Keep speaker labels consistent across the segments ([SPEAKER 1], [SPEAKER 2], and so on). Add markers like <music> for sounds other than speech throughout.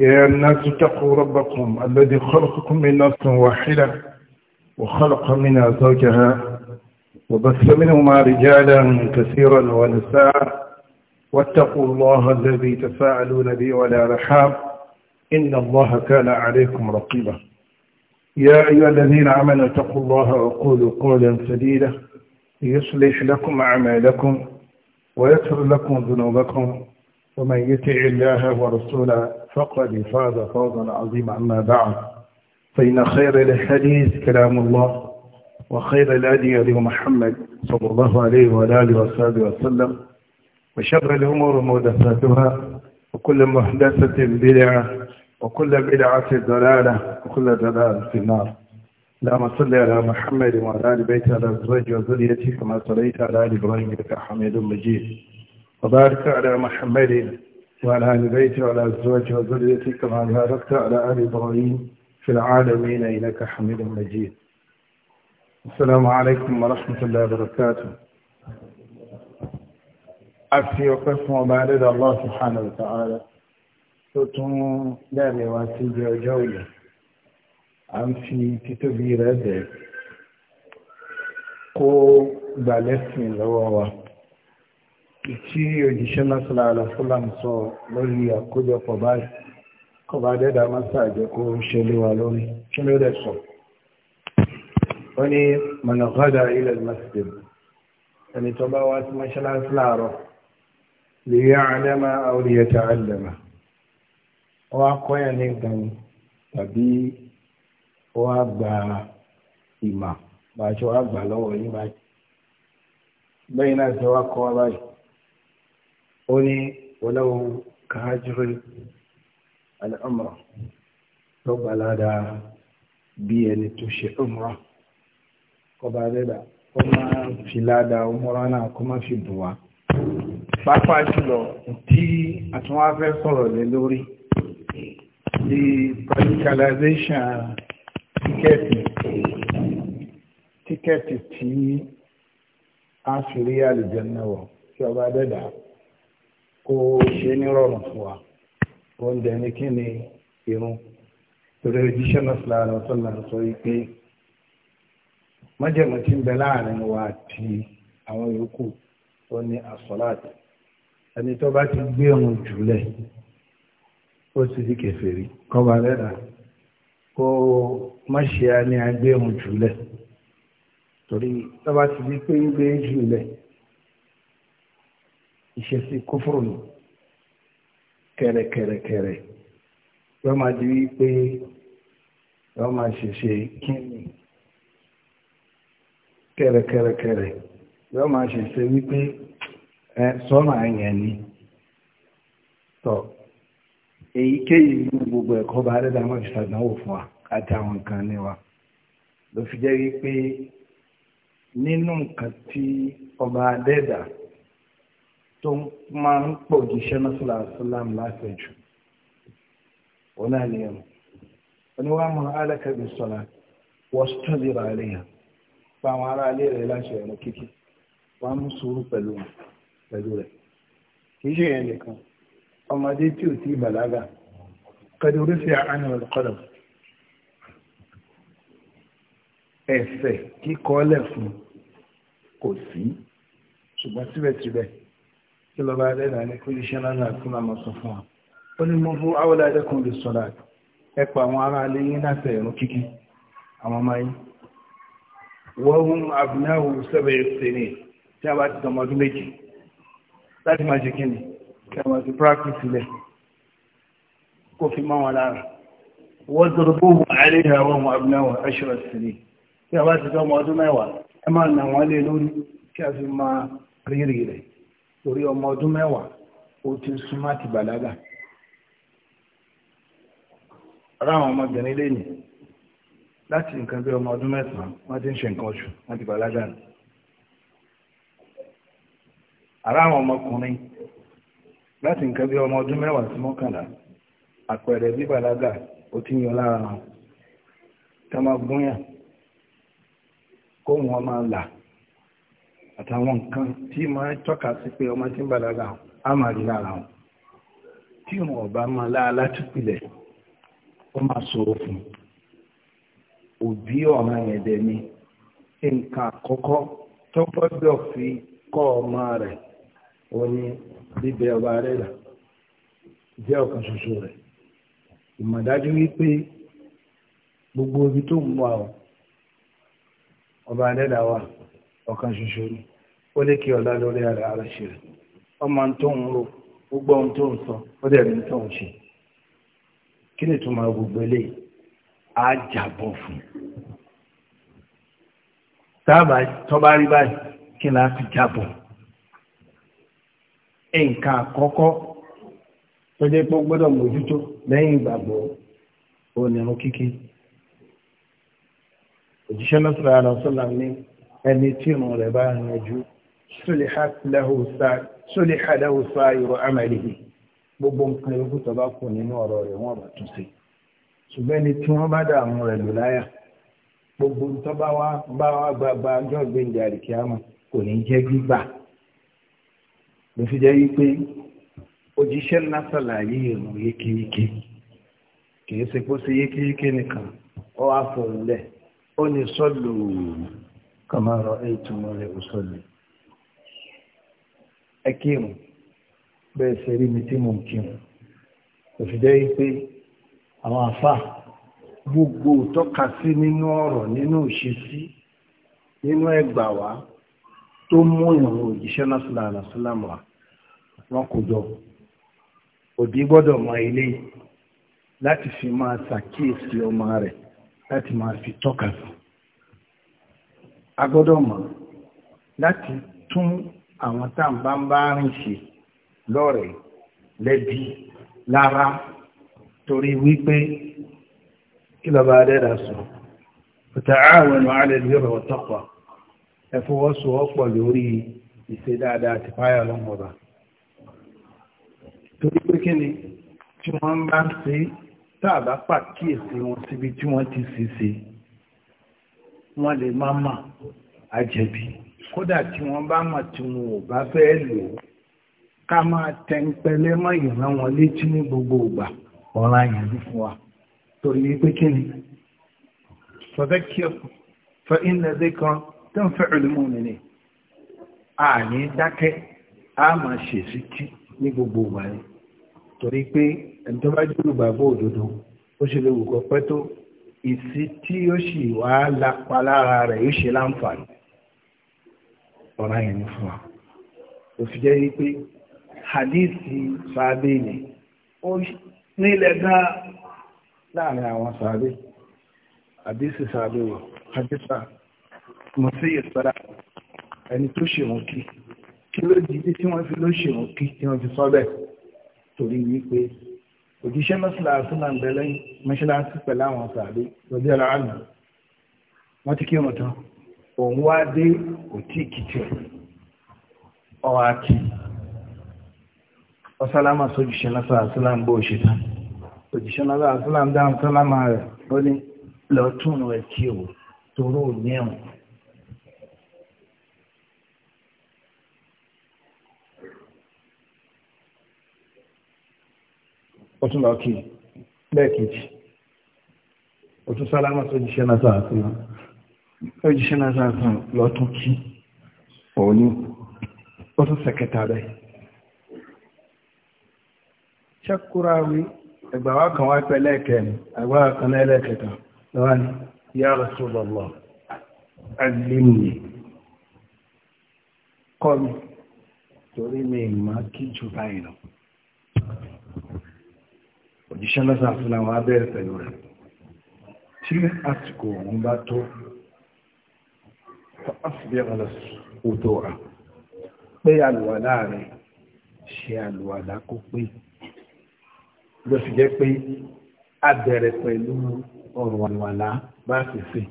[SPEAKER 1] يا الناس اتقوا ربكم الذي خلقكم من نفس واحدة وخلق منها زوجها وبث منهما رجالا كثيرا ونساء واتقوا الله الذي تساءلون به ولا رحام إن الله كان عليكم رقيبا يا أيها الذين آمنوا اتقوا الله وقولوا قولا سديدا يصلح لكم أعمالكم ويغفر لكم ذنوبكم ومن يطع الله ورسوله فقد فاز فوزا عظيما أما بعد فإن خير الحديث كلام الله وخير الهدي هدي محمد صلى الله عليه وعلى آله وصحبه وسلم وشر الأمور محدثاتها وكل محدثة بدعة وكل بدعة ضلالة وكل ضلالة في النار اللهم صل على محمد وعلى آل بيت على أزواجه وذريته كما صليت على آل إبراهيم إنك حميد مجيد وبارك على محمد وعلى آل بيته وعلى أزواجه وذريته كما باركت على آل إبراهيم في العالمين إنك حميد مجيد السلام عليكم ورحمة الله وبركاته أفي وقسم وبارد الله سبحانه وتعالى tuntun دامي wa وجولي. ام في كتبي a قو بالاسم títóbi tí òjíṣẹ́ lásìlá àlàfúlàm sọ lórí àkójọpọ̀ báyìí kọba dẹ́dà mọ́sá àjẹ́kó ṣẹlẹ̀ wà lórí kí ló dẹ̀ sọ wọ́n ni mọ̀nàkọ́dà ilẹ̀ masjid ẹni tó bá wá sí mọ́ṣáláṣí láàárọ̀ lè yá àdẹ́mà àwòrìyẹta àdẹ́mà wọ́n á kọ́ ní gan tàbí wọ́n á gba ìmà bàjọ́ àgbà lọ́wọ́ yín báyìí bẹ́ẹ̀ náà ṣe wá kọ́ báyìí قولي ولو كهجر العمرة رب العدا بيان توشي عمرة قبع ذلك وما في لادا عمرنا كما في بوا pàápàá jùlọ tí àtúnwá fẹ́ sọ̀rọ̀ lé lórí the practicalization tíkẹ́ẹ̀tì tíkẹ́ẹ̀tì tí a fi rí àlùjẹ́ náà tí ọba dẹ́dàá kó ṣe nírọ̀rùn fún wa wọ́n dẹ̀ ní kí ni irun torí òjíṣẹ́ náà sílá rẹ̀ tó là ń sọ wípé májèmọ̀ tí ń bẹ láàrin wa àti àwọn yòókù ó ní àsọ̀láàtì ẹni tó bá ti gbé ohun jùlẹ̀ ó sì di kèfèrí kọba lẹ́dà kó má ṣe a ní agbé ohun jùlẹ̀ torí tó bá ti di pé ń gbé jùlẹ̀ ìṣesí kófòrò nù kẹrẹkẹrẹkẹrẹ yọ máa di wípé yọ máa ṣèṣe kíni kẹrẹkẹrẹkẹrẹ yọ máa ṣèṣe wípé ẹ sọ́nà ẹ̀yẹn ni tọ́ èyíkéyìí nínú gbogbo ẹ̀kọ́ bá dẹ́dá máa fi ṣàdánwò fún wa àti àwọn nǹkan ní wa ló fi jẹ́ wípé nínú nǹkan tí ọba dẹ́dà tó máa ń pò jíṣẹ́ mọ́sálà sálám láfẹ̀jù òun náà nìyẹn oníwàmù alákàbí sọ̀lá wọ́n tún lè ra àríyàn pa àwọn ará ilé rẹ̀ láti ẹ̀rọ kíkì wọ́n mú sùúrù pẹ̀lú pẹ̀lú rẹ̀ kìí ṣe yẹn nìkan ọmọdé tí ò tí bàlágà kẹdùrú sí àánú ọ̀kọ́dọ̀ ẹ̀fẹ̀ kíkọ́ lẹ̀ fún kò sí ṣùgbọ́n síbẹ̀síbẹ̀ kí lọ́ba adẹ́dà ní kó iṣẹ́ lánàá àti màmá sọ fún wa ó ní mo fún awọ́lá ẹ̀dẹ́kùn lè sọ̀rọ̀ àti ẹ pa àwọn ará alẹ́ yín láti ẹ̀rọ kíkí àwọn ọmọ yín wọ́n hún àbúnáwò sẹ́bẹ̀ ṣẹ̀rẹ̀ tí a bá ti tọmọ ọdún méjì láti máa ṣe kíni kí a máa ti practice lẹ̀ kó fi mọ́ wọn lára wọ́n dọ̀rọ̀ bó wù alẹ́ àwọn ọmọ àbúnáwò ẹ̀ṣọ́rọ̀ ṣẹ̀rẹ̀ tí a bá ti tọmọ ọdún mẹ́wàá ẹ máa nà wọ́n lé lórí kí a fi máa rírì rẹ̀ orí ọmọ ọdún mẹ́wàá ó ti súnmọ́ àti bàlágà ara àwọn ọmọbìnrin lẹ́yìn láti nǹkan bí ọmọ ọdún mẹ́sàn-án wọ́n ti ń ṣe nǹkan oṣù wọ́n ti bàlágà nù ara ọmọkùnrin láti nǹkan bí ọmọ ọdún mẹ́wàá sí mọ́kànlá àpẹẹrẹ bíbàlágà ó ti ń yọ lára wọn tá máa gúnyàn kóhun wọn máa là àtàwọn nǹkan tí máa tọ́ka sí pé ọmọ tí ń bàlágà á máa rí lára wọn tí wọn ọba máa láàlá túpìlẹ̀ ó máa ṣòro fún òbí ọ̀ràn ẹ̀dẹ̀ ni nǹkan àkọ́kọ́ tó gbọ́dọ̀ fi kọ́ ọmọ rẹ̀ ó ní bíbẹ ọba rẹ̀ là jẹ́ ọ̀kan ṣoṣo rẹ̀ ìmọ̀dájú wípé gbogbo ibi tó ń wà ọ ọba adẹ́dàwà ọ̀kan ṣoṣo ni ó lé kí ọlá lórí ara ara ṣe rẹ̀ ọmọ tó ń ro gbogbo ohun tó ń sọ ó dẹ̀ rí tó ń ṣe kí ni ìtumọ̀ gbogbo eléyìí á jàbọ̀ fún táàbà tó bá rí báyìí kí ni a fi jàbọ̀ nǹkan àkọ́kọ́ tó jẹ́ pé ó gbọ́dọ̀ mójútó lẹ́yìn ìgbàgbọ́ onírun kíkí òjíṣẹ́ náà sọ̀rọ̀ àlọ́ sọ́là ní ẹni tí ìrùn rẹ̀ bá yanjú sulihat lahu sa sulihat lahu sa irú amalihi gbogbo nǹkan yòókù tó bá kù nínú ọ̀rọ̀ rẹ̀ wọ́n bá tún sí ṣùgbọ́n ẹni tí wọ́n bá dààmú rẹ̀ lò láyà gbogbo tó bá wá bá wá gbagba ọjọ́ gbẹ̀ǹdẹ̀ àríkíámà kò ní jẹ́ gbígbà ló fi jẹ́ wípé òjíṣẹ́ ńlá sàlàyé ìrùn yékéyéké kìí ṣe kó ṣe yékéyéké nìkan ó wá fọ̀ lẹ̀ ó ní sọ́lù kàmárọ̀ ètò mọ́lẹ̀ òṣòlù ẹ kírun bẹ́ẹ̀ ṣe rí mi tí mo ń kírun òfìdẹ́ yìí pé àwọn àfà gbogbo tọ́ka sí nínú ọ̀rọ̀ nínú ìṣesí nínú ẹgbà wá tó mú ìrùn òjíṣẹ́ lásìlá àlàsílámù wa wọn kò jọ òbí gbọ́dọ̀ mọ ilé láti fi máa ṣàkíyèsí ọmọ rẹ̀ láti máa fi tọ́ka sí a mọ̀ láti tún àwọn tá à ń bá ń bá rìn ṣe lọ́rẹ̀ẹ́ lẹ́bí lára torí wípé kí lọ́ba adẹ́dà sọ ta'awanu 'ala al torí pé kí ni tí wọ́n bá ń ṣe tààbá pàkíyèsí wọn síbi tí wọ́n ti ṣe ṣe wọ́n lè má mà á kódà tí wọ́n bá mọ̀ tí wọn ò bá fẹ́ lò ó ká máa tẹ́ńpẹ́lẹ́ mọ́ ìran wọn létí ní gbogbo ìgbà ọ̀ràn yẹn ní fún wa torí wípé kí ni fadhakkir fa inna dhikra tanfa'ul mu'minin àní dákẹ́ a máa ṣèṣì tí ní gbogbo ìgbà yẹn torí pé ẹni tó bá jùlọ gbàgbọ́ òdodo ó ṣe lè wù kọ́ pẹ́ tó ìsí tí ó sì wá lápá lára rẹ̀ yóò ṣe láǹfààní ọ̀rá yẹn ní fún wa òfin jẹ́ wípé hadithi sàábé ni
[SPEAKER 2] ó nílẹ̀ gáà
[SPEAKER 1] láàrin àwọn sàábé hadithi sàábé wọ̀ haditha mọ̀síyẹ̀ sọ́dá ẹni tó ṣèrún kí kí ló dìde tí wọ́n fi ló ṣèrún kí tí wọ́n fi sọ bẹ́ẹ̀ torí wípé òjíṣẹ́ mọ́sálásí náà bẹ̀rẹ̀ mọ́sálásí pẹ̀lú àwọn sàábé lọ́jọ́ ara àná wọ́n ti kí wọn tán òun wá dé òtí ìkìtì ọwọ́ akí ọsálámà sójúṣẹ́ lásán àṣílám bó ṣe tán òjíṣẹ́ lásán àṣílám dáhùn sálámà rẹ̀ ó ní lọ́tún rẹ̀ kí o toró ní ẹ̀wọ̀n. ó tún lọ kí lẹ́ẹ̀kejì ó tún sálámà sójúṣẹ́ lásán àṣílám òjíṣẹ́ náà sàásàn lọ́tún kí òun ní ó tún sẹ̀kẹta rẹ̀ ṣẹ́kúra wí ẹgbà wá kan wá pẹ́ lẹ́ẹ̀kẹ́rin ẹgbà kan lẹ́ẹ̀kẹta lọ́wọ́ ni ya Rasulullah allimni kọ́ mi torí mi ìmọ̀ kí jù báyìí lọ òjíṣẹ́ náà sàásàn àwọn abẹ́rẹ̀ pẹ̀lú rẹ̀ tí àsìkò òun bá tó fàásìbí ọ̀nà òtò à pé àlùwàlá rẹ̀ ṣe àlùwàlá kó pé ló sì jẹ́ pé a bẹ̀rẹ̀ pẹ̀lú ọ̀rọ̀ àlùwàlá bá sì sè.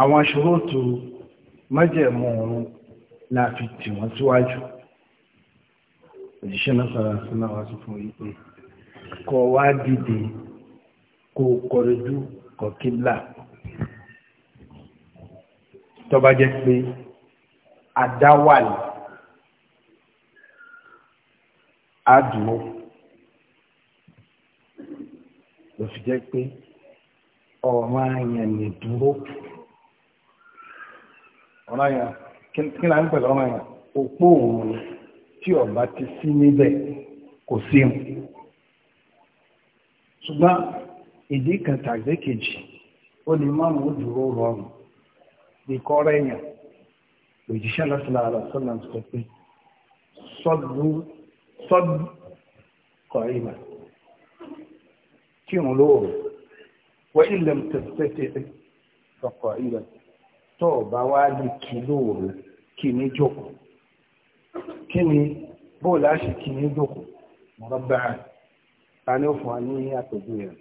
[SPEAKER 1] àwọn aṣòro tó májẹ̀mú ọ̀run la fi wọ́n síwájú òjíṣẹ́ náà sọ̀rọ̀ sí náà wá sí pé kọ̀ wá dìde kó kọrẹ́jú kọ kíbla tó bá jẹ́ pé adáwàlì adùnú ló fi jẹ́ pé ọ̀rọ̀ àyàn lè dúró ọ̀rọ̀ àyàn kí ni a ń pẹ̀lú ọ̀rọ̀ àyàn òpó òun tí ọba ti sí níbẹ̀ kò sí ṣùgbọ́n ìdí kan tàbí kejì ó lè má mú dúró rọrùn ìkọ́rẹ́ èèyàn òjíṣẹ́ lọ́sọ̀lá àlọ́sọ̀lá sọ pé sọ́dú sọ́dú kọ̀ọ̀ìmà kí òun lóòrò wọ́n ilẹ̀ tẹ̀sítẹ́tẹ̀ ọkọ̀ ilẹ̀ tó bá wá lè kí lóòrò kí ní jókòó kí ni bóòlù àṣì kí ní jókòó mọ̀rọ̀ bá a ní ó fún wa ní àpèjúwe rẹ̀.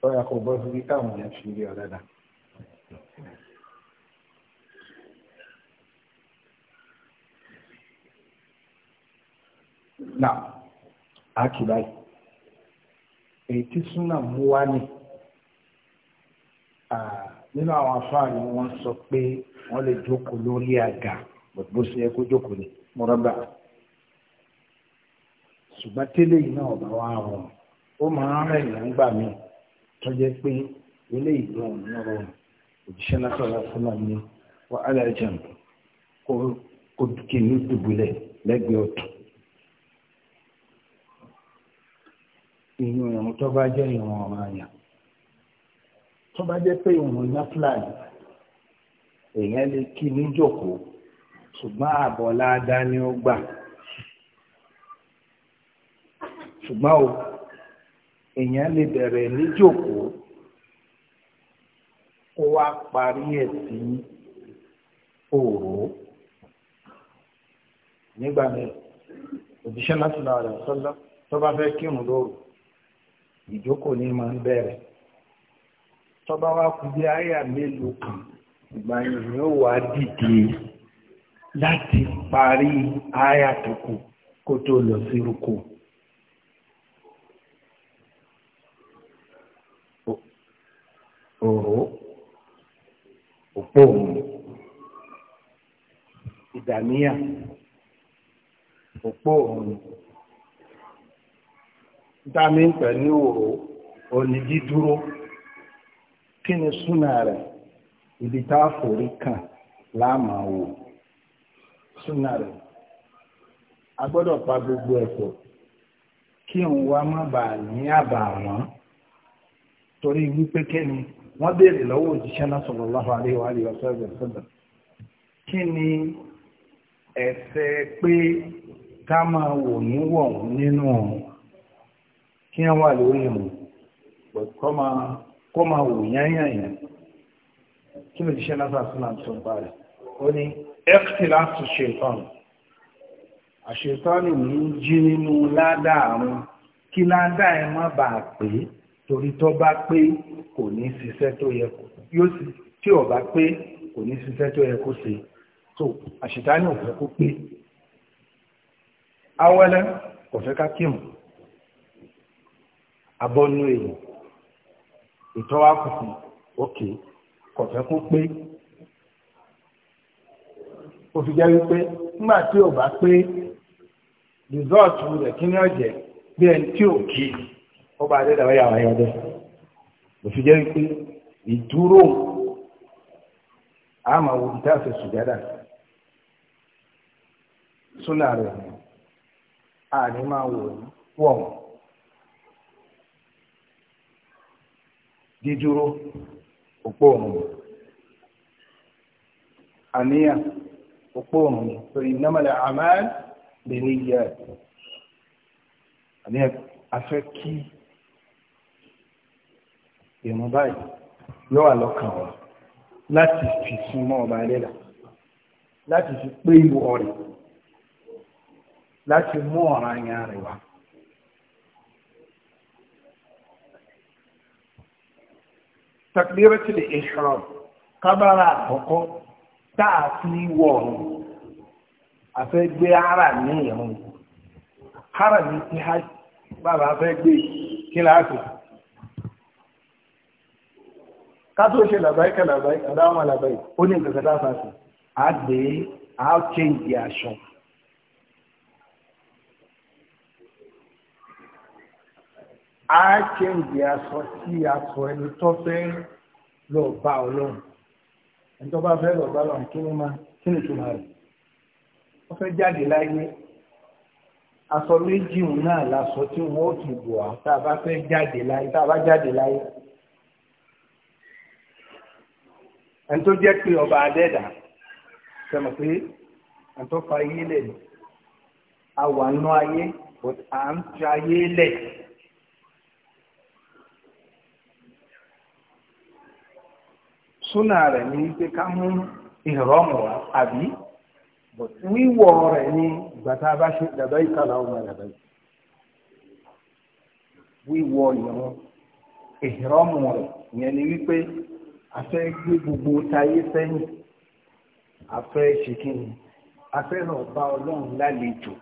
[SPEAKER 1] lọ́yà kò bọ́ sí káwọn èèyàn fi rí ọ̀dẹ́dà. nà á nínú àwọn ni wọ́n sọ pé wọ́n lè jókòó lórí aga bó ṣe yẹ kó jókòó ní mọ́rọ́bà ṣùgbọ́n tẹ́lẹ̀ ó máa ń rìn nígbà míì tó jẹ́ pé ilé ìgbọ̀n lọ́rọ̀ òjíṣẹ́ lásọ̀rọ̀ fúnà ní wà á lẹ́yìn jẹun kó kí ní dùbúlẹ̀ lẹ́gbẹ̀ẹ́ ọ̀tún. ìyún ìrùn tó bá jẹ́ ìrùn ọ̀ràn àyàn tó bá jẹ́ pé ìrùn náfìlà yìí èèyàn lè kí ní jòkó ṣùgbọ́n àbọ̀ ládàá ni ó gbà ṣùgbọ́n o èèyàn lè bẹ̀rẹ̀ níjókòó kó wá parí ẹ̀ sí òru nígbà míì òjíṣẹ́ lásìlá rẹ̀ sọ́lá tó bá fẹ́ kírun lóru ìjókòó ní máa ń bẹ̀rẹ̀ tó bá wá kú bí àyà mélòó kan ìgbà yìí yóò wá dìde láti parí àyà tó kù kó tó lọ sí rúkọ̀ọ́. òró òpó òun ìdàníyà òpó òun dámi pẹ̀lú òró òní dídúró kí ni súnà rẹ̀ ibi tá a forí kàn láàmà wò súnà a gbọ́dọ̀ pa gbogbo ẹ̀fọ́ kí òun wá má bàa ní àbàwọ́n torí wípé kẹ́ni wọ́n béèrè lọ́wọ́ òjíṣẹ́ náà sallallahu alaihi wa alihi wasallam kí ni ẹ̀ṣẹ̀ pé ká máa wò ní wọ̀hún nínú ọ̀hún kí wọ́n wà lórí ìrùn kọ́ máa wò yányàyàn kí ló jíṣẹ́ náà sàtúnà tó bá rẹ̀ ó ní ẹ́kìtìlá tó ṣe ìtọ́nù àṣetọ́nù ní jí nínú torí tó bá pé kò ní ṣiṣẹ́ tó yẹ kó yóò sì tí ò bá pé kò ní ṣiṣẹ́ tó yẹ kó ṣe tó àṣetánì ò fẹ́ kó pé awẹ́lẹ́ kò fẹ́ ká kírun abọ́nú èyí ìtọ́wá kùkù òkè kò fẹ́ kó pé ó fi jẹ́ wípé nígbà tí ò bá pé rìsọ́ọ̀tù rẹ̀ kí ni ọ̀jẹ̀ bí ẹni tí ò kí i ó bá dé dàbẹ́ yàrá yàrá dẹ́ òfin jẹ́ pé ìdúró a máa wo ìdá àfẹ́ sùjádà súnà rẹ̀ a ní máa wò wọ̀ dídúró òpó òun àníyàn òpó òun so innamal a'mal binniyat àníyàn afẹ́ kí ìrun báyìí yóò wà lọ́kàn wa láti fi súnmọ́ ọba ẹlẹ́dà láti fi pé ìwọ rẹ̀ láti mú ọ̀ràn yẹn rẹ̀ wá. takbiratul ihram kábàrà àkọ́kọ́ tá a fi wọ̀ ọ̀run àfẹ́ gbé ara ní ìrun ara ní ti hajj bàbá fẹ́ gbé kí láàfin ká tó ṣe làbáyíkà làbáyíkà dáwọn làbáyíkà ó ní nǹkan kẹta fàṣẹ á gbé á change aṣọ á change aṣọ sí aṣọ ẹni tó fẹ́ lọ bá ọlọ́run ẹni tó bá fẹ́ lọ bá ọlọ́run kí ni máa kí ni túmọ̀ rẹ̀ wọ́n fẹ́ jáde láyé aṣọ méjì náà láṣọ tí wọ́n ó ti bò á tá a bá fẹ́ jáde láyé tá a bá jáde láyé. ẹni tó ọba adẹ́dà sẹ́mọ̀ pé fa ayé lẹ̀ ni a wà ayé but à ń fi ayé lẹ̀. súnà rẹ̀ ní pé ká mú ìrọ̀mù wa àbí wíwọ̀ rẹ̀ ní ìgbà bá ṣe a fẹ́ gbé gbogbo tayé sẹ́yìn a fẹ́ ṣe kí a fẹ́ lọ bá ọlọ́run lálejò.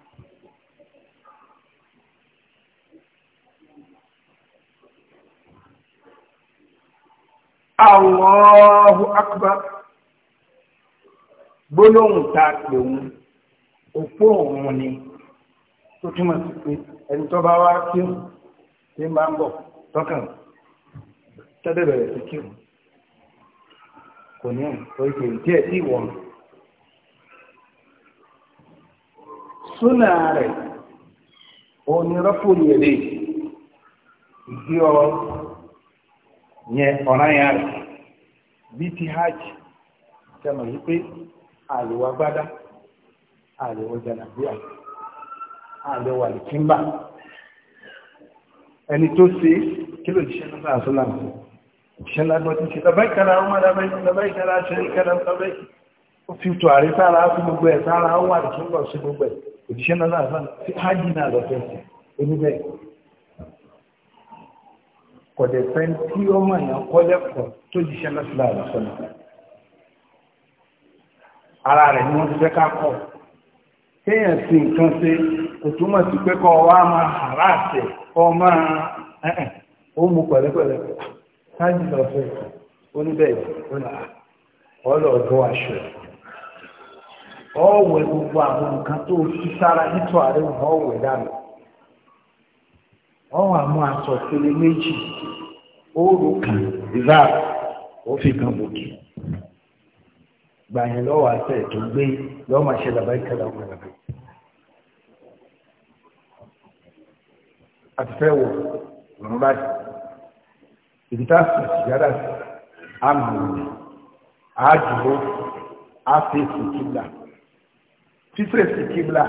[SPEAKER 1] Allahu akbar gbólóhùn tá a pè òun òpó òun ni tó túmọ̀ sí pé ẹni tó bá wá kírun tí ń bá ń bọ̀ tọkàn tẹ́lẹ̀ bẹ̀rẹ̀ sí kírun kò ní oríṣi díẹ̀ sí ìwọ̀n. súnà rẹ̀ onírọ́pò yèrè ìgbé ọ yẹn ọ̀ràn yẹn rẹ̀ bíi ti hajj tẹmọ̀ yìí pé àlèwà gbádá àlèwà jànàbíà àlèwà lìkímbà ẹni tó ṣe kí ló ṣiṣẹ́ náà sọ́lá nìyẹn òṣìṣẹ́ lágbọ́tí ṣe tàbáìkàrà ọmọ tàbáìkàrà ṣẹ́ríkàrà tàbáìkì ó fi tò àrí sára fún gbogbo ẹ̀ sára ó wà tó ń lọ sí gbogbo ẹ̀ òṣìṣẹ́ náà láàfáà sí hajj náà lọ́fẹ́ sí oníbẹ̀ kọ̀dẹ̀ fẹ́ tí ó mọ̀ yàn kọ́lẹ́kọ̀ tó jíṣẹ́ náà sílá àlọ́sọ́nà ara rẹ̀ ni wọ́n ti fẹ́ ká kọ́ kéèyàn sí nǹkan ṣe kò túmọ̀ sí pé wá máa hàrá àṣẹ ọ máa ó mú pẹ̀lẹ́pẹ̀lẹ́ táàjì lọ fẹ́ oníbẹ̀ẹ́ ọ̀nà ọlọ́ọ̀dọ́ aṣọ ọ̀wẹ̀ gbogbo àwọn nǹkan tó fi sára nítọ́ ààrẹ ọ̀wẹ̀ dànù ọ̀wọ̀ àmú aṣọ ìpele méjì oòrùn kan ìzá ó o kan bòkè gbàyìn lọ́wọ́ àṣẹ tó ibi tá a sì yára sí a mọ̀ ọ́nà a dúró a fèsì kíbla fífèsì kíbla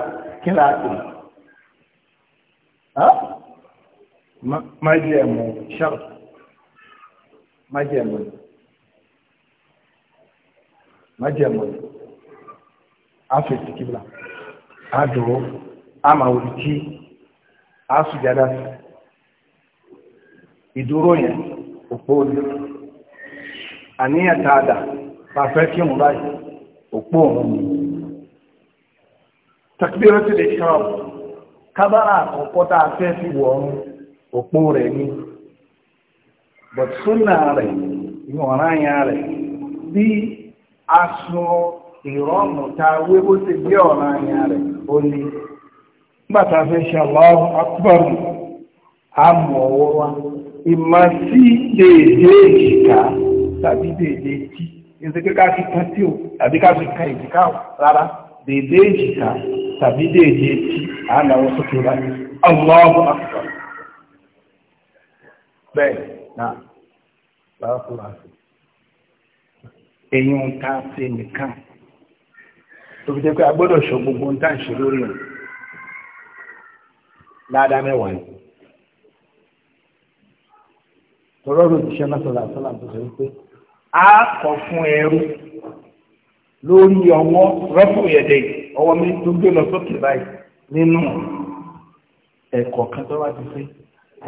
[SPEAKER 1] kí la pè májẹ̀mú ṣáà májẹ̀mú májẹ̀mú a fèsì kíbla a dúró a máa wòlítí a sùjádá ìdúró yẹn. òpó ni àníyàn tààdà pàfẹ́ báyìí òpó òun ni takbíró ti lè ṣọ́ọ̀ kábàrà àkọ́kọ́ fẹ́ fi wọ̀ òpó rẹ̀ ni but súnà rẹ̀ ìwọ̀nrányà rẹ̀ bí aṣọ ìrọ̀mù ta wé ti gbé ọ̀rányà rẹ̀ ó ní nígbà fẹ́ ṣe àmọ̀ ìmọ̀ sí dèédé èjìká tàbí dèédé tí ìsìnkú ká fi kan tí ò tàbí ká fi kan èjìká ò rárá dèédé èjìká tàbí dèédé tí a náwó sókè bá ní Allahu Akbar bẹ́ẹ̀ náà lára kúrò àti èyí ń sí nìkan tó fi jẹ́ pé a ṣọ gbogbo ń tà ṣe lórí rẹ̀ ládàá mẹ́wàá yìí tọrọ rò ti ṣẹlẹ̀ sọlá sọlá tó sọ wípé a kọ fún ẹrú lórí ọwọ́ rọpò yẹdẹ ọwọ́ mi tó gbé lọ sókè báyìí nínú ẹ̀kọ́ kan tó wá ti pé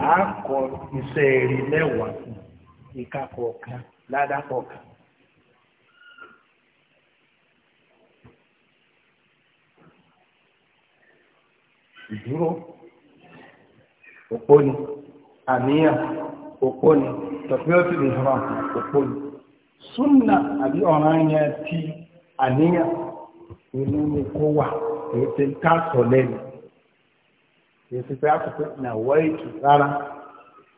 [SPEAKER 1] a kọ iṣẹ́ rí mẹ́wàá fún ìka kọ̀ọ̀kan ládàá kọ̀ọ̀kan. ìdúró òpó ni àníyàn òpó ni tọ̀pẹ́ọ́tì lè hàn án òpó ni súnà àbí ọ̀ràn yẹn ti àníyàn inú ni kó wà èyí ti ń ká sọ lẹ́nu èyí ti fẹ́ àkókò ìnáwó ètò rárá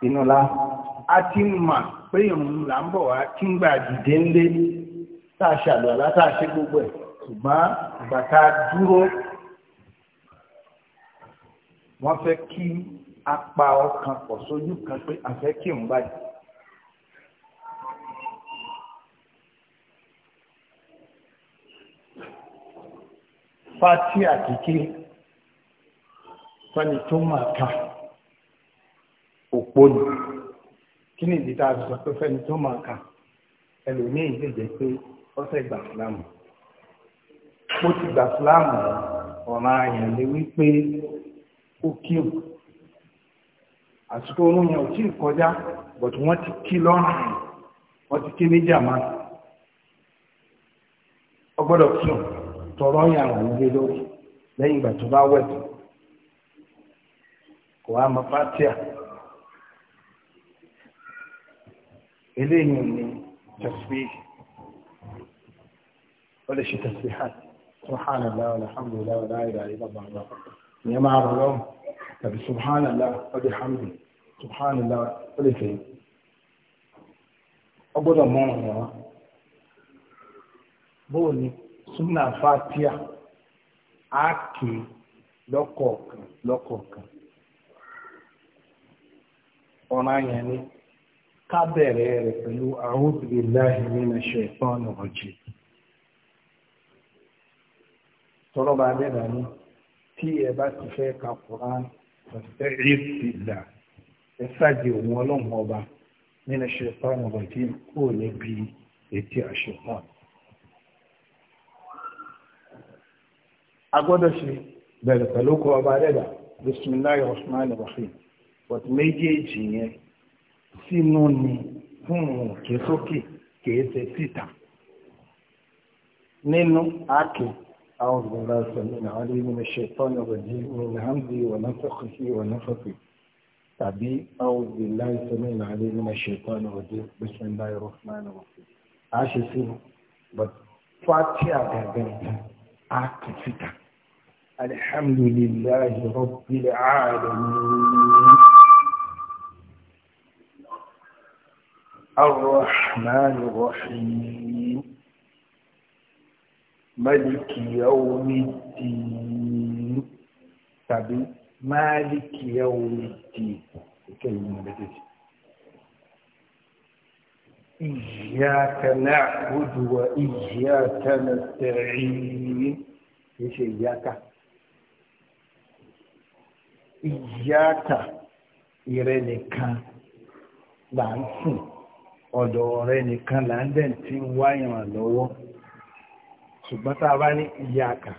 [SPEAKER 1] inú la a ti mà pé ìrùn là ń bọ̀ wá kí ń gbà dìde ńlé tá a ṣàlùwà látà ṣe gbogbo ẹ̀ ṣùgbọ́n ìgbà tá a dúró wọ́n fẹ́ kí apá ọkàn pọ̀ sójú kan pé àfẹ́ kí n báyìí. Fati àkìkí fani tó máa ka òpó ni kí ni ìdí tá a sọ pé fani tó máa ka ẹlòmíì lè jẹ́ pé ọ̀sẹ̀ gbà fúlámù mo ti gbà fúlámù ọ̀ràn àyàn lè ó kí o. àsìkò oorun yẹn ò tí ì kọjá but wọ́n ti kí lọ́rùn wọ́n ti kí ní jàmá ọgbọ́dọ̀ tún tọrọ yàn wà nílé lórí lẹ́yìn ìgbà tó bá wẹ̀ kò wá mọ pátíà eléyìí ni tasbih ó lè ṣe la subhanallah ó ọgbọdọ mọrọ a gbọ́dọ̀ ni fatia á kì í lọ́kọ̀ọ̀kan yẹn ni bẹ̀rẹ̀ rẹ̀ pẹ̀lú a'udhu billahi minash shaitani ni tí ẹ ti fẹ́ ka ẹ̀sáàdì òun ọlọ́run ọba nínú ṣẹ̀fọ́n ọba tí kò níbi ètí àṣẹfọ́n. a gbọ́dọ̀ ṣe bẹ̀rẹ̀ pẹ̀lú kọ ọba rẹ̀dà bisimilayi rahman rahim but méjèèjì yẹn sínú ni fún òun kì í sókè kì í ṣe síta nínú àkè أعوذ بالله السميع العليم من الشيطان الرجيم من همزه ونفخه ونفخه tàbí أعوذ بالله السميع العليم من الشيطان الرجيم بسم الله الرحمن الرحيم عاش ṣe sí but fatiha gàgàgà a kò fìkà alhamdulillahi rabbil alamin الرحمن الرحيم ملك يوم الدين tàbí máàlìkì yawmi ddin ìkẹyìn mẹ́tẹ̀ẹ̀tì iyyaka na'budu wa iyyaka nasta'in kì í ṣe iyyaka iyyaka ìrẹ nìkan là ń sìn ọ̀dọ̀ ọ̀rẹ́ nìkan là ń dẹ̀ tí ń wáyàn lọ́wọ́ ṣùgbọ́n tá a bá ní iyyaka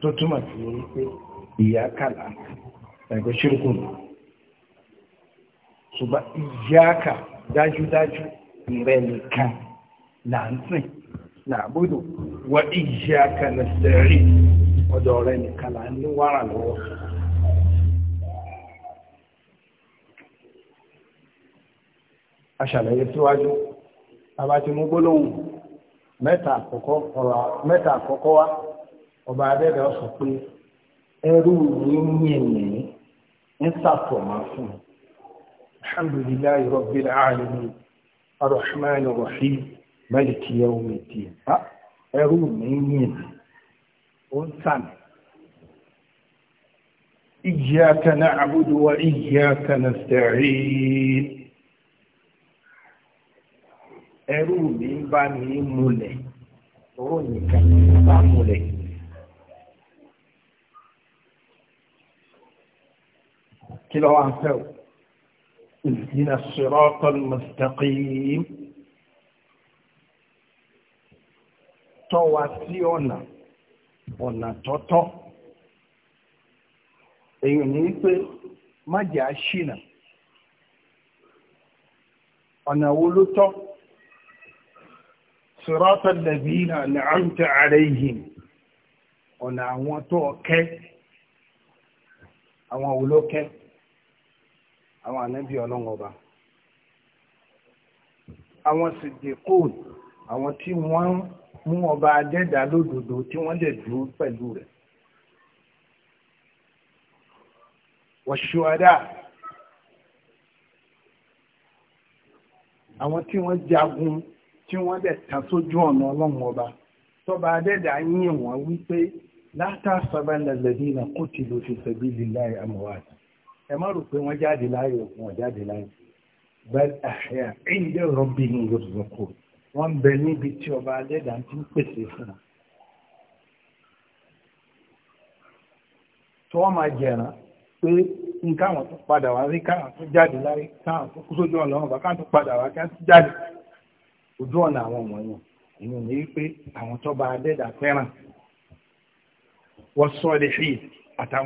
[SPEAKER 1] tó túmọ̀ sí pé ìyákàlá ẹgbẹ́ ṣírkù ṣùgbọ́n ìyáka dájúdájú ìrẹ́ nìkan là ń sìn nàbúdò wọ ìyáka nẹsẹ̀rí ọ̀dọ̀ rẹ̀ nìkan là ń wára lọ́wọ́ aṣàlàyé síwájú abájú mú gbólóhùn mẹ́ta àkọ́kọ́ ọba pé ẹrú mi ń yẹ̀yẹ̀ ń sàtọ̀mọ́ fún un. alhamdulillahi rabbil alamin arrahman arrahim maliki yawmiddin ah, ẹrú mi ó ń sàmì. إياك نعبد وإياك نستعين ẹrú mi ń bá mi múlẹ̀ ròyìn kan bá múlẹ̀ كلو عفو اهدنا الصراط المستقيم تواسيونا ونا توتو ايو نيبي ما جاشينا انا ولوتو صراط الذين انعمت عليهم ونا وانتو اوكي اوان ولوكي àwọn ànábì ọlọ́run ọba àwọn sìdìkò àwọn tí wọ́n mú ọba adẹ́dà lódodo tí wọ́n dẹ̀ dúró pẹ̀lú rẹ̀ wọ̀ṣọ́dá àwọn tí wọ́n jagun tí wọ́n dẹ̀ ta sójú ọ̀nà ọlọ́run tọba adẹ́dà yìn wọ́n wípé látàsọ̀bẹ̀lẹ̀ lẹ́dínà kó ti lò fi sabilillahi amwat ẹ má rò pé wọ́n jáde láyé wọ́n jáde láyé bẹ́ẹ̀ ẹ̀yìndẹ́ rọ́bì ní yorùbá wọ́n bẹ níbi tí ọba adẹ́dà ti ń pèsè fún wọn. tí wọ́n máa jẹ̀ràn pé nǹkan àwọn tó padà wá rí káwọn tó jáde láyé káwọn tó kú sójú ọ̀nà ọ̀bà káwọn tó padà wá káwọn tó jáde ojú ọ̀nà àwọn wọ̀nyẹn ìyẹn ní wípé àwọn tọ́ba adẹ́dà fẹ́ràn wọ́n sọ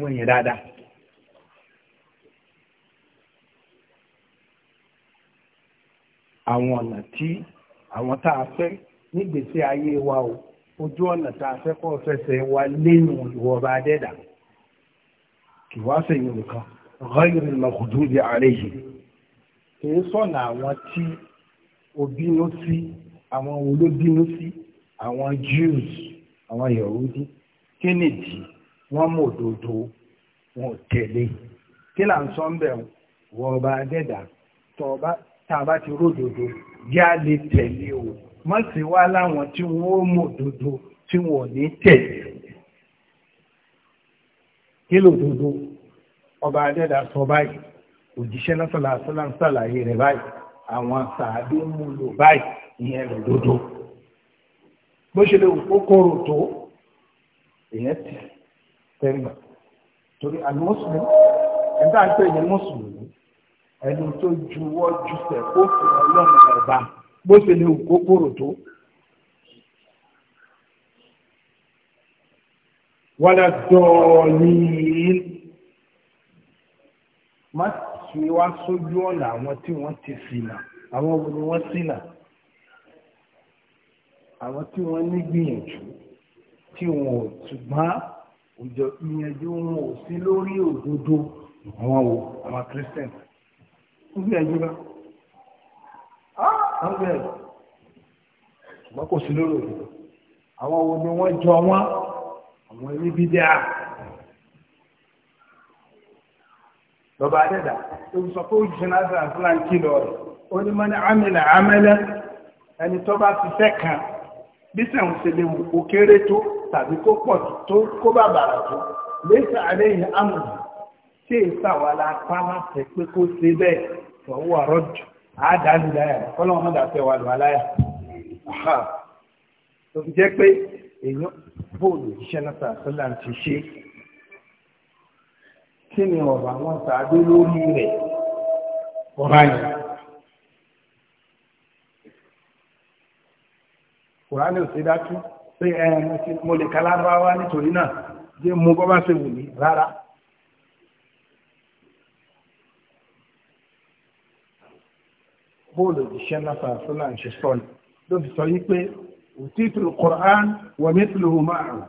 [SPEAKER 1] ọ́ àwọn ọ̀nà tí àwọn tá a fẹ́ nígbèsè ayé wa o ojú ọ̀nà tá a fẹ́ kọ́ fẹsẹ̀ wa lẹ́nu ìwọba adẹ́dà kì wá sẹ́yìn nìkan ghayril maghdubi alayhi kìí sọ̀nà àwọn tí ó bínú sí àwọn olóbínú sí àwọn Jews àwọn Yahudi kennedy wọ́n mọ̀ òdodo wọn ò tẹ̀lé kí là ń sọ ń bẹ̀ wọ́n ọba adẹ́dà tàbá ti ródòdó yá lè tẹ̀lé o mọ́ sí wá láwọn tí wọ́n ó mọ̀ òdodo tí wọ́n ní tẹ̀lé kí lòdodo ọba adẹ́dà sọ báyìí òjíṣẹ́ lọ́sọ̀lá sọ́lám sàlàyé rẹ̀ báyìí àwọn sàádé mú lò báyìí ìyẹn lòdodo bó ṣe lè kó kóró tó èyàn ti tẹ́rìmà torí àlùmọ́sùlùmí ẹ̀dá ń pè ní mùsùlùmí ẹni tó juwọ́ jùsẹ̀ kó fún ọlọ́run ọba bó ṣe lè wù kókòrò tó. wọ́n dọ̀ọ̀lì má ṣe wá sójú ọ̀nà àwọn tí wọ́n ti ṣìnà àwọn wo ni wọ́n ṣìnà àwọn tí wọ́n nígbìyànjú tí wọn ò ṣùgbọ́n ìyànjú wọn ò sí lórí òdodo àwọn wo àwọn Christians ń gbìyànjú bá ń gbìyànjú ṣùgbọ́n kò sí lórí òdodo àwọn wo ni wọ́n jọ wọ́n àwọn ẹni bí dáa lọ́ba adẹ́dà ó sọ pé òjìṣẹ́ náà sàn fúlàn kìlọ̀ rẹ̀ ó ní mọ́ni amílà amẹ́lẹ́ ẹni tó bá ti fẹ́ kan bí sàn ṣe lè wù kó kéré tó tàbí kó pọ̀ tó kó bàbàrà tó lẹ́sà àlẹ́ yìí ṣé ìsàwálà pàmàṣẹ pé kó ṣe bẹ́ẹ̀ tọ́wọ́ àrọ́jù àádáàlú láyà kọ́lọ́wọ́n mọ́dà fẹ́ wà lọ́wọ́ láyà tó fi jẹ́ pé èèyàn bóòlù iṣẹ́ náà sàtọ́là ti ṣe
[SPEAKER 2] kí ni ọ̀rọ̀ àwọn sàádó lórí
[SPEAKER 1] rẹ̀ ọ̀rá yẹn. kùránì òsè dákú pé ẹ mo lè kalábáwá nítorí náà jẹ́ mú bọ́ bá ṣe wù mí rárá. bóòlù òjíṣẹ́ náà sọ́nà ṣe sọ́nà ló fi sọ yí pé òtítù Qur'an wà mithluhu ma'ahu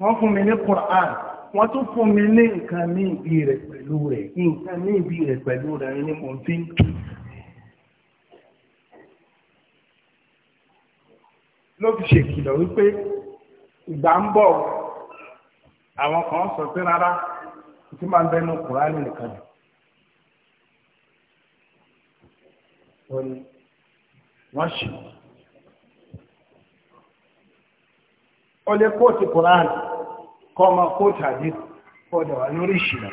[SPEAKER 1] wọ́n fún mi ní Qur'an wọ́n tún fún mi ní nǹkan ní ibi rẹ̀ pẹ̀lú rẹ̀ nǹkan ní ibi rẹ̀ pẹ̀lú rẹ̀ ní mò ń fi ń kí. ló fi ṣèkìlọ̀ wípé ìgbà ń bọ̀ àwọn kan sọ pé rárá tí máa ń bẹnu Qur'an nìkan jù. wọ́n ní wọ́n kóòtù Quran kọ́ ọmọ kóòtù hadith kọ́ wà lórí ìṣìnà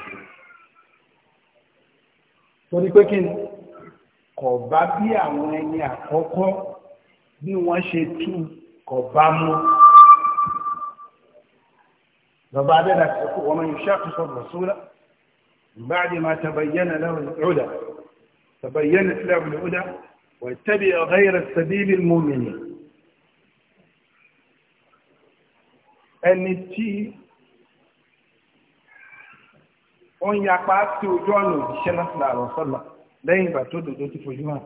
[SPEAKER 1] torí pé kí ni kò bá bí àwọn ẹni àkọ́kọ́ bí wọ́n ṣe tú kò bá mú lọ́ba yóò ṣàkóso ma تبينت إسلام الهدى واتبع غير السبيل المؤمنين ẹni tí ó ń yapa sí ojú ọ̀nà òjíṣẹ́ láti làárọ̀ sọ́là lẹ́yìn ìgbà tó dòdó ti fojú hàn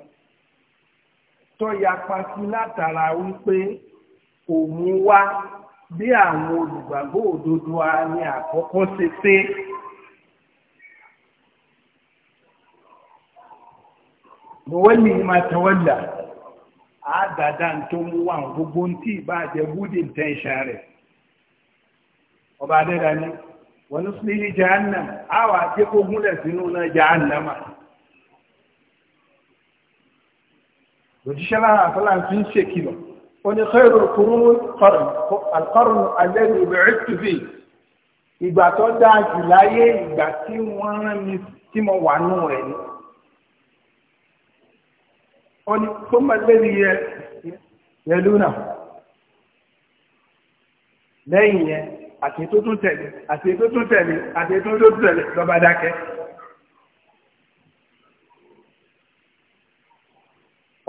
[SPEAKER 1] tó yapa sí látara wípé òun wá bí àwọn olùgbàgbọ́ òdodo a ní àkọ́kọ́ ṣe ṣe. wọ́wọ́lì ma tẹwọ́là àádàdà tó ń wà gbogbo tí bá jẹ good intention rẹ̀ ọba adẹ́dà ní wọ́n ní sílí jahannam àwà tí kò gúnlẹ̀ sínú náà jahannama lòjíṣẹ́ lára àtọ́lá fi ń ṣe kìlọ̀ ó ní khairu alqarnu alladhi bu'ithtu fi ìgbà tó dáa jù láyé ìgbà tí wọ́n rán mi tí mo wà nù rẹ̀ ni ó ní tó máa lérí yẹ yẹlú náà lẹ́yìn yẹn àti tó tún tẹ̀lé àti tó tún tẹ̀lé àti tó tún tẹ̀lé lọ́ba dákẹ́.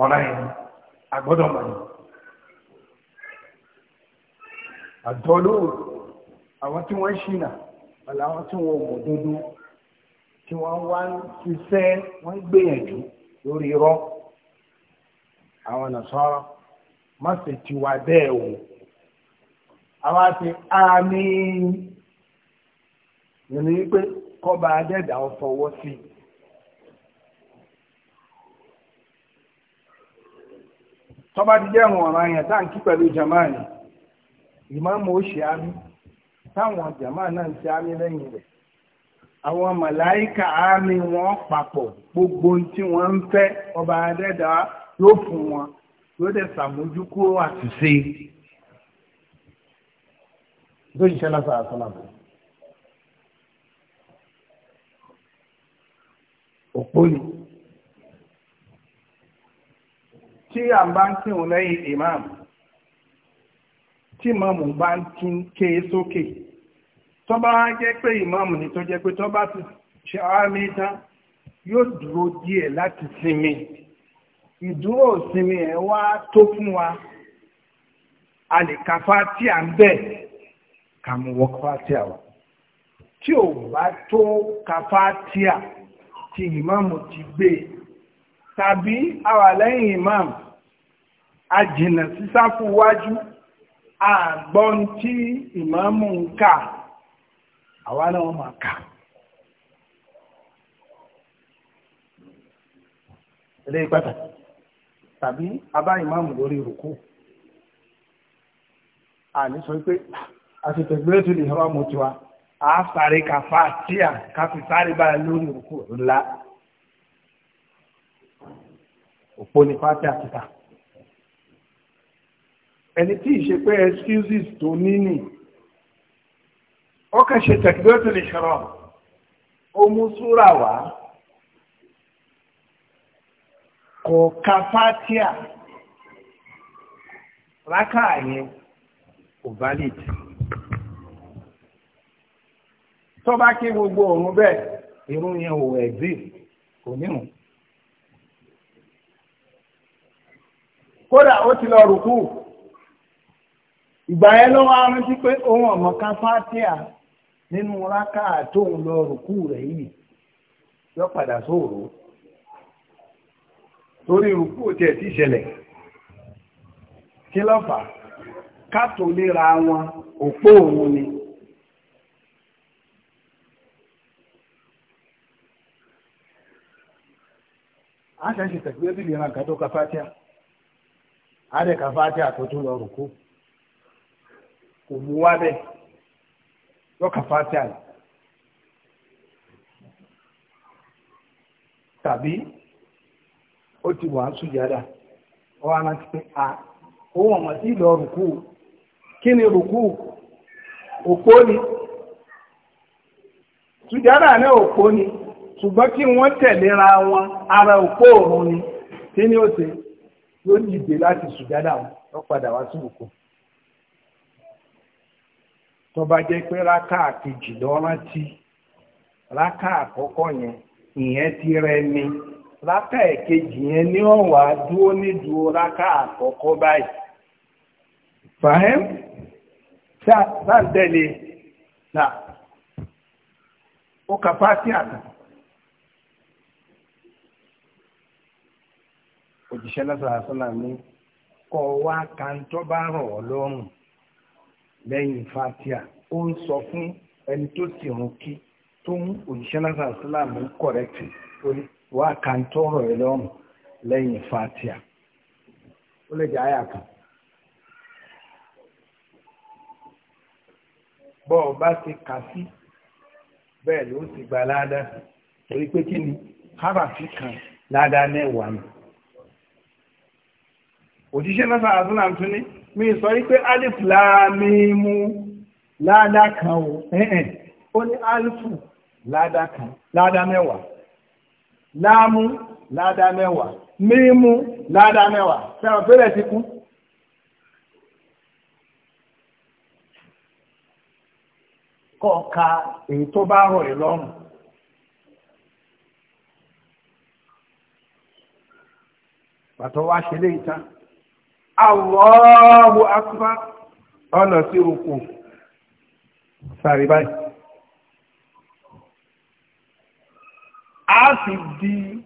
[SPEAKER 1] ọ̀rá yẹn àgbọ́dọ̀ mọ̀ ní. àdọ́lù àwọn tí wọ́n ṣìnà pẹ̀lú àwọn tí wọ́n mọ̀ dúdú tí wọ́n wá ń ṣiṣẹ́ wọ́n gbìyànjú lórí irọ́ àwọn nàṣọ́rọ́ má ṣe tiwa bẹ́ẹ̀ wò àwa ti àmì nínú wípé kọ́ba adẹ́dà ó fọwọ́ sí i. tọ́ba ti jẹ́ àwọn ọ̀ràn yẹn tá à ń kí pẹ̀lú jamaa ìmáàmù ó ṣe àmì táwọn jamaa náà ṣe àmì lẹ́yìn rẹ̀ àwọn màláìkà àmì wọn papọ̀ gbogbo tí wọ́n ń fẹ́ ọba adẹ́dà yóò fún wọn yóò dẹ̀ sàmójúkúrò àtúnṣe tó ń ṣẹlẹ̀ sọ àtúnṣe àbọ̀. òpó ni tí à ń bá ń kírun lẹ́yìn ìmáàmù tí ìmáàmù bá ń ké sókè tó jẹ́ pé ìmáàmù ni tó jẹ́ pé tó bá ti ṣe ara mi tán yóò dúró díẹ̀ láti sinmi ìdúró òsinmi ẹ̀ wá tó fún wa a lè ka fátíà ń bẹ̀ ká mú wọ́n fátíà wa tí ò bá tó ka fátíà tí ìmáàmù ti gbé tàbí àwà lẹ́yìn ìmáàmù a jìnà sí sáfù wájú àgbọ́n tí ìmáàmù ń kà àwa náà wọ́n máa kà. ilé pàtàkì tàbí abá ìmáàmù lórí rùkú àní sọ pé àṣetẹ̀gbẹ́ tó lè hàn mọ́ tiwa a sáré kàfà tíà káfí sáré báyà lórí rùkú ńlá òpó ní pátí àtìkà ẹni tí ìṣe pé excuses tó níní ó kàn ṣe tẹ̀gbẹ́ tó lè ṣọ̀rọ̀ ó mú súra wá kò ka fatia rákà yẹn kò valid tó bá kí gbogbo òun bẹ́ẹ̀ irun yẹn ò exist kò níhùn. kódà ó ti lọ rùkú ìgbà yẹn ló wá rántí pé ohun ọmọ kan fátíà nínú rákà tóun lọ rùkú rẹ̀ yìí yọ padà sóòrò. So torí rùkú tẹ̀ tí ìṣẹ̀lẹ̀ kí lọ́fà kátò léra wọn òpó òun ni a ṣe ṣe tẹ̀sí ẹbí lè ran kàtó kafátíà a kafátíà tó tún lọ rùkú kò mú wá bẹ́ẹ̀ lọ kafátíà tàbí ó ti wà á sùjádà ó wá rántí pé a òun ọ̀mọ̀ sí ìlọ rùkú kí ni rùkú òpó ni sùjádà náà òpó ni ṣùgbọ́n wọn ara òpó òun ni tí ni ó ṣe yóò dìde láti sùjádà wọn padà wá sí rùkú pé kejì lọ rántí rákà ẹ̀kejì yẹn ní ọ̀wà dúó nídúó rákà àkọ́kọ́ báyìí fàáhẹ́m sáàtẹ̀lé náà ó kàfá sí àtà òjíṣẹ́ lọ́sọ̀rọ̀sọ́là ní kọ́ wá kàńtọ́ bá rọ̀ ọ́ lọ́rùn lẹ́yìn fatia ó ń sọ fún ẹni tó sì rún kí tó ń òjíṣẹ́ lọ́sọ̀rọ̀sọ́là mú kọ̀rẹ́tì wá kàntọ́rọ̀ ẹ̀ lọ́rùn lẹ́yìn fatia ó lè jẹ́ àyà kan bọ́ ọ bá ti kà sí bẹ́ẹ̀ ló ti gba ládàá torí pé kí ni harafi kan ládàá mẹ́wàá ni òjíṣẹ́ náà sára tó náà ní mi sọ wípé alif láàmìmú ládàá kan o ó ní alifu ládàá kan ládàá mẹ́wàá láàmú ládá mẹ́wàá mímú ládá mẹ́wàá fẹ́ràn fẹ́rẹ̀ ti kú. kọ́ọ̀ka èyí tó bá rọ̀ ẹ́ lọ́rùn. wá ṣe léyìí tán Allahu akbar ọ̀nà sí rúkú sáré báyìí. fi di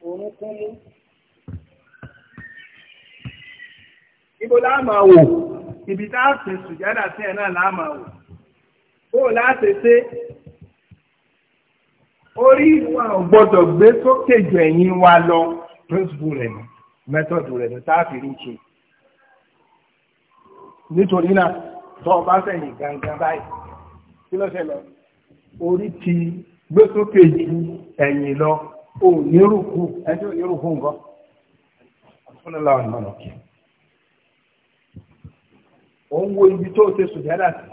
[SPEAKER 1] orúnkún mú ibo láàmà wò ibi tá a fi sùjádà sí ẹ̀ náà láàmà wò bó láti ṣe orí wa ò gbọdọ̀ gbé sókè jù ẹ̀yìn wa lọ principle rẹ̀ nù method rẹ̀ nù tá rí ṣe nítorí náà tọ́ ọ bá fẹ̀yìn gangan báyìí kí ló ṣẹlẹ̀ orí ti gbé sókè jù ẹ̀yìn lọ ò nírùkú ẹjọ́ nírùkú nǹkan fúnilá ọ̀nà ọ̀kẹ́ ó ń wo ibi tó ṣe sùjádà sí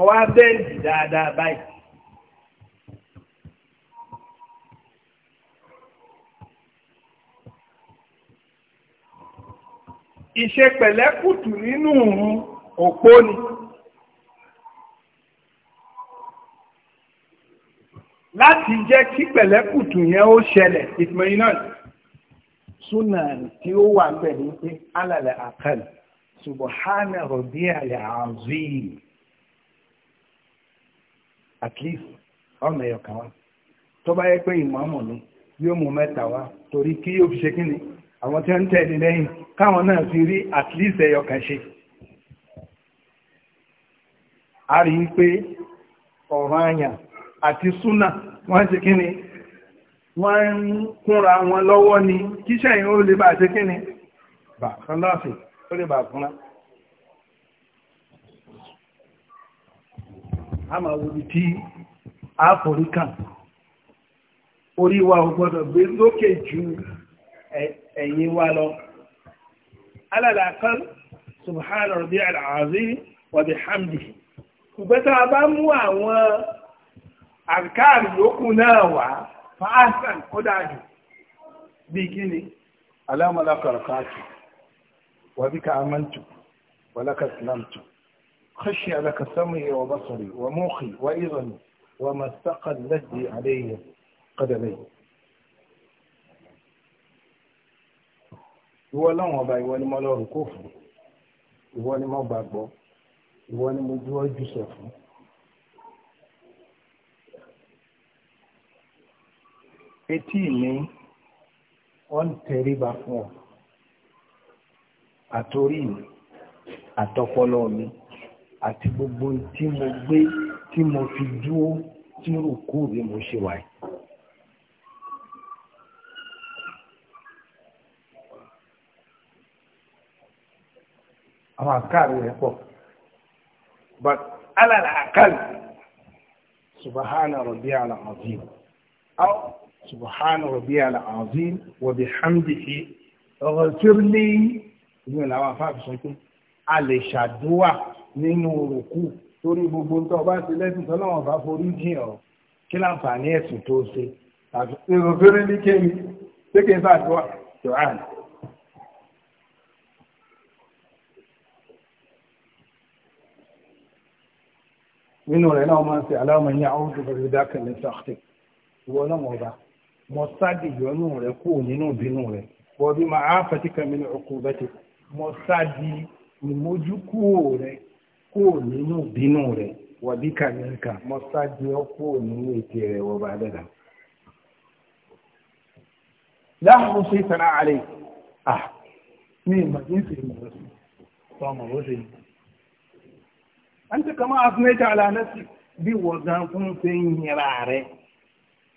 [SPEAKER 1] ọwọ́ abẹ́ǹdì dáadáa báyìí pẹ̀lẹ́kùtù nínú òpó ni. láti jẹ́ kí pẹ̀lẹ́kùtù yẹn ó ṣẹlẹ̀ ìtìmọ̀yìn náà súnà tí ó wà bẹ̀rẹ̀ ní pé alàlẹ̀ àkàlù subhana rabbiyal azim at least ọmọ ẹ̀yọ̀ kan wá tó bá yẹ pé ìmọ̀ọ́mọ̀ ni yóò mú mẹ́ta wá torí kí yóò fi ṣe kí ni àwọn tí wọ́n ń tẹ̀lé lẹ́yìn káwọn náà fi rí at ẹ̀yọ̀ kan ṣe a rí i pé ọ̀ranyàn àti súnà wọ́n ṣe kí ni wọ́n ń kúnra wọn lọ́wọ́ ni kíṣẹ́ yìí ó lè bá ṣe kí ni bàkan lọ́sìn ó lè bà kúnra. a máa wo ibi tí a forí kàn orí wa ò gbọ́dọ̀ gbé lókè ju ẹ̀yìn wa lọ.
[SPEAKER 2] alàlàkan
[SPEAKER 1] subhana rabbi al-azim wa bihamdihi. ìgbẹ́ta bá mú àwọn àríkáàrí lókù náà wà fáásán kódà jù bí kí ni alámọ́lá kọ̀rọ̀kátù wà bí ká amántù wà lákàtìlámtù kọ́ṣí alákàtàmù yẹwà basari wà mọ́kì wà ìrọ̀nù wà màsàkà lẹ́dì àlẹ́yẹ kọ́dàlẹ́ ìwọ láwọn ọba ni mo gbàgbọ́ ìwọ ni mo dúró jù sọ fún etí mi wọ́n ń tẹríba fún ọ àtòrí mi àtọpọlọ mi àti gbogbo tí mo gbé tí mo fi dúró tí rùkú bí mo ṣe wáyé. àwọn àkáàrí rẹ̀ pọ̀. but alàlà àkáàrí subahana rabbi ala azim subhana rabbi al-azim wa bihamdihi ọ̀rọ̀tír lé ìlú làwọn afáàfin sọ pé a lè ṣàdúwà nínú òrùkù torí gbogbo ń tọ́ bá ti lẹ́sìn tọ́lá wọn bá forí jìn ọ́ kí láǹfààní ẹ̀sìn tó ṣe ọ̀rọ̀tír lé kéwì kéke ṣàdúwà johan. nínú rẹ̀ náà máa ń ṣe aláwọ̀ yẹn àwọn olùdókòwò dákẹ́ sọ́ọ̀tì ìwọ náà mo sáàdì yọnú rẹ̀ kúrò nínú ìbínú rẹ̀ wọ́n bí máa fẹ́tí kan nínú ọkọ̀ bẹ́tì mo ìmójú kúrò rẹ kúrò nínú ìbínú rẹ wọ́n bí kàmíkà mo nínú wọ́n bá láàrú sí sara àlè à ní ìmọ̀ ní ìsìn ìmọ̀ bó ṣe àǹtí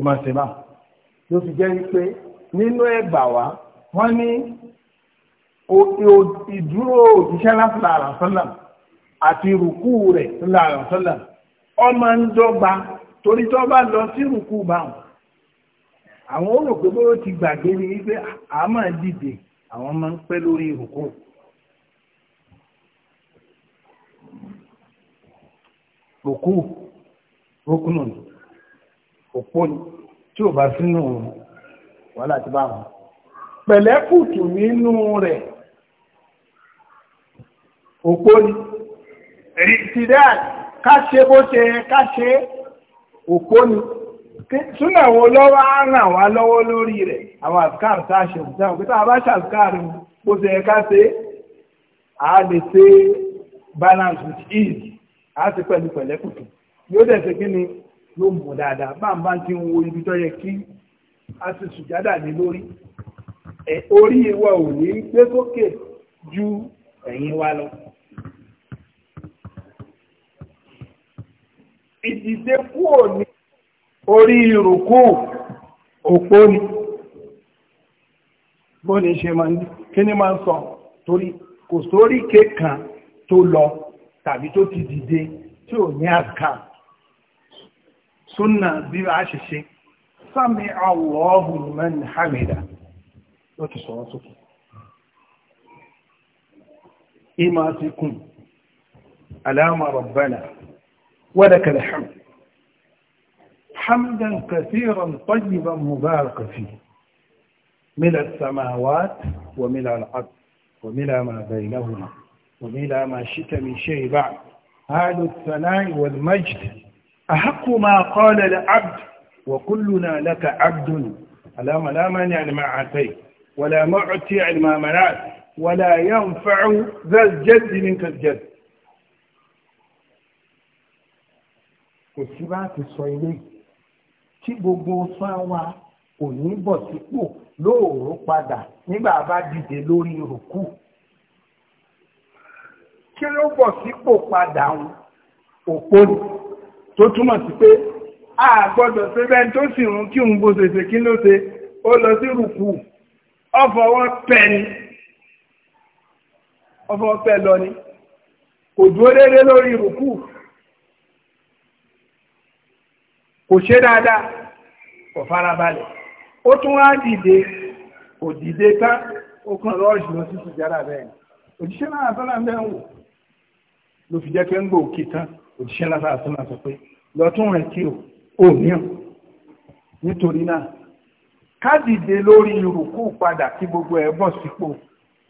[SPEAKER 1] tó máa ṣe báà ló fi jẹ́ wípé nínú ẹgbà wa wọ́n ní ìdúró òjíṣẹ́ lásìlá àràsọ́là àti rùkú rẹ̀ sílá àràsọ́là ọmọ ń dọ́gba torí tó bá lọ sí rùkú báwọn àwọn ó ti gbàgbé ni wípé a máa dìde àwọn máa ń pẹ́ lórí rùkú. rùkú rùkú nù òpó ni tí ò bá sínú wàhálà ti bá wọn pẹ̀lẹ́kùtù nínú rẹ̀ òpó ni rìtìdáàd káṣe bó ṣe káṣe òpó ni súnà wo lọ́wọ́ á ràn wá lọ́wọ́ lórí rẹ̀ àwọn àfikáàrù tá a ṣe òkúta òkúta àbá ṣàfikáàrù bó ṣe ká a lè ṣe balance with ease a ti pẹ̀lú pẹ̀lẹ́kùtù yóò dẹ̀ ṣe kí ni yóò mọ̀ dáadáa bá ń bá ti ń wo ibi tó yẹ kí a ti sùjádà ní lórí orí wa ò ní gbé sókè ju ẹ̀yìn wa lọ. ìdìde kúrò ní orí ìrùkú òpó ni bó ní ṣe máa ń kí ní máa ń sọ torí kò sórí kékan tó lọ tàbí tó ti dìde tí ò ní àkàrà. سنة ذي عاش الشيء سمع الله من حمده إما إماتكم ألام ربنا ولك الحمد حمدا كثيرا طيبا مباركا فيه من السماوات ومن الأرض ومن ما بينهما ومن ما شئت من شيء بعد هذا الثناء والمجد أحق ما قال العبد وكلنا لك عبد اللهم لا مانع لما أعطيت ولا معطي لما منعت ولا ينفع ذا الجد منك الجد kò sí bá ní bọ̀ sípò bá dìde lórí òkú kí ló tó túmọ̀ sí pé a gbọ́dọ̀ ṣe bẹ́ẹ̀ tó sì rún kí òun bó ṣe ṣe kí ló ṣe ó lọ sí rùkù ọfọwọ́ pẹ̀ ni ọfọwọ́ pẹ̀ lọ ni kò dúró déédéé lórí rùkù kò ṣe dáadáa kò farabalẹ̀ ó tún wá dìde kò dìde tán ó kàn rọ́ọ̀ṣì lọ sí sùjára bẹ́ẹ̀ ni òjíṣẹ́ náà sọ́nà ń bẹ́ẹ̀ wò ló fi jẹ́ pé ń gbòòkì tán òjíṣẹ́ náà sọ́nà sọ pé lọ́tún rẹ̀ kí o mìíràn nítorí náà kádìde lórí ìrùkú padà kí gbogbo ẹ̀ bọ̀ sípò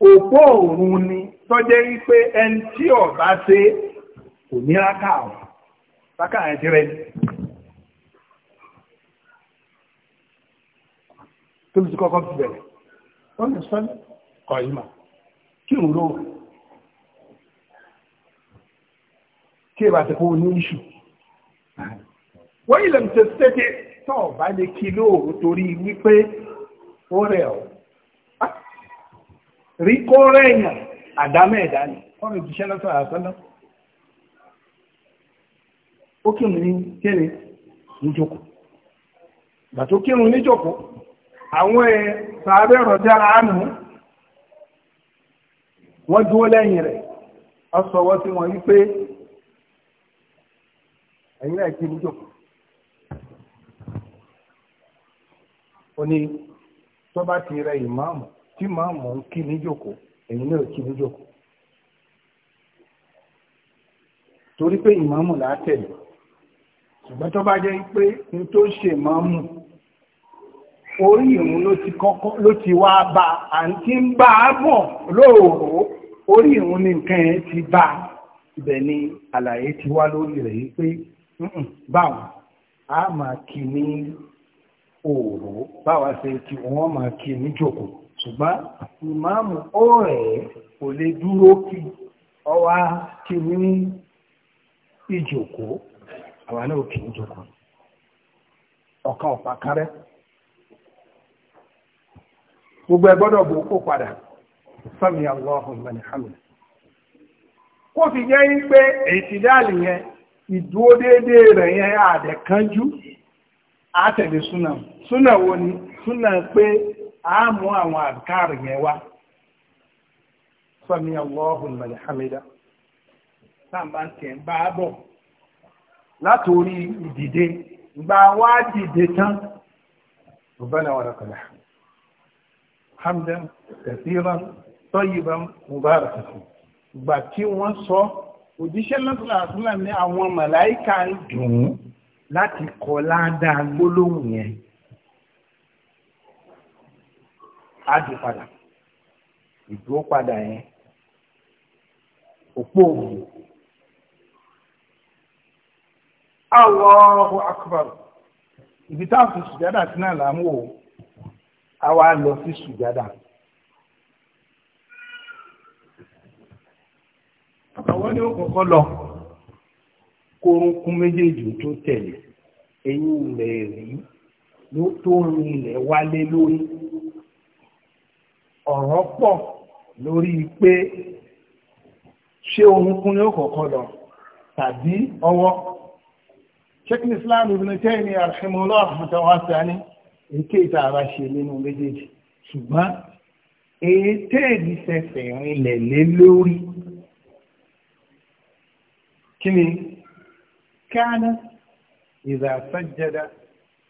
[SPEAKER 1] òpó òrun ni tọ́jẹ́ wípé ẹni tí ó bá ṣe kò ní rákà ọ̀ rákà ẹ̀ ti rẹ̀ ni. tó ti kọ́kọ́ ti bẹ̀rẹ̀ wọ́n lè sọ kọ̀ yìí mà kí òun ló kí èbà ní iṣu wọ́n ilẹ̀ tẹ̀ sẹ́dẹ̀ tó o bá lè kí lóòrùn torí wípé ó rẹ̀ ọ́ rí kó rẹ̀yàn àdámẹ́ ẹ̀dá ni wọ́n mi jíṣẹ́ lọ́sọ̀ àṣọ́lá
[SPEAKER 2] ó kírun ní kéde
[SPEAKER 1] níjókòó ìgbà tó kírun níjókòó àwọn ẹ̀ sàárẹ̀ ọ̀rọ̀ àánú wọ́n dúró lẹ́yìn rẹ̀ ọ sọ wọ́n sí wọn wípé ẹ̀yin náà kí ní jòkó. ó ní tó bá ti rẹ ìmáàmù tí ìmáàmù ń kí ní jòkó ẹ̀yin náà kí ní jòkó. torí pé ìmáàmù là á tẹ̀lé ṣùgbọ́n tó bá jẹ́ pé ní tó ṣe ìmáàmù orí ìrún ló ti kọ́kọ́ ló ti wá bá àǹtí ń bá a bọ̀ lóòrò orí ìrún ní nǹkan ẹ̀ ti bá ibẹ̀ ni àlàyé ti wá lórí rẹ̀ yìí pé báwọn a máa kí ní òòrò báwa ṣe kí wọ́n máa kí ní jòkó ṣùgbọ́n ìmáàmù ọ̀rẹ́ kò lè dúró kí ọwá kí ní ìjòkó àwọn náà kì í jòkó ọ̀kan ọ̀pá kárẹ́ gbogbo ẹ gbọ́dọ̀ bò kó padà sami Allahu liman hamid kó fi jẹ́ yí pé èyí ti ìdúró déédé rẹ̀ yẹn àdẹ̀kánjú àtẹ̀lé súnà súnà wo ni súnà pé a mú àwọn àdìkáàrì yẹn wá sami Allahu hamida sáàmbá tẹ̀ ń bá a bọ̀ látòrí ìdìde gba wá dìde tán rabbana wa lakal hamd hamdan kathiran tayyiban mubarakan gbà tí wọ́n sọ òjíṣẹ́ lọ́sọ̀lá ní àwọn màláìka ń dùn ún láti kọ ládàá gbólóhùn yẹn á di padà ìdúró padà yẹn òpó òun Allahu akbar ibi táwọn fi sùjádà sí náà là ń wò lọ sí sùjádà. Si àwọn ní òkùnkọ́ lọ kórunkún méjèèjì tó tẹ̀lé eyín ilẹ̀ rí tó rin ilẹ̀ wálé lórí ọ̀rọ̀ pọ̀ lórí pé ṣé orúnkún ní òkùnkọ́ lọ tàbí ọwọ́ shekin islam ibn taymi arhimullah mutawasani èké ìta àbá ṣe nínú méjèèjì ṣùgbọ́n
[SPEAKER 2] èyí tẹ́ẹ̀dì fẹsẹ̀ rinlẹ̀ lé lórí
[SPEAKER 1] kíni kánà ìdá sájẹ́dá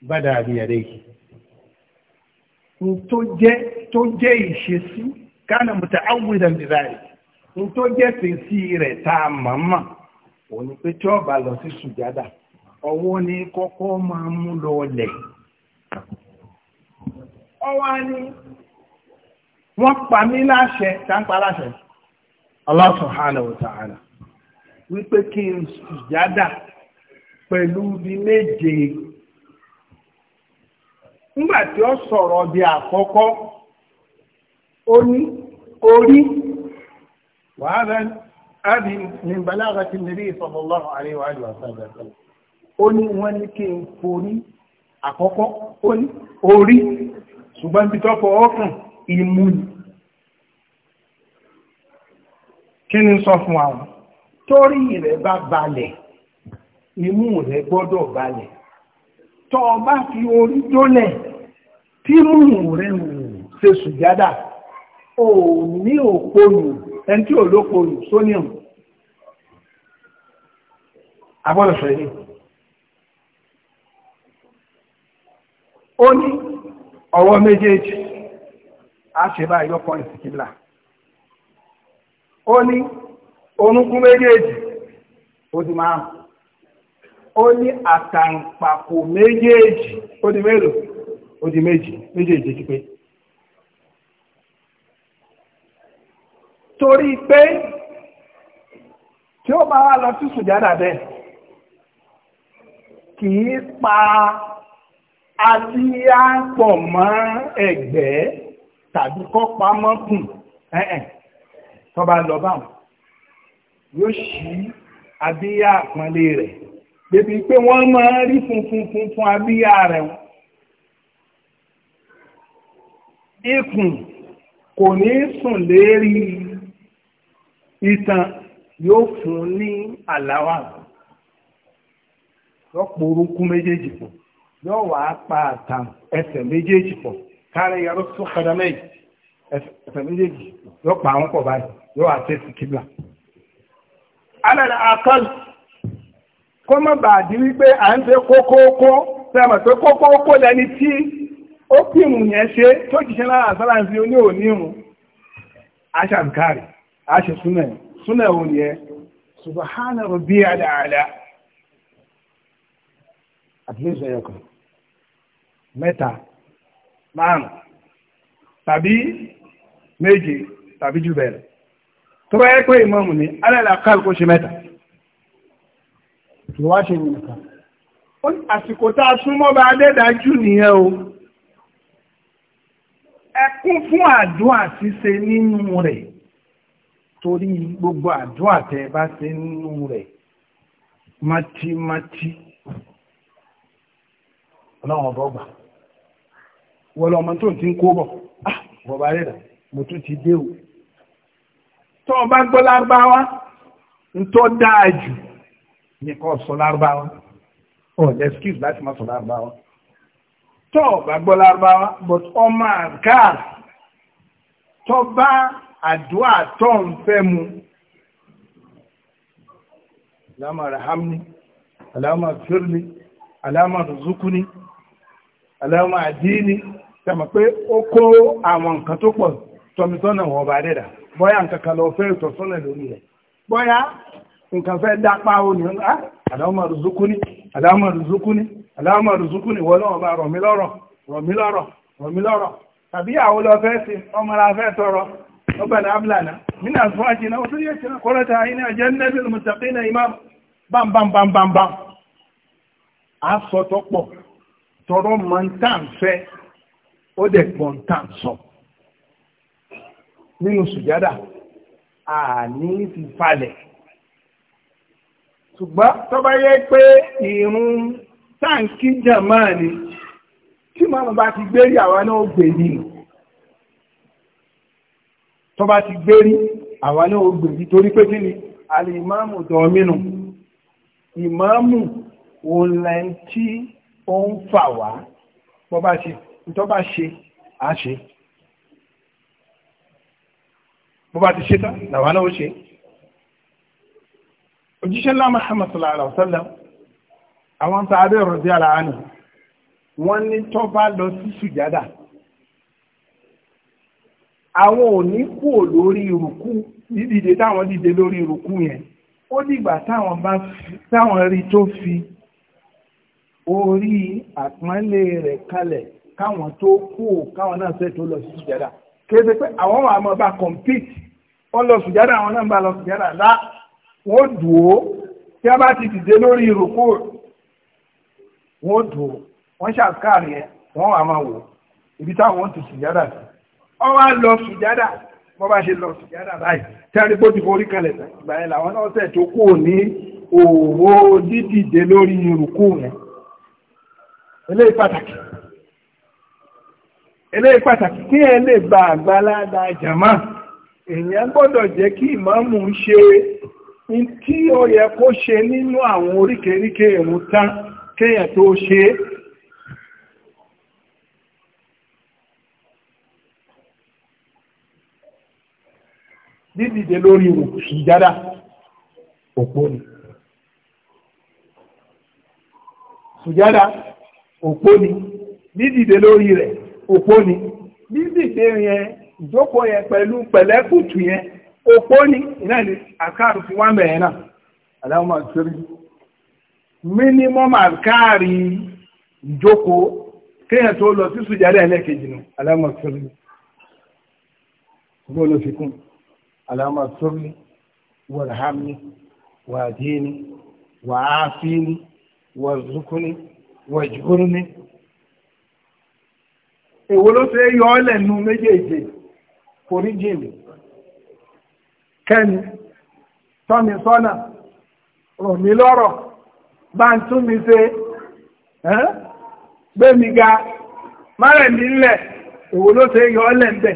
[SPEAKER 1] bádà àbíyàdé yìí tó jẹ́ ìṣesí kánà mọ̀tà áwùdàn ìdáyìí tó jẹ́ fèsì rẹ̀ tá a màmá òun ni pé tí ó bá lọ sí sùjádà ọwọ́ ni kọ́kọ́ máa mú lọ lẹ̀ ọwọ́ ni wọ́n pa mí láṣẹ tá ń pa láṣẹ Allah subhanahu wa ta'ala wípé kí n sùjádà pẹ̀lú bí méje nígbà tí ó sọ̀rọ̀ di àkọ́kọ́ ó ní orí wàhálà ábí ní balára ti nílé sallallahu alaihi wa alihi wasallam ó ní wọ́n ní kí n forí àkọ́kọ́ ó ní orí ṣùgbọ́n bí tọ́pọ̀ ọkùn ìmú kí ni sọ fún àwọn torí rẹ̀ bá balẹ̀ imú rẹ̀ gbọ́dọ̀ balẹ̀ tọ́ ọ bá fi orí jólẹ̀ tí mú rẹ̀ ṣe sùjádà ò ní òpònù ẹni tí ò lópònù sóníọ̀m agbọ́dọ̀sọ̀ ilé ó ní ọwọ́ méjèèjì a ṣe bá yọ́pọ̀ ìsìnkìlá ó ní orúnkún méjèèjì ó di márùn ó ní àtàǹpàkò méjèèjì ó di mélòó ó di méjì méjèèjì ti pé torí pé tí ó bá wá lọ sí sùjádà bẹ́ẹ̀ kì í pa àtíyá pọ̀ mọ́ ẹ̀gbẹ́ tàbí kọ́ pamọ́ kùn ẹ̀ẹ̀ tó bá lọ báwọn yóò ṣí abíyá àpọ́nlé rẹ̀ débi pé wọ́n máa rí funfun funfun abíyá rẹ̀ ikùn kò ní sùn lérí itan yóò fún ní àláwà lọ́pọ̀ orúnkún méjèèjì pọ̀ yóò wá pa àtàn ẹsẹ̀ méjèèjì pọ̀ kárí yàrá sókàdá méjì ẹsẹ̀ méjèèjì yóò pa àwọn pọ̀ báyìí yóò àtẹ́sì kíbla. alẹ́lẹ́ àkọlù kó mọ̀ bà dí wípé à ń ṣe kókóókó sẹ́mọ̀ lẹni tí ó pìmù yẹn ṣe tó lára àṣálà ń fi oní òní ìrùn aṣàbùkárì aṣe súnẹ̀ súnẹ̀ òní ẹ subhana rabbi alaala àtúnṣe ẹ̀kọ́ mẹ́ta márùn tàbí méje tàbí tó bá yẹ pé ìmọ̀mù ní alẹ́làkàlù kó ṣe mẹ́ta tó wá ṣe nìkan àsìkò tá a súnmọ́ bá adẹ́dájú nìyẹn o ẹkún fún àdúà ṣíṣe nínú rẹ̀ torí gbogbo àdúà tẹ́ bá ṣe nínú rẹ̀ mátímátí ọlọ́run ọba ọgbà wọ́n lọ́mọ tó ti ń kó bọ̀ ah bọ̀bá rẹ̀ mo tún ti dé o tó o bá gbọ́ lárúbáwá ń tó dáa jù ní kó sọ lárúbáwá ọ̀ excuse láti má sọ lárúbáwá tó o bá gbọ́ lárúbáwá but ọmọ àgáà tó bá àdúrà tó ń fẹ́ mu lámà rahamni alámà fírni alámà rùzúkúni alámà àdíní tàbí pé ó kó àwọn nǹkan tó pọ̀ sí tọmitọ́nà wọn bá dẹ́dà bọ́yá nǹkan kan lọ fẹ́ ìtọ́sọ́nà lórí rẹ̀ bọ́yá nǹkan fẹ́ dápá ó ní ọ́nà ah, àdáwọ̀mọ̀rù zukuni àdáwọ̀mọ̀rù zukuni àdáwọ̀mọ̀rù zukuni wọ́n lọ́wọ́ bá rọ̀mí lọ́rọ̀ rọ̀mí lọ́rọ̀ rọ̀mí lọ́rọ̀ tàbí àwọn lọ fẹ́ sí ọmọ la fẹ́ tọrọ ọgbẹ̀ni abúlànà nínú àfọ́jì náà tó yẹ kíra kọ́lọ́ta iná jẹ́ nínú sùjádà àní fi falẹ̀ ṣùgbọ́n tó yẹ pé ìrun táǹkì jàmáà ni tí màmá bá ti gbérí àwa náà gbè ní tó bá ti gbérí àwa náà gbè ní torí pé kí ni alìmáàmù dọ̀mínú ìmáàmù òǹlẹ̀ tí ó ń fà wá bọ́ bá ṣe a ṣe bó bá ti ṣe tán làwọn náà ó ṣe òjíṣẹ́ ńlá Muhammad sallallahu alaihi wa sallam àwọn sàádé rọ̀dí ara nù wọ́n ní tó bá lọ sí sùjádà àwọn ò ní kú lórí ìrùkú dídìde táwọn dìde lórí ìrùkú yẹn ó dìgbà táwọn bá táwọn rí tó fi orí àpọ́nlé rẹ̀ kalẹ̀ káwọn tó kú káwọn náà ṣe tó lọ sí sùjádà kí ẹ ṣe pé àwọn ọmọ bá compete wọ́n lọ sùjádà àwọn náà ń bá lọ sùjádà lá wọ́n dùó tí a bá ti dìde lórí ìrùkú wọ́n dùó wọ́n ṣàkáàrí ẹ̀ wọ́n wà máa wò ibi táwọn ti sùjádà sí wọ́n wá lọ sùjádà wọ́n bá ṣe lọ sùjádà báyìí tẹ́rí bó ti forí kalẹ̀ ìgbà yẹn làwọn náà sẹ̀ tó kù ní òwò dídìde lórí ìrùkú yẹn eléyìí pàtàkì eléyìí pàtàkì kí ẹ lè gba àgbàlá da jàmáà èèyàn gbọ́dọ̀ jẹ́ kí ìmáàmù ń ṣe tí ó yẹ kó ṣe nínú àwọn oríkèríkè ìrun tán kéèyàn tó ṣe é dídìde lórí ìjádá òpó ni sùjádá òpó ni dídìde lórí rẹ̀ òpó ni dídìde yẹn ìjókòó yẹn pẹ̀lú pẹ̀lẹ́kùtù yẹn òpó ni iná ní àkáàrù fi wá mẹ́rin náà aláwọ̀mọ̀ sórí mínímọ́mù àkáàrì ìjókòó kéèyàn tó lọ sí sùjálẹ̀ ẹlẹ́kejì nù aláwọ̀mọ̀ sórí gbogbo olófikún aláwọ̀mọ̀ sórí wàlhámi wàdíni wàáfíni wàzúkúni wàjúkúni èwo ló fẹ́ yọ ọ́ lẹ́nu méjèèjì. forí jìnì kẹ́ni tọ́mi sọ́nà rọ̀ mí lọ́rọ̀ bá ń tún mi ṣe gbé ga márẹ̀ mi ńlẹ̀ èwo ló ṣe yọ ọ́lẹ̀ ńbẹ̀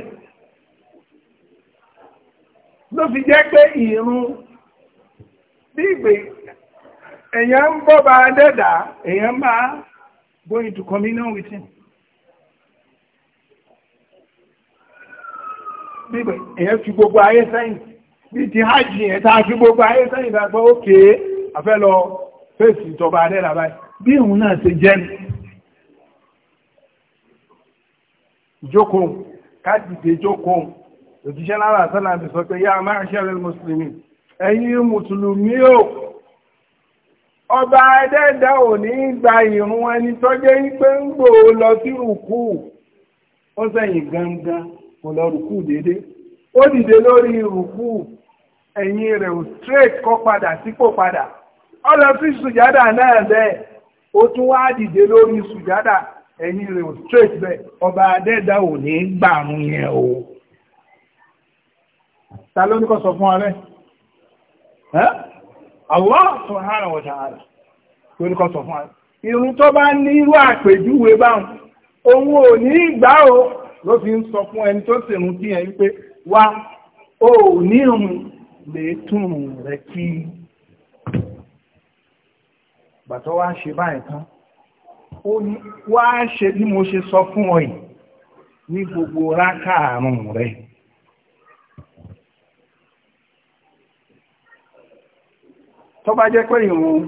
[SPEAKER 1] ló fi jẹ́ pé ìrún bí ìgbè èèyàn ń bọ́ bá dẹ́dà èèyàn máa going to communion with him. èyàn fi gbogbo ayé sẹ́yìn bí ti hajj yẹn tá a fi gbogbo ayé sẹ́yìn dágbọ́ òkè àfẹ́ lọ fèsì ìjọba adẹ́là báyìí bí òun náà ṣe jẹ́ ni jókòó káàdìdè jókòó òjíṣẹ́ lára àtàlà àti sọ pé yá máa ṣẹ́rẹ̀ mùsùlùmí ẹ̀yin mùsùlùmí ò ọba adẹ́dà ò ní gba ìrún ẹni tọ́jẹ́ pé ń gbòó lọ sí rùkú ó sẹ́yìn gangan kò rùkú déédéé ó dìde lórí rùkú ẹ̀yìn rẹ̀ ò straight kọ́ padà sípò padà ó lọ sí sùjádà náà bẹ́ẹ̀ ó tún wá dìde lórí sùjádà ẹ̀yìn rẹ̀ ò ọba adẹ́dá ò o ta ló ní kọ́ sọ fún ààrẹ ló ní sọ fún irun tó bá ní irú àpèjúwe báwọn òun ò ní gbà o. ló fi ń sọ fún ẹni tó sèrún kí ẹ̀ wípé wá ó ní òun lè tún rẹ̀ kí bàtọ́ wá ṣe báyìí tán ó ní wá ṣe bí mo ṣe sọ fún ọ yìí ní gbogbo rákàrùn rẹ̀ tó bá jẹ́ pé ìrun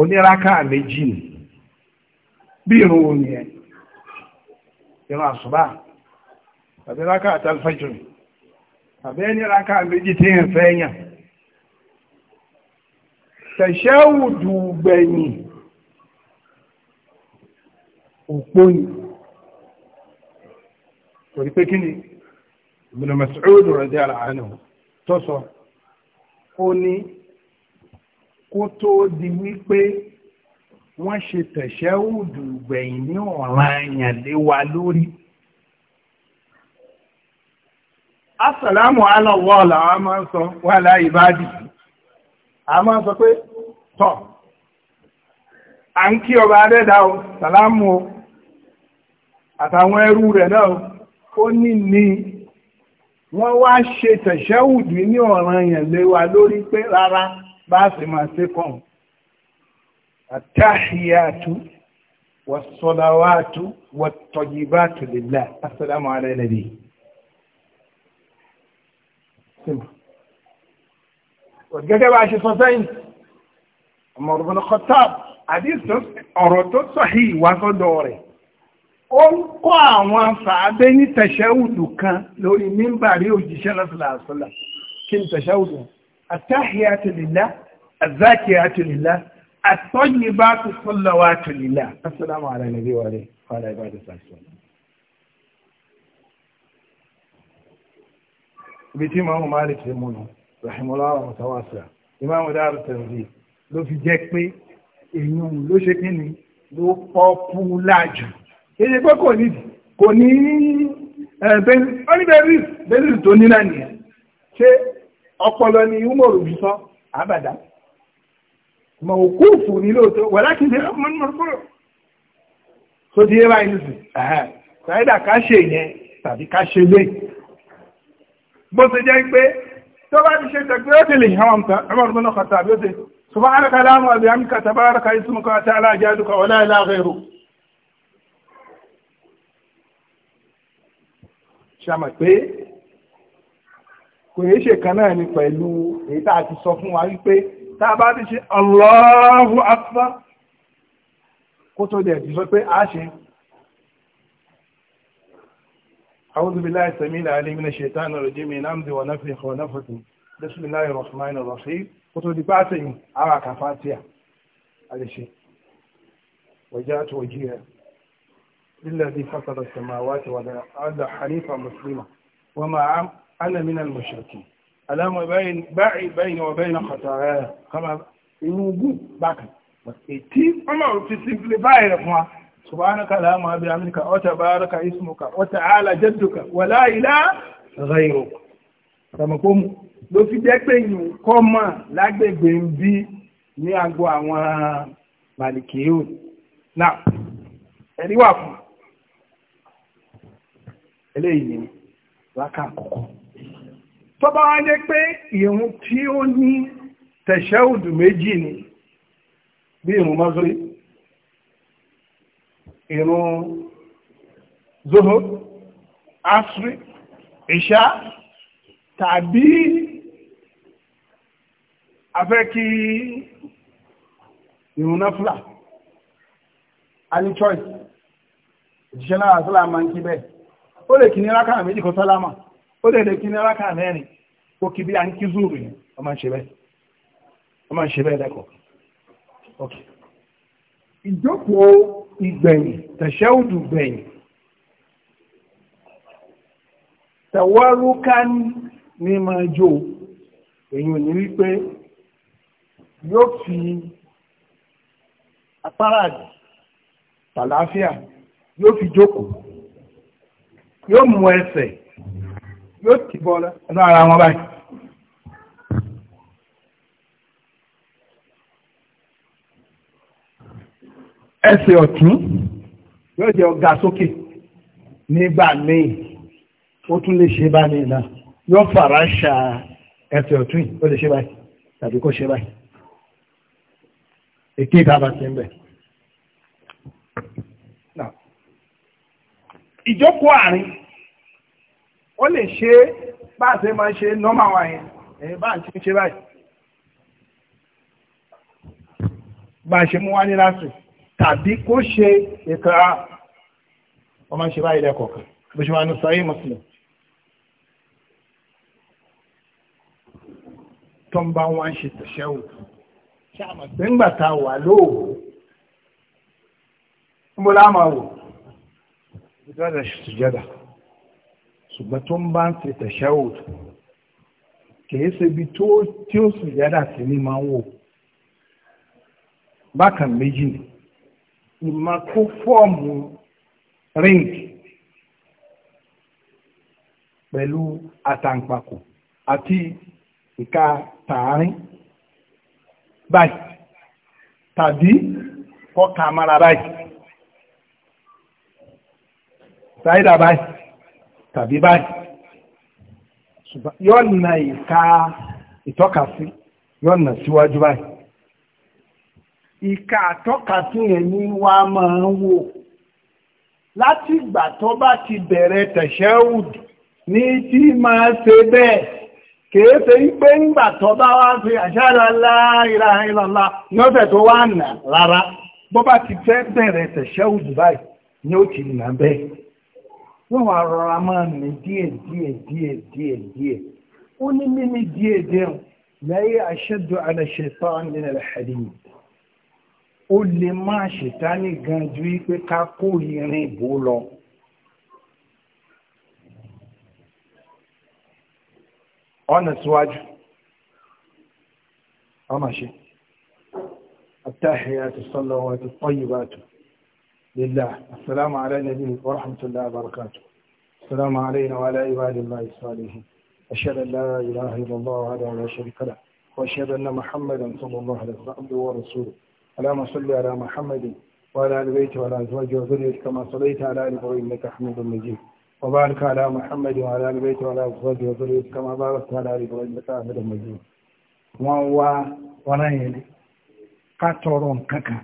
[SPEAKER 1] oníraka méjì ni bí ìrun òní ẹ̀ ìran àṣùbá tàbí rákà àtàlfàjìrì tàbí ẹni rákà méjì tí ń fẹ́ yàn tẹ̀ṣẹ́wùdù gbẹ̀yìn òpó yìí torí pé kí ni Ibn Mas'ud radiyallahu anhu tó ó ní kó tó di wípé wọ́n ṣe tẹ̀ṣẹ́ òdù gbẹ̀yìn ní ọ̀ràn àyàn lé wa lórí.
[SPEAKER 2] Asàlámù alọ́wọ́
[SPEAKER 1] làwọn máa ń sọ wà láì bá dì. A máa sọ pé tọ̀, à ń kí ọba adẹ́dà o, sàlámù o, àtàwọn ẹrú rẹ̀ náà ó ní ní wọ́n wá ṣe tẹ̀ṣẹ́ òdù ní ọ̀ràn àyàn lé wa lórí pé rárá bá sì máa ṣe kọ̀ọ̀kan àtàhíyàtú wàsọ̀làwàtú wàtọ̀yìbàtú lèlá asàlámù aláìlẹ́bí. gẹ́gẹ́ bá a ṣe sọ sẹ́yìn ọmọ ọ̀rọ̀bọ̀n Khattab àdìsọ ọ̀rọ̀ tó sọ̀hí ìwásọ́dọ̀ rẹ̀ ó ń kọ́ àwọn fàábẹ́ ní tẹ̀ṣẹ́wùdù kan lórí mímbàrí òjíṣẹ́ lọ́sọ̀làṣọ́là kí ni tẹ̀ṣẹ́wùdù àtàhíyàtú at-tayyibatu salawatu lillah assalamu ala nabi wa alayhi wa ala ibadi sàṣọ. ibi tí imaamu malik ṣe múnu rahimahullah mutawasa imaamu dáhùn tẹ̀lé ló fi jẹ́ pé èèyàn ló ṣe kí ni ló pọ́pùlà jù èyí pé kò nídìí kò ní eh, bẹ́ẹ̀rì tó ní náà nìyẹn ṣé ọpọlọ ni umaru bí sọ àbàdà mọ̀kúùfù ní lóòótọ́ wà láti ní
[SPEAKER 2] ọmọ ní mọ̀kúrò
[SPEAKER 1] tó di ẹwà ìlúsì ṣàídà ká ṣe yẹn tàbí ká ṣe lé bó ṣe jẹ́ pé tó bá ti ṣe tẹ̀gbé ó ti lè hàn ọmọ ọmọ ọmọ náà kọta bí ó ti ṣùgbọ́n arákà láàmú àbí àmì kàtà bá arákà yìí kò yéé ṣe kan náà ni pẹ̀lú èyí tá ti sọ fún wa wípé tá bá ti ṣe Allahu Akbar kó tó dẹ̀ ti sọ pé a ṣe أعوذ بالله السميع العليم من الشيطان الرجيم من أمد ونفخ ونفخ بسم الله الرحمن الرحيم قلت لي باتي أراك فاتية هذا شيء وجاءت وجيها للذي فصل السماوات والأرض حنيفا مسلما وما أنا من المشركين aláwọ̀ báyìí báyìí wọ̀ báyìí náà kọ̀tọ̀ rẹ̀ kọ́mà inú gùn bákan ètí ọlọ́run ti simplify rẹ̀ fún wa subhanaka allahumma wa bihamdika wa tabaraka ismuka wa ta'ala jadduka wa la ilaha ghayruk ramakomu ló fi jẹ́ pé yìí kọ́ mọ̀ wà fún eléyìí ní wákà tó bá wá jẹ́ pé ìrun tí ó ní tẹ̀ṣẹ́ùdù méjì ni bí ìrun mọ́sórí ìrun zoho asri ìṣá tàbí afẹ́ kí ìrun náfúlà a ní choice ìṣẹ́ ń kí bẹ́ẹ̀ ó lè kì ní rákàrà méjì kan sálámà ó dẹ̀ kí ní rákà mẹ́rin kó kí bí a ń kí zúrù yẹn wọ́n máa ń ṣe bẹ́ẹ̀ wọ́n máa ń ṣe bẹ́ẹ̀ lẹ́kọ̀ọ́ ok ìjókòó ìgbẹ̀yìn tẹ̀ṣẹ́ùdù gbẹ̀yìn tẹ̀wọ́rúká ní máa jó èyí ò ní wípé yóò fi apárádì tàlàáfíà yóò fi jókòó yóò mú ẹsẹ̀ yóò ti bọ́ ọ̀dọ́ ara wọn báyìí. ẹsẹ̀ ọ̀tún yóò jẹ́ ọ̀gá sókè nígbà míì ó tún lè ṣe bá ní ìlà yóò fara ṣà ẹsẹ̀ ọ̀tún ó lè ṣe báyìí tàbí kó ṣe báyìí èké ìdábà sí ń bẹ̀. ìjókòó àárín ó lè ṣe bá ṣe máa ṣe nọ́mà wa yẹn ẹ̀yìn bá ń ti ṣe báyìí bá ṣe mú wá ní láti tàbí kó ṣe ìkà ọmọ ṣe báyìí lẹ́kọ̀ọ̀kan bó ṣe wà ní sọ́yí mùsùlùm tó ń bá wọn ṣe tẹ̀ṣẹ́ òkú nígbà tá wò ìjọba ṣùjọba ṣùgbọ́n tó ń bá ń ṣe tashahud kìí ṣe ibi tí ó sì yára sí ní máa ń wò bákan méjì ni ìmọ̀ kó fọ́ọ̀mù ring pẹ̀lú àtàǹpàkò àti ìka tààrin báyìí tàbí kọ́ka amára báyìí sáyidà báyìí tàbí báyìí ṣùgbọ́n yóò na ìka ìtọ́kasí yóò na síwájú báyìí ìka àtọ́kasí yẹn ni wá máa ń wò láti ìgbà tó bá ti bẹ̀rẹ̀ tẹ̀ṣẹ́wùd ní tí máa ṣe bẹ́ẹ̀ kìí ṣe pé ńgbà tó bá wá fi àṣàrà láìra ìlànà lọ́sẹ̀ tó wá nà rárá bó bá ti fẹ́ bẹ̀rẹ̀ tẹ̀ṣẹ́wùd báyìí ni ó ti nà bẹ́ẹ̀
[SPEAKER 2] wọ́n wà rọra máa
[SPEAKER 1] mì díẹ̀ díẹ̀ díẹ̀ díẹ̀ díẹ̀ ó ní mímí díẹ̀ díẹ̀ láyé ashaddu ala shaytan min al-hadid ó lè máa ṣètánì gan ju wípé ká kó irin ìbò lọ. ọ̀nà síwájú ọmọ ṣe àtàhìyà àti sọ́lọ́wọ́ àti pọ́yìbá àtò لله السلام على النبي ورحمة الله وبركاته السلام علينا وعلى عباد الله الصالحين أشهد أن لا إله إلا الله وحده لا شريك له وأشهد أن محمدا صلى الله عليه وسلم عبده ورسوله اللهم صل على محمد وعلى آل بيته وعلى أزواجه وذريته كما صليت على آل إبراهيم إنك حميد مجيد وبارك على محمد وعلى آل بيته وعلى أزواجه وذريته كما باركت على آل إبراهيم إنك حميد مجيد وهو ونيل قطر ككا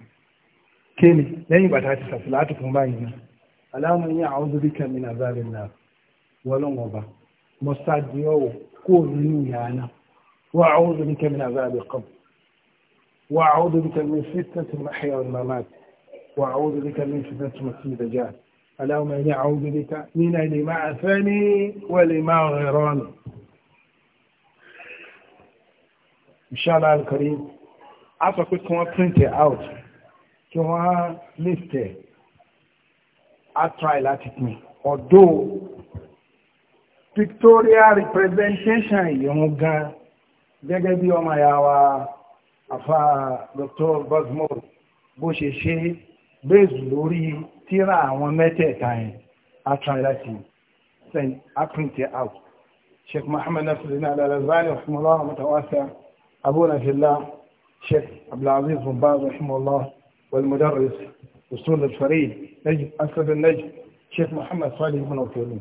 [SPEAKER 1] kéènì lẹ́yìn ìgbà tá a ti sàṣìláàtù fún báyìí náà aláàmú yín àwọn òbí kẹmí náà bá rìn náà wọlọ́wọ́n ọba mọ́sáàdì ọ̀wọ̀ kó nínú ìyá náà wọ́n àwọn òbí kẹmí náà bá rìn kọ́ wọ́n àwọn òbí kẹmí fitness mahia ọ̀nà mamad wọ́n àwọn òbí kẹmí fitness masi ìdájà aláàmú inshallah alkarim a sọ pé kí print it out kí wọ́n lèsẹ̀ atrai láti pin ọ̀dọ́ pictorial representation ìrún gan gẹ́gẹ́ bí ọmọ ìyá wa afa Dr. Bosmore bó ṣe ṣe bẹ́ẹ̀sì lórí tíra àwọn mẹ́tẹ̀ẹ̀ta yẹn atrai láti send print it out sheikh Muhammad nasiruddin al-Albani rahimahullah mutawasa abuna fillah sheikh Abdulaziz bin Baz rahimahullah والمدرس أصول الفريد نجم أسد النجم شيخ محمد صالح بن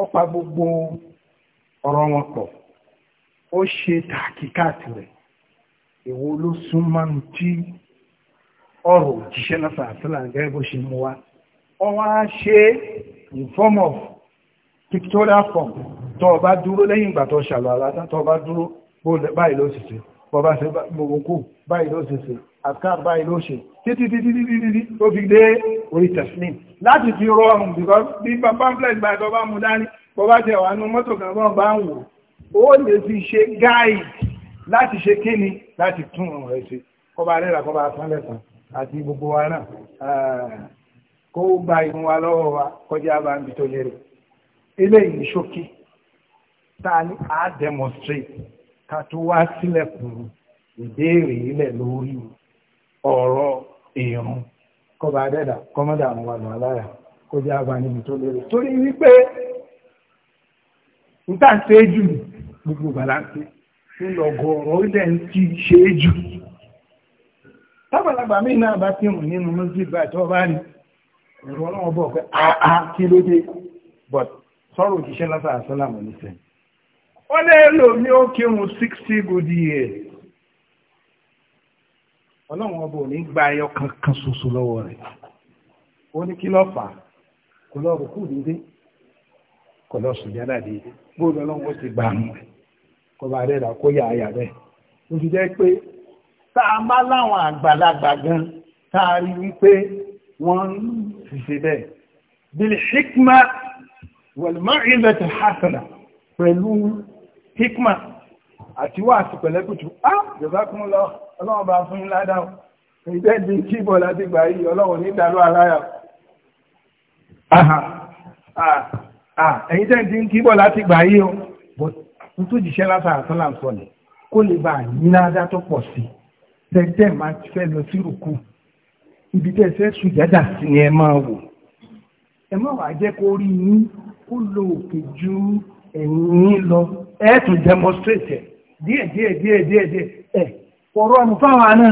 [SPEAKER 1] gbogbo wa in form of pictorial form tó o bá dúró lẹ́yìn ìgbà tó ṣàlọ́ tó o bá dúró báyìí ló sì bọ́bá ṣe gbogbo báyìí ló ṣe ṣe àkàr báyìí ló ṣe títí títí títí tó fi dé orí tẹ̀sílìm láti fi rọrùn bí pamphlet báyìí bọ́bá mú dání bọ́bá tẹ̀ wà nú mọ́tò kan bọ́n bá ń wò ó lè fi ṣe guide láti ṣe kíni láti tún ọ̀rọ̀ rẹ̀ ṣe kọba rẹ̀rà kọba sánlẹ̀sán àti gbogbo wa náà eh, kó gba ìrun wa lọ́wọ́ wa kọjá bá ń bi tó eléyìí ṣókí tá a ní a demonstrate ká tó wá sílẹ̀kùn ìbéèrè ilẹ̀ lórí ọ̀rọ̀ èèrùn kọba adẹ́dà kọmọ́dà àwọn àmọ́ aláyà kó jẹ́ àbá níbi tó lérè torí wípé ń tà ṣe é jù gbogbo bàláńsì nílò ọgọ́rọ̀ ilẹ̀ ń ti ṣe é jù tábàlagbà mí náà bá ti rùn nínú mọ́sílì tó bá ní ẹ̀rọ náà bọ̀ pé àá kí ló dé but sọ́rọ̀ òjíṣẹ́ lásà àṣọ́làmù nísìnyí ó lè lò ní ó kírun sixty good years ọlọ́run ọba ò ní gba ẹyọ kankan ṣoṣo lọ́wọ́ rẹ̀ ó ní kí ló fà á kò lọ rò kú dídé kò lọ sùn yàrá dídé bóòlù ọlọ́run ó ti gbà mú rẹ̀ kó bá rẹ̀ rà kó yà á yà bẹ́ẹ̀ ó ti jẹ́ pé tá a bá láwọn àgbàlagbà gan tá a rí wípé hasana pẹ̀lú hikma àti wà sí pẹ̀lẹ́kùtù á jọba kún lọ ọlọ́run bá fún ládàá ìgbẹ́ di kíbọ̀ láti gbà yìí ọlọ́run ní ìdàlú aláyà ẹ̀yin ah, ah, tẹ́ ń kíbọ̀ láti gbà yìí o but n tó jìṣẹ́ lásán àtúnlá ń sọ ni kó lè bá yín ládàá tó pọ̀ sí tẹ́tẹ́ máa ti fẹ́ lọ sí rùkú ibi tẹ́ fẹ́ sùjádà sí ni ẹ máa wò ẹ má wàá jẹ́ kó rí yín kó lo òkè ju ẹ̀yìn yín lọ ẹ tún demonstrate ẹ díẹ̀ díẹ̀ díẹ̀ díẹ̀ díẹ̀ ẹ ọ̀rọ̀ ọ̀nù fáwọn àná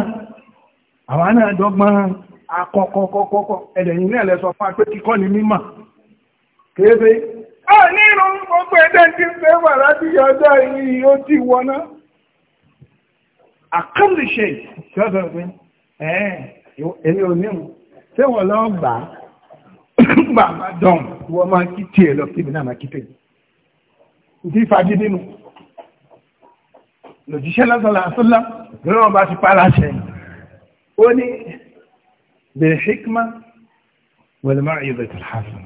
[SPEAKER 1] àwọn àná dọ́gbọ́n akọ́kọ́kọ́kọ́ ẹ̀dẹ̀yìn náà lẹ́sọ fún apé kíkọ́ ni mímọ̀ kéèké
[SPEAKER 2] ọ nínú gbogbo
[SPEAKER 1] ẹ̀dẹ́ tí ń fẹ́ wà láti yọjọ́ yìí ó ti wọná àkọ́lùṣe ìjọba ọ̀gbẹ́ ẹ̀ èmi ò ní mu ṣé wọ́n lọ gbà á <coughs> gbà má dán wọ́n máa kí tiẹ̀ lọ kí náà máa kí tèmi ìdí ìfagídínú lòjíṣẹ́ lásánlá àsánlá lórí wọn bá ti pa láṣẹ ó ní bẹ̀rẹ̀ hikma wẹ̀lẹ̀mọ́ ìrẹ̀tẹ̀ hasan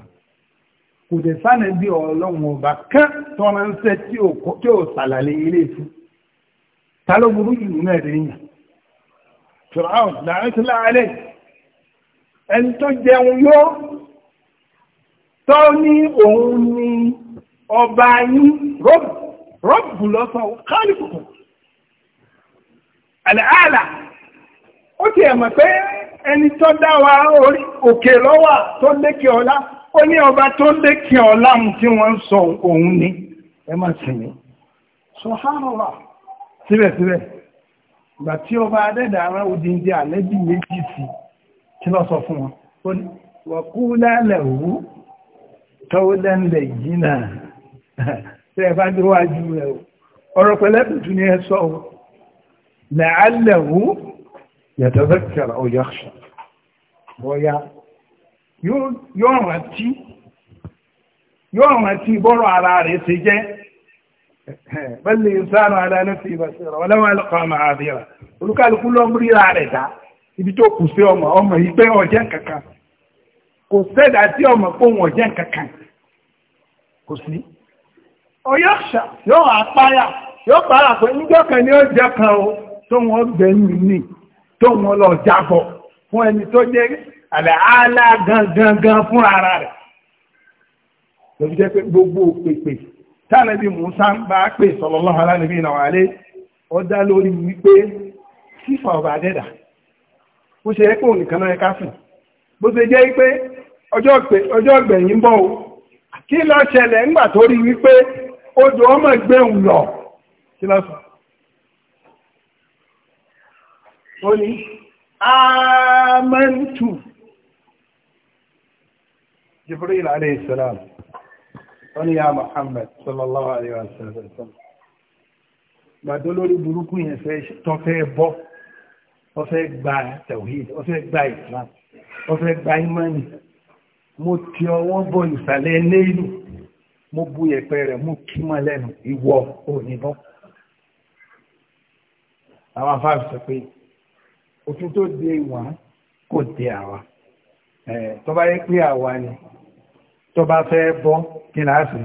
[SPEAKER 1] kò dẹ̀ sáànà bí ọlọ́run ọba kán tọ́nà ń sẹ́ tí ó sàlàlẹ̀ ilé ta ló burú jù náà rẹ̀ rọ́bù rọ́bù lọ́sọ̀ kálíkùkù àlàálà ó ti ẹ̀mọ̀ pé ẹni tó dá wa òkè lọ́wà tó lékè ọlá ó ní ọba tó lékè ọlá mu tí wọ́n ń sọ òun ni ẹ má sì ní sọ̀hánàlá síbẹ̀síbẹ̀ ìgbà tí ọba adẹ́dà ara odindi àlẹ́bí méjì sí kí lọ sọ fún wọn wọ̀kú lálẹ̀ wú tọ́wọ́lẹ́ńlẹ̀ yìí náà tẹ́ ẹ bá níwájú rẹ̀ o ọ̀rọ̀ pẹ̀lẹ́pùtù ni ẹ sọ o làálẹ̀wò yàtọ̀fẹ́kẹ̀rẹ̀ ọ̀yọ́ṣà bọ́yá yóò rántí yóò rántí bọ́rọ̀ ara rẹ̀ ṣe jẹ́ bẹ́lẹ̀ ìsáàrùn adáná ti ìbàṣẹ̀rọ̀ ọlọ́wọ́ ẹlọ́kọ̀ ọmọ àdìrà olúkálukú lọ́múríra rẹ̀ dá ibi tó kù kò sẹ́dá tí ọmọ pé òun ọ̀jẹ́ kankan kò sí ọ̀yọ́ṣà yóò àpáyà yóò pàrà pé nígbọ́kàn ni ó jẹ́ kan o tó wọ́n gbẹ̀yìn ní tó wọ́n lọ jábọ̀ fún ẹni tó jẹ́ àlàálá gangan fún ara rẹ̀ lóbi jẹ́ pé gbogbo pèpè tánàbí Musa ń bá pè sallallahu alánàbí dá lórí wípé ọba ṣe pé náà ká sùn bó ṣe jẹ́ ọjọ́ bọ̀ o kí odò ọmọ ìgbé ń lọ kí lọ́sọ̀ ó ní àmẹ́ntù Jibril alayhi salam ó ní ya Muhammad sallallahu alayhi wa sallam gbàdó lórí burúkú yẹn fẹ́ tọ́fẹ́ bọ́ ọfẹ́ gba tawhid ọfẹ́ gba islam ọfẹ́ gba imani mo ti ọwọ́ bọ̀ ìsàlẹ̀ nílùú mo bu ẹ̀pẹ́ rẹ̀ mú kí mọ́ lẹ́nu ìwọ òníbọ́. Àwọn afáàfin sọ pé òfin tó de wọ́n kò de àwa. Tó bá yẹ pé àwa ni tó bá fẹ́ bọ́ kí ni a sì.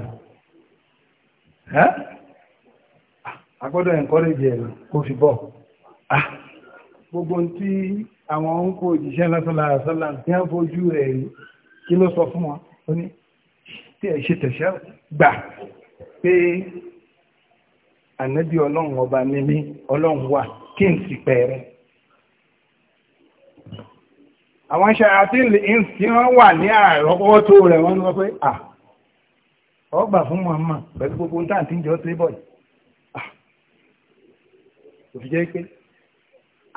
[SPEAKER 1] A gbọ́dọ̀ ẹ̀ńkọ́rẹ́jì ẹ̀ kó fi bọ̀. Ah! Gbogbo tí àwọn ń kó òjíṣẹ́ lọ́sọ̀lá àṣọ́lá tí wọ́n fojú rẹ̀ rí kí ló sọ fún wọn? tí ẹ ṣe tẹ̀ṣẹ́ gbà pé ànábì ọlọ́run ọba mímí ọlọ́run wà kí n sì pẹ̀rẹ̀ àwọn ṣàyàtí tí wọ́n wà ní àrọ́wọ́tó rẹ̀ wọ́n lọ pé à ọgbà fún Muhammad pẹ̀lú gbogbo nǹkan tí ń jọ sí bọ̀dì òfìjẹ́ pé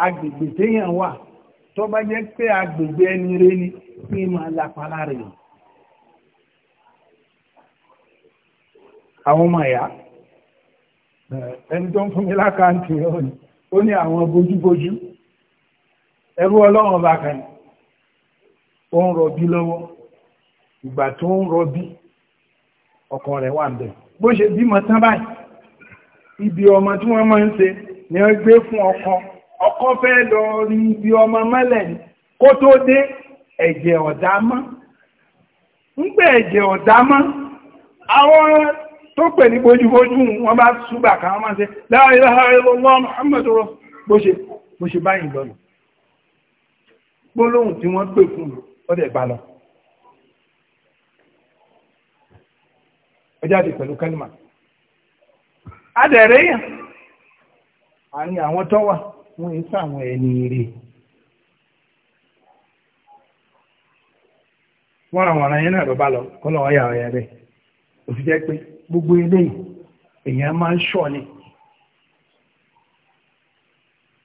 [SPEAKER 1] agbègbè téèyàn wà tó bá jẹ́ pé agbègbè ẹni rẹ ni pé máa lápá lára èèyàn àwọn ọmọ ẹ̀yà eh, ẹni tó ń fún mi lákàntì ó ní àwọn bójúbójú ẹrú ọlọ́run ọba kan ó ń rọbí lọ́wọ́ ìgbà tó ń rọbí ọkàn rẹ̀ wà bẹ̀ bó ṣe bímọ tán báyìí ibi ọmọ tí wọ́n máa ń ṣe ni wọ́n gbé fún ọkọ ọkọ fẹ́ lọ rí ibi ọmọ mọ́lẹ̀ ni kó tó dé ẹ̀jẹ̀ ọ̀dá mọ́ ń gbé ẹ̀jẹ̀ ọ̀dá mọ́ àwọn tó pè ní bójúbójú wọn bá súgbà kan máa ṣe la ilaha illallah Muhammadur rasul bó ṣe báyìí lọ́nà gbólóhùn tí wọ́n pè fún ọdẹ̀ bá lọ ọjáde pẹ̀lú kálímà adẹ̀rẹ́ yàn àní àwọn tó wà wọ́n ń àwọn ẹni rè wọ́n ra yẹn náà lọ bá lọ kọ́lọ̀ ọ̀yà ọ̀yà rẹ̀ òfin jẹ́ pé gbogbo eléyìí èèyàn máa ń ṣọ́ ni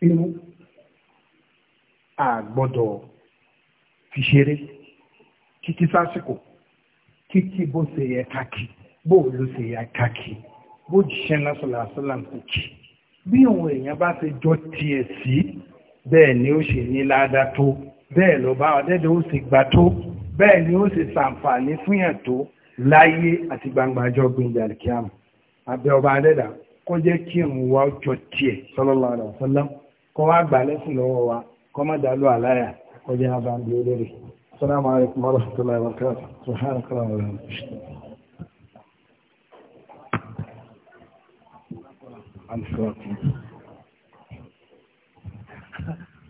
[SPEAKER 1] inú àgbọ́dọ̀ fi ṣeré títí sásìkò títí bó ṣe yẹ káàkì bó ló ṣe yẹ káàkì bó jíṣẹ́ lásọ̀lásọ́lá kò kì bí òun èèyàn bá ṣe jọ tiẹ̀ sí bẹ́ẹ̀ ni ó ṣe ní ládá tó bẹ́ẹ̀ ló bá ọdẹ́dẹ́ ó sì gbà tó bẹ́ẹ̀ ni ó sì ṣàǹfààní fúnyàn tó láyé àti gbangba ọjọ́ gbìyànjú àlìkíyàmù abẹ́ ọba adẹ́dà kó jẹ́ kí n wá ọjọ́ tiẹ̀ sallallahu alaihi wasallam kó wá gbà lẹ́sìn lọ́wọ́ wa kó má dàlú àláyà kó jẹ́ abáǹdì olórí. Assalamu alaikum warahmatullahi wabarakatuh. Subhanakallahu wa bihamdika.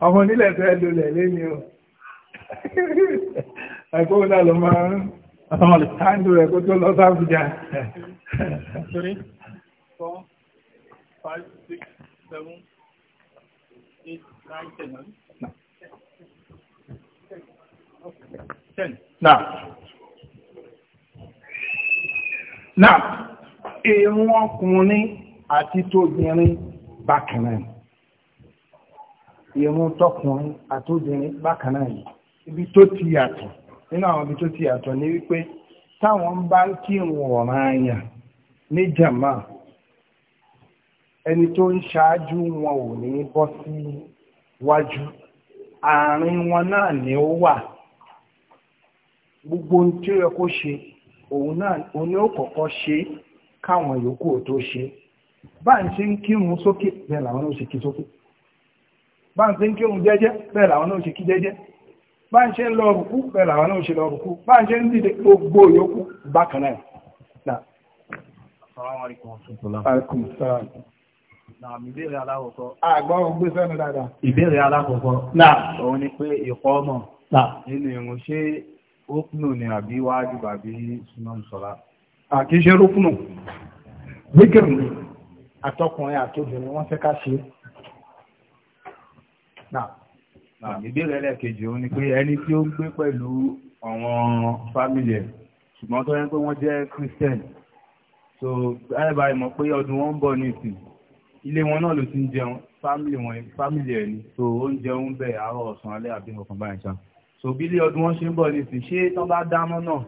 [SPEAKER 1] Ọmọ nílẹ̀ fẹ́ lulẹ̀ lé o. Ẹ̀kọ́ náà lọ máa ń àwọn olùsáńdù rẹ̀ kó tó lọ sábùjá three four five six seven eight nine ten ten náà náà ìrun ọkùnrin àti tóbìnrin bákan náà ìrun tọkùnrin àtóbìnrin bákan náà yìí ibi tó ti yàtọ̀ nínú àwọn ibi tó ti yàtọ̀ ní wípé táwọn ń bá kírun ọ̀ràn àyàn ní jàmá ẹni tó ń ṣáájú wọn ò ní bọ́ sí wájú àárín wọn náà ni ó wà gbogbo ohun tí ó yẹ kó ṣe òun náà òun ni ó kọ́kọ́ ṣe káwọn yòókù tó ṣe bá ń kírun sókè bẹ́ẹ̀ làwọn náà ṣe kí sókè bá ń kírun jẹ́jẹ́ bẹ́ẹ̀ làwọn náà ṣe kí jẹ́jẹ́ bá ń ṣe ń lọ rùkú bẹ́ẹ̀ làwọn náà ṣe lọ rùkú bá ń ṣe ń dìde gbogbo yòókù bákan náà. Ìbéèrè alákọ̀ọ́kọ́. Àgbọ́ ògbé sẹ́nu dáadáa. Ìbéèrè alákọ̀ọ́kọ́. Náà. Òun ni pé ìkọ́ ọmọ. Náà. Nínú ìrun ṣé ókùnù ni àbí wájú àbí súná sọ́lá. Àkí ṣe rókùnù. Gbígbèrè ni àtọkùnrin àtobìnrin wọ́n fẹ́ ká ṣe. Náà ìbéèrè ẹlẹ́ẹ̀kejì òun ni pé ẹni tí ó ń gbé pẹ̀lú àwọn fámìlì ẹ̀ ṣùgbọ́n tó yẹn pé wọ́n jẹ́ christian so ẹ̀bà ìmọ̀ pé ọdún wọn ń bọ̀ ní ìsìn ilé wọn náà ló ti ń jẹun fámìlì wọn fámìlì ẹ̀ ni so oúnjẹ ń bẹ̀ àárọ̀ ọ̀sán alẹ́ àbí ọ̀kan báyìí ṣá so bí ilé ọdún wọn ṣe ń bọ̀ ní ìsìn ṣé tán bá dáná náà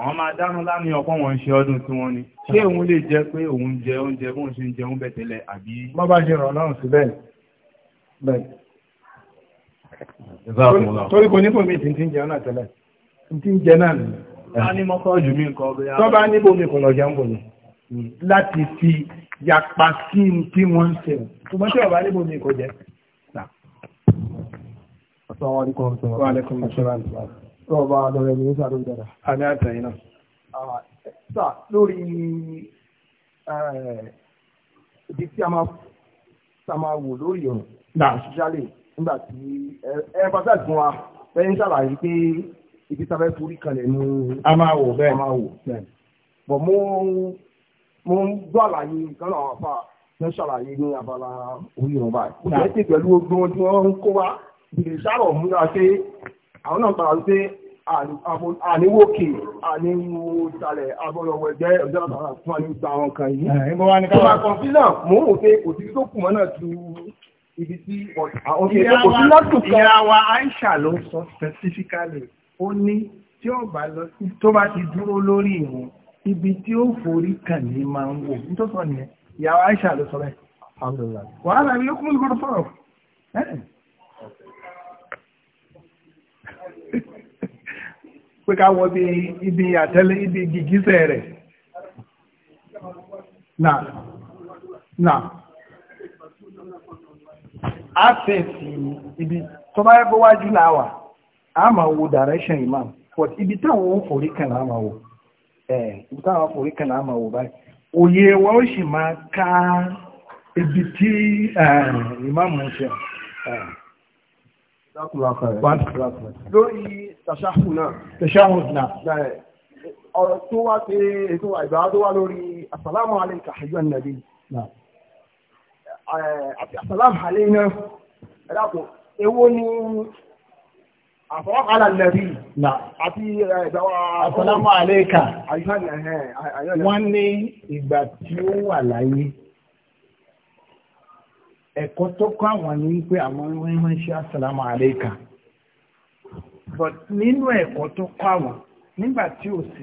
[SPEAKER 1] àwọn máa dáná láàrin ọkọ wọn ṣe ọdún tí wọ́n ní ṣé òun lè jẹ́ pé òun jẹ oúnjẹ bóun ṣe ń jẹun bẹ̀ tẹ́lẹ̀ àbí. wọ́n ṣe rọ̀ náà síbẹ̀ bẹ́ẹ̀ torí kò ní fún mi tí ń jẹun náà tẹ́lẹ̀ tí ń jẹ náà nù. a ní mọ́kànjú mi nǹkan ọbẹ̀ yàrá. tọ́ba níbo mi kò lọ jẹun bò ní. láti fi yapa sí tí wọ́n ń ṣe. ṣùgbọ́n tí ọba níbo mi kò jẹ. Assalamu alaikum wa alaikum assalam. Tọ́ba lọ́rẹ̀ mi ń sàdó A ní àtẹ̀yìn náà. Sà lórí ibi tí a máa wò lórí ọ̀rọ̀. Nà. Jálè nígbà tí ẹ pàṣẹ àgbọn wa fẹ́yìn ṣàlàyé pé ibi tábẹ́ forí kalẹ̀ ní a máa wò bẹ́ẹ̀ a máa wò bẹ́ẹ̀ bọ̀ mo mo ń gbọ́ àlàyé kan náà àfa fẹ́ ṣàlàyé ní abala orí ìrùn báyìí ó jẹ́ pé pẹ̀lú ogun tí wọ́n ń kó wa lè ṣàrọ̀ múra pé àwọn náà gbàgbọ́ pé àníwòkè àníwò ìsàlẹ̀ agbọ́lọ̀wọ̀ ẹgbẹ́ ọjọ́ àtàrà fún àníwò ibi tí ah, ìyàwó Aisha ló sọ specifically ó ní tí ó bá lọ sí tó bá ti dúró lórí ìrùn ibi tí ó forí kàn ní máa ń wò nítorí sọ nìyẹn ìyàwó Aisha ló sọ bẹ́ẹ̀ wàhálà ilé kúrò gbọ́dọ̀ sọ̀rọ̀ pé ká wọ bí ibi àtẹ́lẹ́ ibi gìgísẹ̀ rẹ̀
[SPEAKER 2] náà náà
[SPEAKER 1] àfẹ́sì ibi tó bá yẹ́pọ̀ wájú láwà a máa wo direction imam but ibi táwọn ó forí kan náà máa wò ẹ̀ ibi táwọn forí kan náà máa wò báyìí òye wa ó sì máa ká ibi tí imam ń ṣe lórí tàṣáhùn náà tàṣáhùn náà ọ̀rọ̀ tó wá pé ètò àìbáwá tó wá lórí assalamu alayka ayyuhan nabi àṣàlám àléyìnà ẹ̀dàpọ̀ èwo ni àfọwọ́kọ̀ alàlẹ́bí àti ẹ̀dàwà eh, àṣàlámù eh, eh, wọ́n ní ìgbà tí ó wà láyé ẹ̀kọ́ tó kọ́ àwọn ní wípé àwọn wọ́n ṣe àṣàlámù àlékà but nínú ẹ̀kọ́ tó kọ́ àwọn nígbà tí ò sí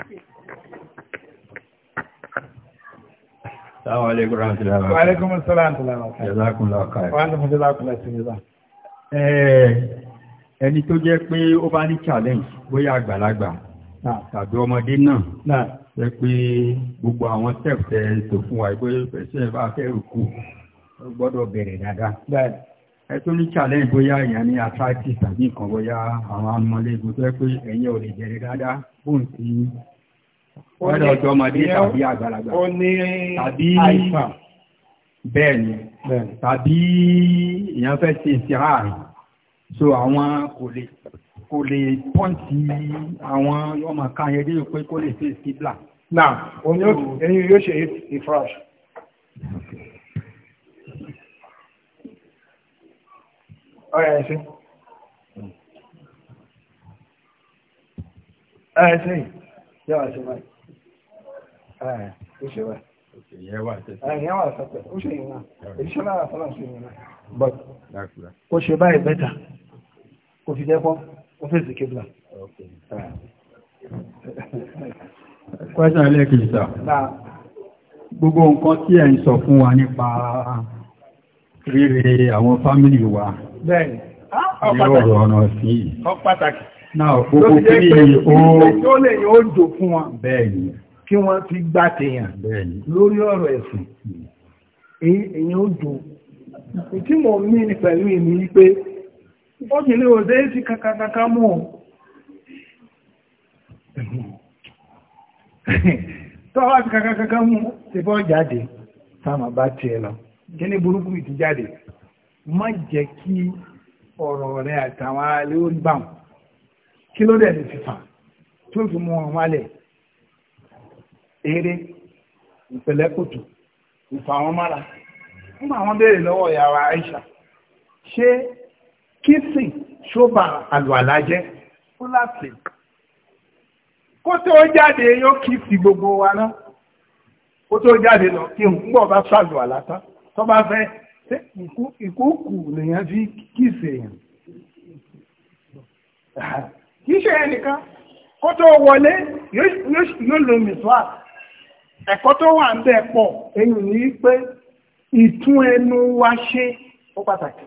[SPEAKER 2] Assalamu alaikum warahmatullahi wabarakatuh. Wa alaikum
[SPEAKER 1] assalam warahmatullahi wabarakatuh. Jazakumullahu khairan. Wa antum jazakumullahu khairan. Ẹni tó jẹ́ pé ó bá ní challenge bóyá àgbàlagbà tàbí ọmọdé náà jẹ́ pé gbogbo àwọn steps ẹ̀ tó fún wa ìgbóyè bá fẹ́ rùkú gbọ́dọ̀ bẹ̀rẹ̀ dáadáa ẹ̀tún ní challenge bóyá èèyàn ní arthritis tàbí nǹkan bóyá àwọn amọ̀lẹ́gùn tó yẹ pé ẹ̀yìn ò lè jẹrẹ dáadáa bóun sí ọ̀dọ̀ ọjọ́ ọmọdé tàbí àgbàlagbà tàbí àìsàn bẹ́ẹ̀ ni tàbí èèyàn fẹ́ ṣe ìṣirà rẹ̀ so àwọn kò lè kò lè pọ́ǹtì àwọn ọmọ kan yẹn dé pé kó lè ṣe ìṣíbla. náà òun yóò ṣe ìfaraṣ. ọ̀rẹ́ ẹ̀ṣẹ́ ẹ̀ṣẹ́ yẹ́wà ṣe báyìí ẹ̀ẹ́ ó ṣe báyìí yẹ́wà sọ́pẹ̀ ó ṣe ìrìnà èdíṣẹ́ lára sọ́lá ṣe ìrìnà but ó ṣe báyìí bẹ́ta kò fi jẹ́pọ́ ó fèsì kébìlà Kwẹ́sàn ẹlẹ́kìí sà. Gbogbo nǹkan tí ẹ̀ ń sọ fún wa nípa rere àwọn fámílì wa bẹ́ẹ̀ni ah, ọ̀rọ̀ ọ̀nà sí pàtàkì náà gbogbo kí ní ó lè yóò jò fún wọn bẹ́ẹ̀ni kí wọ́n fi gbá tèèyàn lórí ọ̀rọ̀ ẹ̀sìn èyí ó jò tí mo mí ní pẹ̀lú ìní pé ó sì lè òdé sí kankankankan mú tọ́wọ́ sí kankankankan mú ti bọ́ jáde sáàmà bá tiẹ̀ lọ kíní burúkú ìtújáde má jẹ́ kí ọ̀rọ̀ rẹ àtàwọn alẹ́ ó bá wọn kí ló dẹ̀ lè fi fà tó fi mú wọn wálẹ̀ eré ìpẹ̀lẹ́kùtù ìfà wọn mára nígbà wọn béèrè lọ́wọ́ ìyàwó Aisha ṣé kìsì ṣóbà àlùwàlá jẹ́ ó láti kó tó jáde yóò kìsì gbogbo wa náà kó tó jáde lọ kí n gbọ́ bá sàlùwàlá tán tó bá fẹ́ ṣé ìkókù lèèyàn fi kíìsì èèyàn kì í ṣe ẹnìkan kó tó wọlé yóò lo mìsíwáà ẹ̀kọ́ tó wà ń bẹ̀ pọ̀ èyí ní pé ìtún ẹnu wa ṣe ó pàtàkì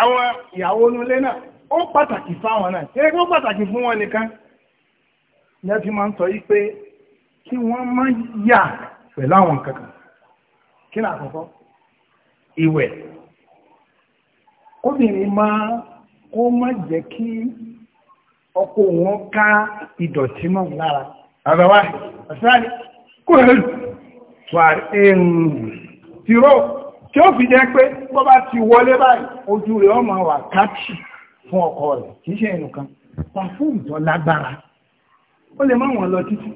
[SPEAKER 1] àwọn ìyàwó onúlé náà ó pàtàkì fáwọn náà kí ó pàtàkì fún wọn nìkan lẹ́fí máa ń sọ yí pé kí wọ́n má yà pẹ̀lú àwọn kankan kí ni àkọ́kọ́ ìwẹ̀ kóbìnrin ma kó má jẹ́ kí ọkọ wọn ká ìdọ̀tí mọ́ lára àbẹ̀wá àṣíráàlì kó rẹ̀ tó àrùn tìró tí ó fi jẹ́ pé bọ́ bá ti wọlé báyìí ojú rẹ̀ ó máa wà káàkì fún ọkọ rẹ̀ kì í ṣe ẹnìkan pàfúùmù tó lágbára ó lè má wọn lọ títí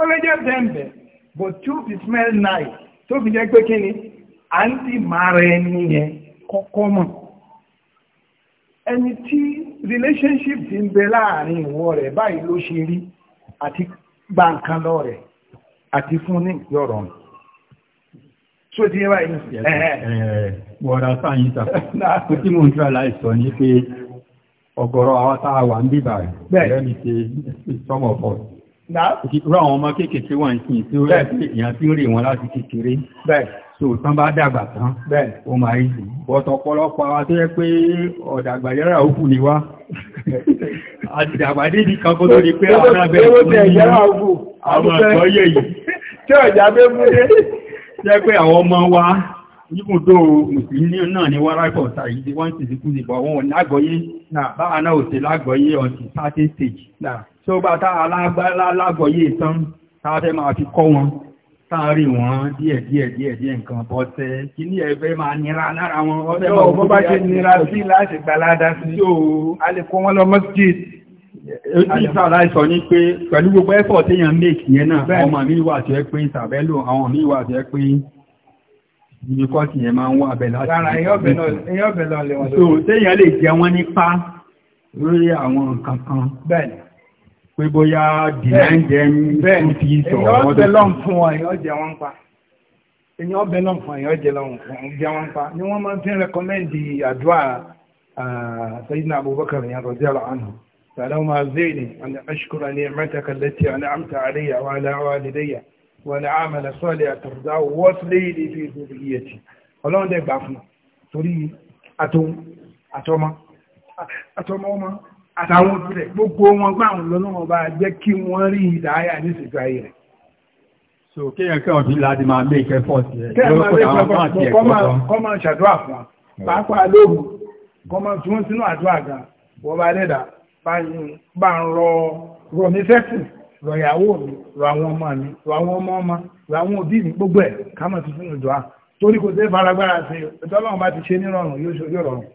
[SPEAKER 1] ó lè jẹ́ bẹ́ẹ̀ bẹ́ẹ̀ but two is smell nice tó fi jẹ́ pé kí ni à ń tì máa rẹ ẹni yẹn kọ́kọ́ mọ̀ ẹni tí relationship ti ń bẹ láàrin ìwọ rẹ̀ báyìí ló ṣe rí àti gba nǹkan lọ rẹ̀ àti fún ní ìyọ̀rọ̀ nù tó ti yẹ́wà inú sí ẹ̀ẹ́ wọ́ra sáyìn tàbí tí mo ń tíra láìsọ ní pé ọ̀gọ̀rọ̀ àwọn tàà ń bíbà rẹ̀ lẹ́mìí tí some of us Ìrọ̀ àwọn ọmọ kéèkèé wọ́n sí tí ó rẹ̀ èèyàn tí ó rè wọn láti kékeré. Bẹ́ẹ̀. So tán bá dàgbà tán. Bẹ́ẹ̀. Ó máa rí sí. Bọ̀tọ̀ ọ̀pọ̀lọpọ̀ àwọn tó yẹ pé ọ̀dàgbà yára òkú ni wá. Àdàgbà <laughs> débi kan kó tó di pé àwọn abẹ́rẹ̀ <laughs> yíkùn tó mùsùlùmí náà ní wárákọ̀ tàbí tí wọ́n ti síkú nìbọ̀ wọn lágbọ́yé náà bá aná ò sí lágbọ́yé ọ̀tí certain stage náà tó bá tá alágbálá lágbọ́yé tán táfẹ́ máa fi kọ́ wọn táàrí wọn díẹ̀ díẹ̀ nǹkan bọ́tẹ́
[SPEAKER 2] kí ní ẹgbẹ́
[SPEAKER 1] ní pé pẹ̀lú gbogbo effort téèyàn make yẹn náà, àwọn mi wà tí ẹ pé ìsàbẹ́lò, àwọn mi wà tí ẹ pé ibi kọ́ ti yẹn máa ń wà bẹ̀lá ti èyàn bẹ̀lá lè wọ́n tó téèyàn lè jẹ wọ́n nípa lórí àwọn nǹkan kan bẹ́ẹ̀ pé bóyá dìlẹ́ǹjẹ́ ń fi sọ̀rọ̀ wọ́n tó èyàn bẹ̀lọ́ fún wọn èyàn jẹ wọ́n pa èyàn bẹ̀lọ́ fún èyàn jẹ wọ́n pa ni wọ́n máa fi ń rẹkọmẹ́ndì àdúrà Sayyidina Abubakar yẹn radiyallahu anhu sàlọ́mà zéèni àni ashkura ni'mataka allati an'amta alayya wa والعمل الصالح ترضاه واصلي لي في ذريتي ọlọ́run dẹ̀ gbà fún torí wọ́n rí ìdáyà ní ìsìnkú ayé so kéèyàn kẹ́wọ̀n fi láti máa mé ìkẹ́ fọ́ọ̀sì ẹ̀ kọ́ máa ṣàdúrà fún wa pàápàá lóru kọ́ máa tún sínú àdúrà gan wọ́n bá dẹ́dà bá ń rọ rọ ní rọ ìyàwó mi rọ àwọn ọmọ mi rọ àwọn ọmọ ọmọ rọ àwọn òbí mi gbogbo ẹ̀ ká mọ̀ sí sínú ìdùá torí kò sí faragbára sí ọjọ́ ọlọ́run bá ti ṣe ní rọrùn yóò ṣe yóò rọrùn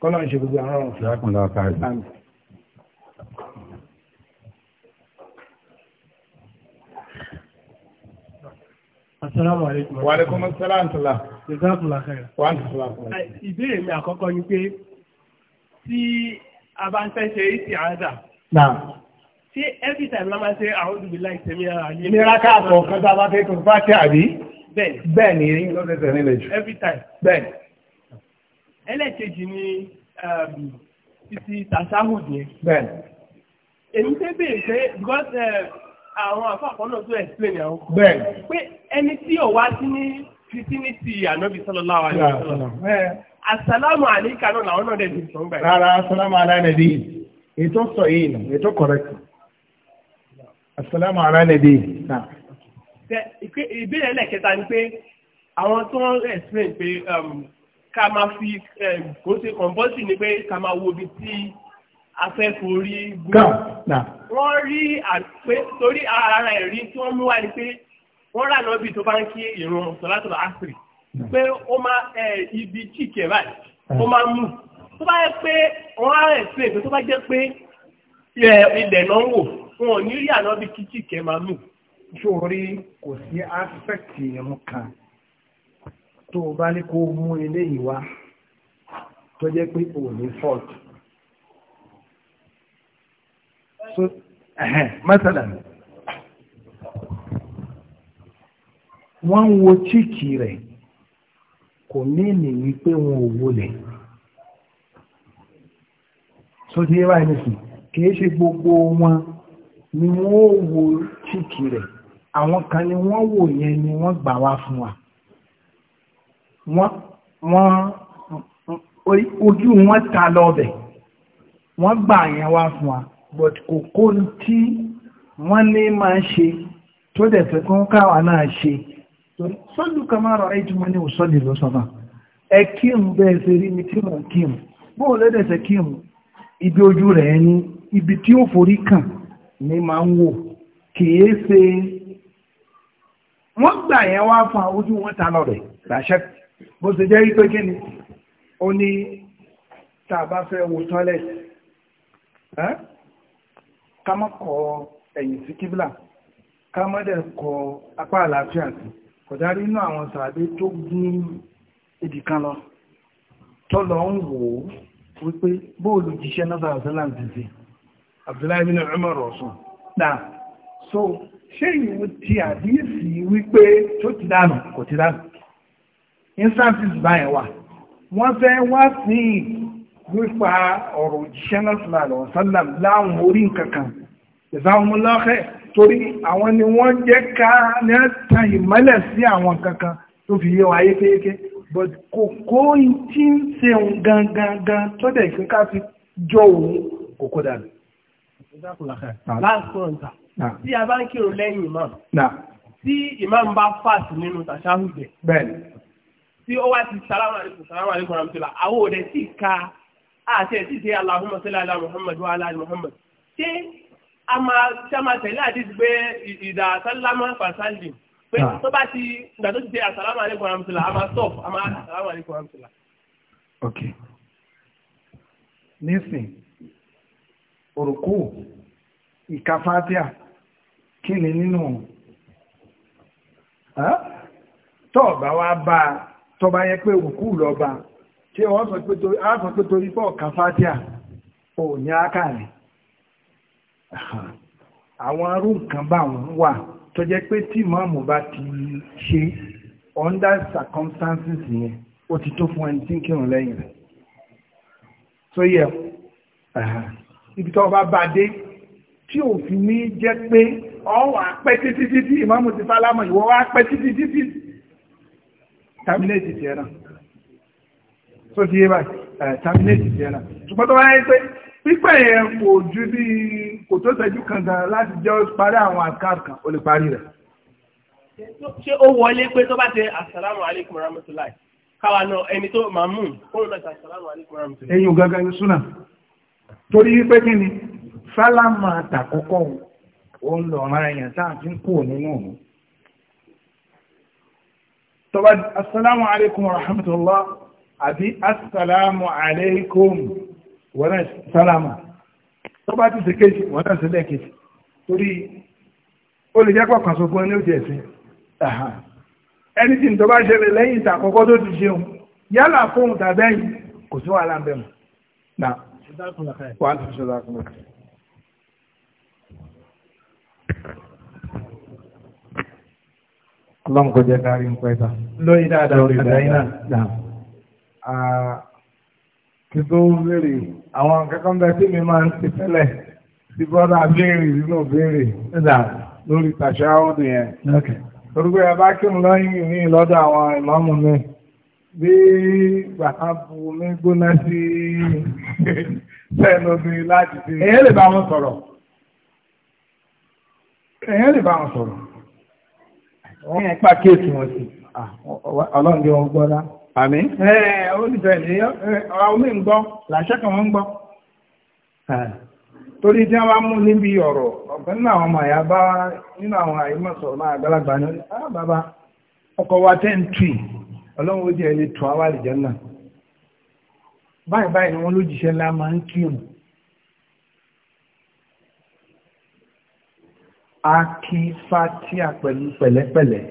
[SPEAKER 1] kọ́lọ́run ṣe gbogbo àwọn rọrùn. Assalamu alaikum. Wa alaikum assalam tula. Jazakumullah khair. Wa alaikum
[SPEAKER 2] assalam. Ìbéèrè mi àkọ́kọ́ ni pé tí a bá ń fẹ́ ṣe ìsì àádà. Náà. tí every time la máa ṣe àwọn olùbílá ìtẹ̀mí ara yìí. nira káàkọ̀
[SPEAKER 1] kan tá a bá fẹ́ tó bá tẹ àbí. bẹ́ẹ̀ni bẹ́ẹ̀ni eyín ló fẹsẹ̀ nílẹ̀ jù. every time. bẹ́ẹ̀ni.
[SPEAKER 2] ẹlẹ́ẹ̀kejì ni um, títí tasahud yẹn. bẹ́ẹ̀ni. èmi fẹ́ béèrè pé because um, àwọn àfàkọ́ náà tó explain àwọn. bẹ́ẹ̀ni. pé ẹni tí ò wá sí ní christianity ànábì sallallahu alaihi wasallam. asalaamu alayka náà làwọn náà dẹ̀ ti sọ ń bẹ̀. rárá asalaamu alayka ètò
[SPEAKER 1] sọ yìí nù ètò correct asalaamu ala ìbéèrè
[SPEAKER 2] ẹlẹ́kẹta ni pé àwọn tó ń explain pé um, ká máa fi um, kó ṣe compulsion ni pé ká máa wo ibi tí afẹ́fẹ́ orí gùn. wọ́n rí pé torí ara ẹ̀rí tí wọ́n mú wá ni pé wọ́n rà náà tó bá ń kí ìrun sọ̀látọ̀ àṣírí pé ó máa ibi chike báyìí ó máa mú tó bá yẹ pé wọ́n á explain pé tó bá jẹ́ pé ilẹ̀ náà ń wò. wọn ò ní rí ànábì kíkì kẹ máa
[SPEAKER 1] kò sí aspect ìrún kan tó bá ní kó mú ilé ìwá tó jẹ́ pé ní wọ́n ń wo chíkì kò ní wípé wọn ò wọlé gbogbo wọn ni wọ́n wo chíkì rẹ̀ àwọn kan ni wọ́n wò yẹn ni wọ́n gbà wá fún wa wọ́n ojú wọn ta lọ́bẹ̀ wọ́n gbà yẹn wá fún wa but kò kó tí wọ́n ní máa ṣe tó dẹ̀ fẹ́ kún káwa náà ṣe sọ́lù kan máa rọ̀ ẹ́jú mọ́ ní òsọ́lù ló sọ́nà ẹ kíìmù bẹ́ẹ̀ ṣe rí mi tí mò ń kíìmù bóò lẹ́dẹ̀ẹ́sẹ̀ kíìmù ibi ojú rẹ̀ ní ibi tí ó forí kàn ní máa ń wò kìí ṣe wọ́n gbà yẹn wá fún ojú wọn ta lọ rẹ̀ ràṣẹ́ bó ṣe jẹ́ wípé kí ni ó ní tá a bá fẹ́ wo tọ́lẹ̀tì ká má kọ ẹ̀yìn sí kíbla ká má dẹ̀ kọ apá àlàáfíà sí kọ̀dárí inú àwọn sàádé tó gún ìdì kan lọ tọ́lọ ń wò ó wípé bóòlù jíṣẹ́ náà sàrọ̀sẹ́lá ń ti sè é Abdullahi bin Umar ọ̀sán náà so ṣé ìwò ti àdíyèsí wípé tó ti dànù kò ti dànù instances báyìí wà wọ́n fẹ́ wá sí wípa ọ̀rọ̀ òjíṣẹ́ lọ́sọ̀lọ́ sálàm láwọn orí nkankan ìsáwọmúlọ́fẹ́ torí àwọn ni wọ́n jẹ́ ká lẹ́ta ìmọ́lẹ̀ sí àwọn kankan tó fi yé wa yékéyéké but kòkó tí ń ṣe gangan tó dẹ̀ kíká fi jọ òun kòkó dànù
[SPEAKER 2] láàkùn ọ̀tà tí a bá ń kírun lẹ́yìn imam tí imam bá fàt nínú tàṣáhùdẹ̀ tí ó wá ti sàlámà àríkùn sàlámà àríkùn ramtila àwọn òde tí ka àti ẹ̀sì tí Allahumma salli ala Muhammad wa ala ali Muhammad ṣé a máa ṣe máa tẹ̀lé àdìsí pé ìdá sálámà fàṣálì pé tó bá ti ìgbà tó ti ṣe stop a máa àsàlámà àríkùn ok
[SPEAKER 1] nísìnyí òrùkú ìkàfátíà kí ni nínú tọ́ọ̀bá wá bá tọba yẹ pé òrùkú lọ́ba tí wọ́n sọ pé torí pọ̀ kàfátíà ò ní ákàrí àwọn arú nǹkan bá wọn wà tó jẹ́ pé tí mọ́ọ̀mù bá ti ṣe under circumstances yẹn ó ti tó fún ẹni tí ń kírun lẹ́yìn rẹ̀ tó yẹ. Uh-huh ibi tó bá bá dé tí òfin ní jẹ́ pé ọwọ́ apẹ́ títí títí ìmáàmù ti sálámà ìwọ wá apẹ́ títí títí terminate ti ẹ̀nà tó ti yé báyìí terminate ti ẹ̀nà ṣùgbọ́n tó wáyé pé pípẹ́ yẹn kò ju bí kò tó ṣẹ́jú kan gan láti jẹ́ parí àwọn àkáàr kan ó lè parí rẹ̀.
[SPEAKER 2] ṣé ó wọlé pé tó bá ṣe asalaamu alaykum rahmatulahi káwa náà ẹni tó màmú kó lọ sí asalaamu alaykum rahmatulahi. ẹ̀yin
[SPEAKER 1] ò gángan ní súnà. torí wípé kí ni sálámà àtàkọ́kọ́ òun lọ̀ràn èèyàn tá à ti ń kúrò nínú òun asalaamu rahmatulah àbí asalaamu alaikum wọ́n sálámà tọba ti sèkéjì wọ́n náà sílẹ̀ kejì torí ó lè fún ẹni ó jẹ́ ẹ̀sìn ẹni tí ṣẹlẹ̀ lẹ́yìn ìtàkọ́kọ́ tó ti ṣeun yálà fóun tàbẹ́yìn kò Ọlọ́run kò jẹ́ kárí ń pẹ́ta. Lórí dáadáa orí dáadáa. Kí tó bèèrè, àwọn akẹ́kọ̀ọ́ bẹ tí mi máa ń ti tẹ́lẹ̀ sí bọ́dà béèrè nínú béèrè lórí tàṣà ọdún yẹn. Orúkọ ẹ̀ bá kí n lọ́yìn ní lọ́dọ̀ àwọn ìmọ̀mù mi. bí lè bá wọn sọ̀rọ̀ èyàn lè bá wọn sọ̀rọ̀ wọ́n ń pa kéèkì wọn sí ọlọ́run bí wọn gbọ́ àmì. ẹ torí tí wọ́n bá mú níbi ọ̀rọ̀ ọ̀gbẹ́ nínú àwọn ọmọ àyà bá nínú ọlọ́run ó jẹ́ ilé tó àwà àlìjẹ́ náà báyìí báyìí ni wọ́n lójíṣẹ́ ńlá máa ń kírun a kí fatia pẹ̀lú pẹ̀lẹ́pẹ̀lẹ́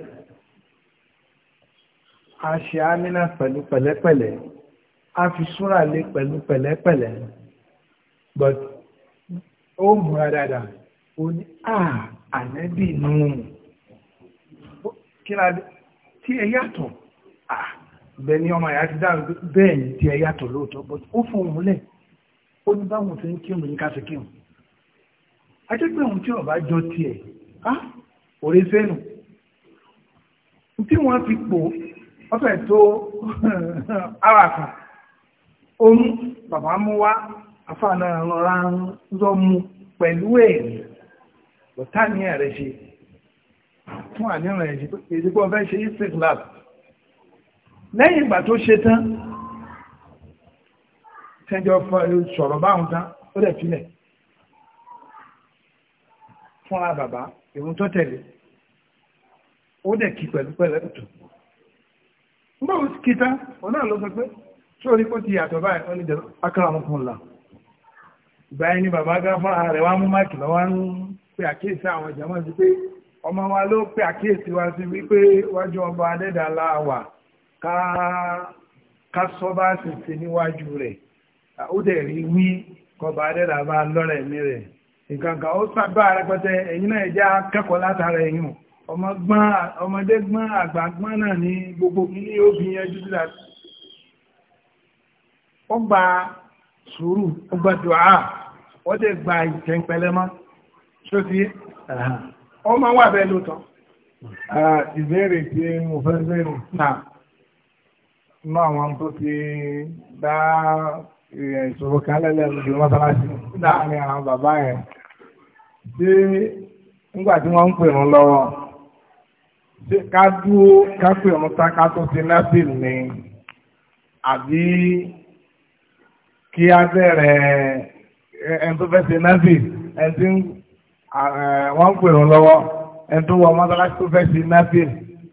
[SPEAKER 1] a ṣe amínà pẹ̀lú pẹ̀lẹ́pẹ̀lẹ́ a fi súrà lé pẹ̀lú pẹ̀lẹ́pẹ̀lẹ́ but ó múra dáadáa ó ní àà ànẹ́bì nù kí ni a tí ẹ yàtọ̀. bẹ́ẹ̀ ni ọmọ ìyá ti dáhùn bẹ́ẹ̀ ni tí ẹ yàtọ̀ lóòótọ́ but ó fún òun ó ní báwọn ti ń kírun ní káfí kírun ajẹ́pẹ́ òun tí ọba jọ tiẹ̀ á òré sẹ́nu tí wọ́n fi pò ọ̀fẹ́ tó <laughs> ara kan òun bàbá mú wá afáàná mu ní ṣe fún àníyàn ṣe pé èdè pé ṣe lab lẹ́yìn ìgbà tó ṣe tán tẹ́jọ́ sọ̀rọ̀ báhùn tán ó dẹ̀ filẹ̀ baba bàbá ìrun tó tẹ̀lé ó dẹ̀ kí pẹ̀lú pẹ̀lú ẹ̀tọ́ nígbà kí tán òun náà ló sọ ti yàtọ̀ báyìí wọ́n jẹ́ fún la ìgbà ni bàbá gá pe àkíyèsí àwọn sí pé ọmọ wa ló pe àkíyèsí wa sí wípé wájú ọba adẹ́dàá ká sọ bá sì ṣe níwájú rẹ̀ ó dẹ̀ rí wí kọba adẹ́dà bá lọ́rẹ̀ mi rẹ̀ nǹkan kan ó sábà rẹpẹtẹ ẹ̀yin náà já kẹ́kọ̀ọ́ látara ẹ̀yìn ọmọdé gbọ́n àgbà gbọ́n náà ní gbogbo ilé obìnrin ẹjú ó gba sùúrù ó gba dùá wọ́n tẹ́ gba ìtẹ́ǹpẹ́lẹ́ mọ́ tó ti ọmọ wà bẹ́ẹ̀ lóòótọ́ ah, ìbéèrè tí mo fẹ́ bẹ̀rẹ̀ náà inú àwọn tó ti dá eh, ìṣòro kan lẹ́lẹ́ lójú mọ́sálásí láàrin àwọn bàbá yẹn tí nígbà tí wọ́n ń pè wọ́n lọ́wọ́ ṣé ká dúró ká pè wọ́n tá ká tó ti nẹ́sìn ni àbí kí á bẹ̀rẹ̀ eh, ẹni tó fẹ́ ṣe nẹ́sìn ẹni tí eh, wọ́n ń pè wọ́n lọ́wọ́ ẹni tó wọ mọ́sálásí tó fẹ́ ṣe nẹ́sìn.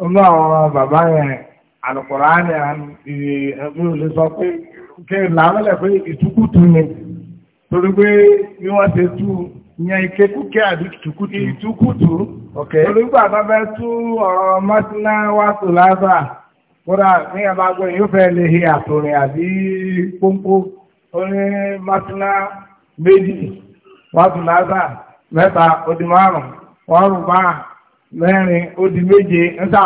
[SPEAKER 1] olú àwọn bàbá yẹn Al-Qur'ani ẹgbẹ́ olè sọ pé kí n làmọ́lẹ̀ pé ìtukùtù ni torí pé bí wọ́n ti tú yẹn ike kúkẹ́ àbí ìtukùtù ìtukùtù olùgbà tó fẹ́ tú ọ̀rọ̀ mọ́síná wá sùn lásà kódà ní ẹ̀bá gbọ́ yóò fẹ́ lè he àtòrìn àbí pọ́npọ́ oní mọ́síná méjì wá sùn lásà mẹ́ta ó márùn-ún wọ́n rùn báà mẹ́rin ó di méje ẹ́sà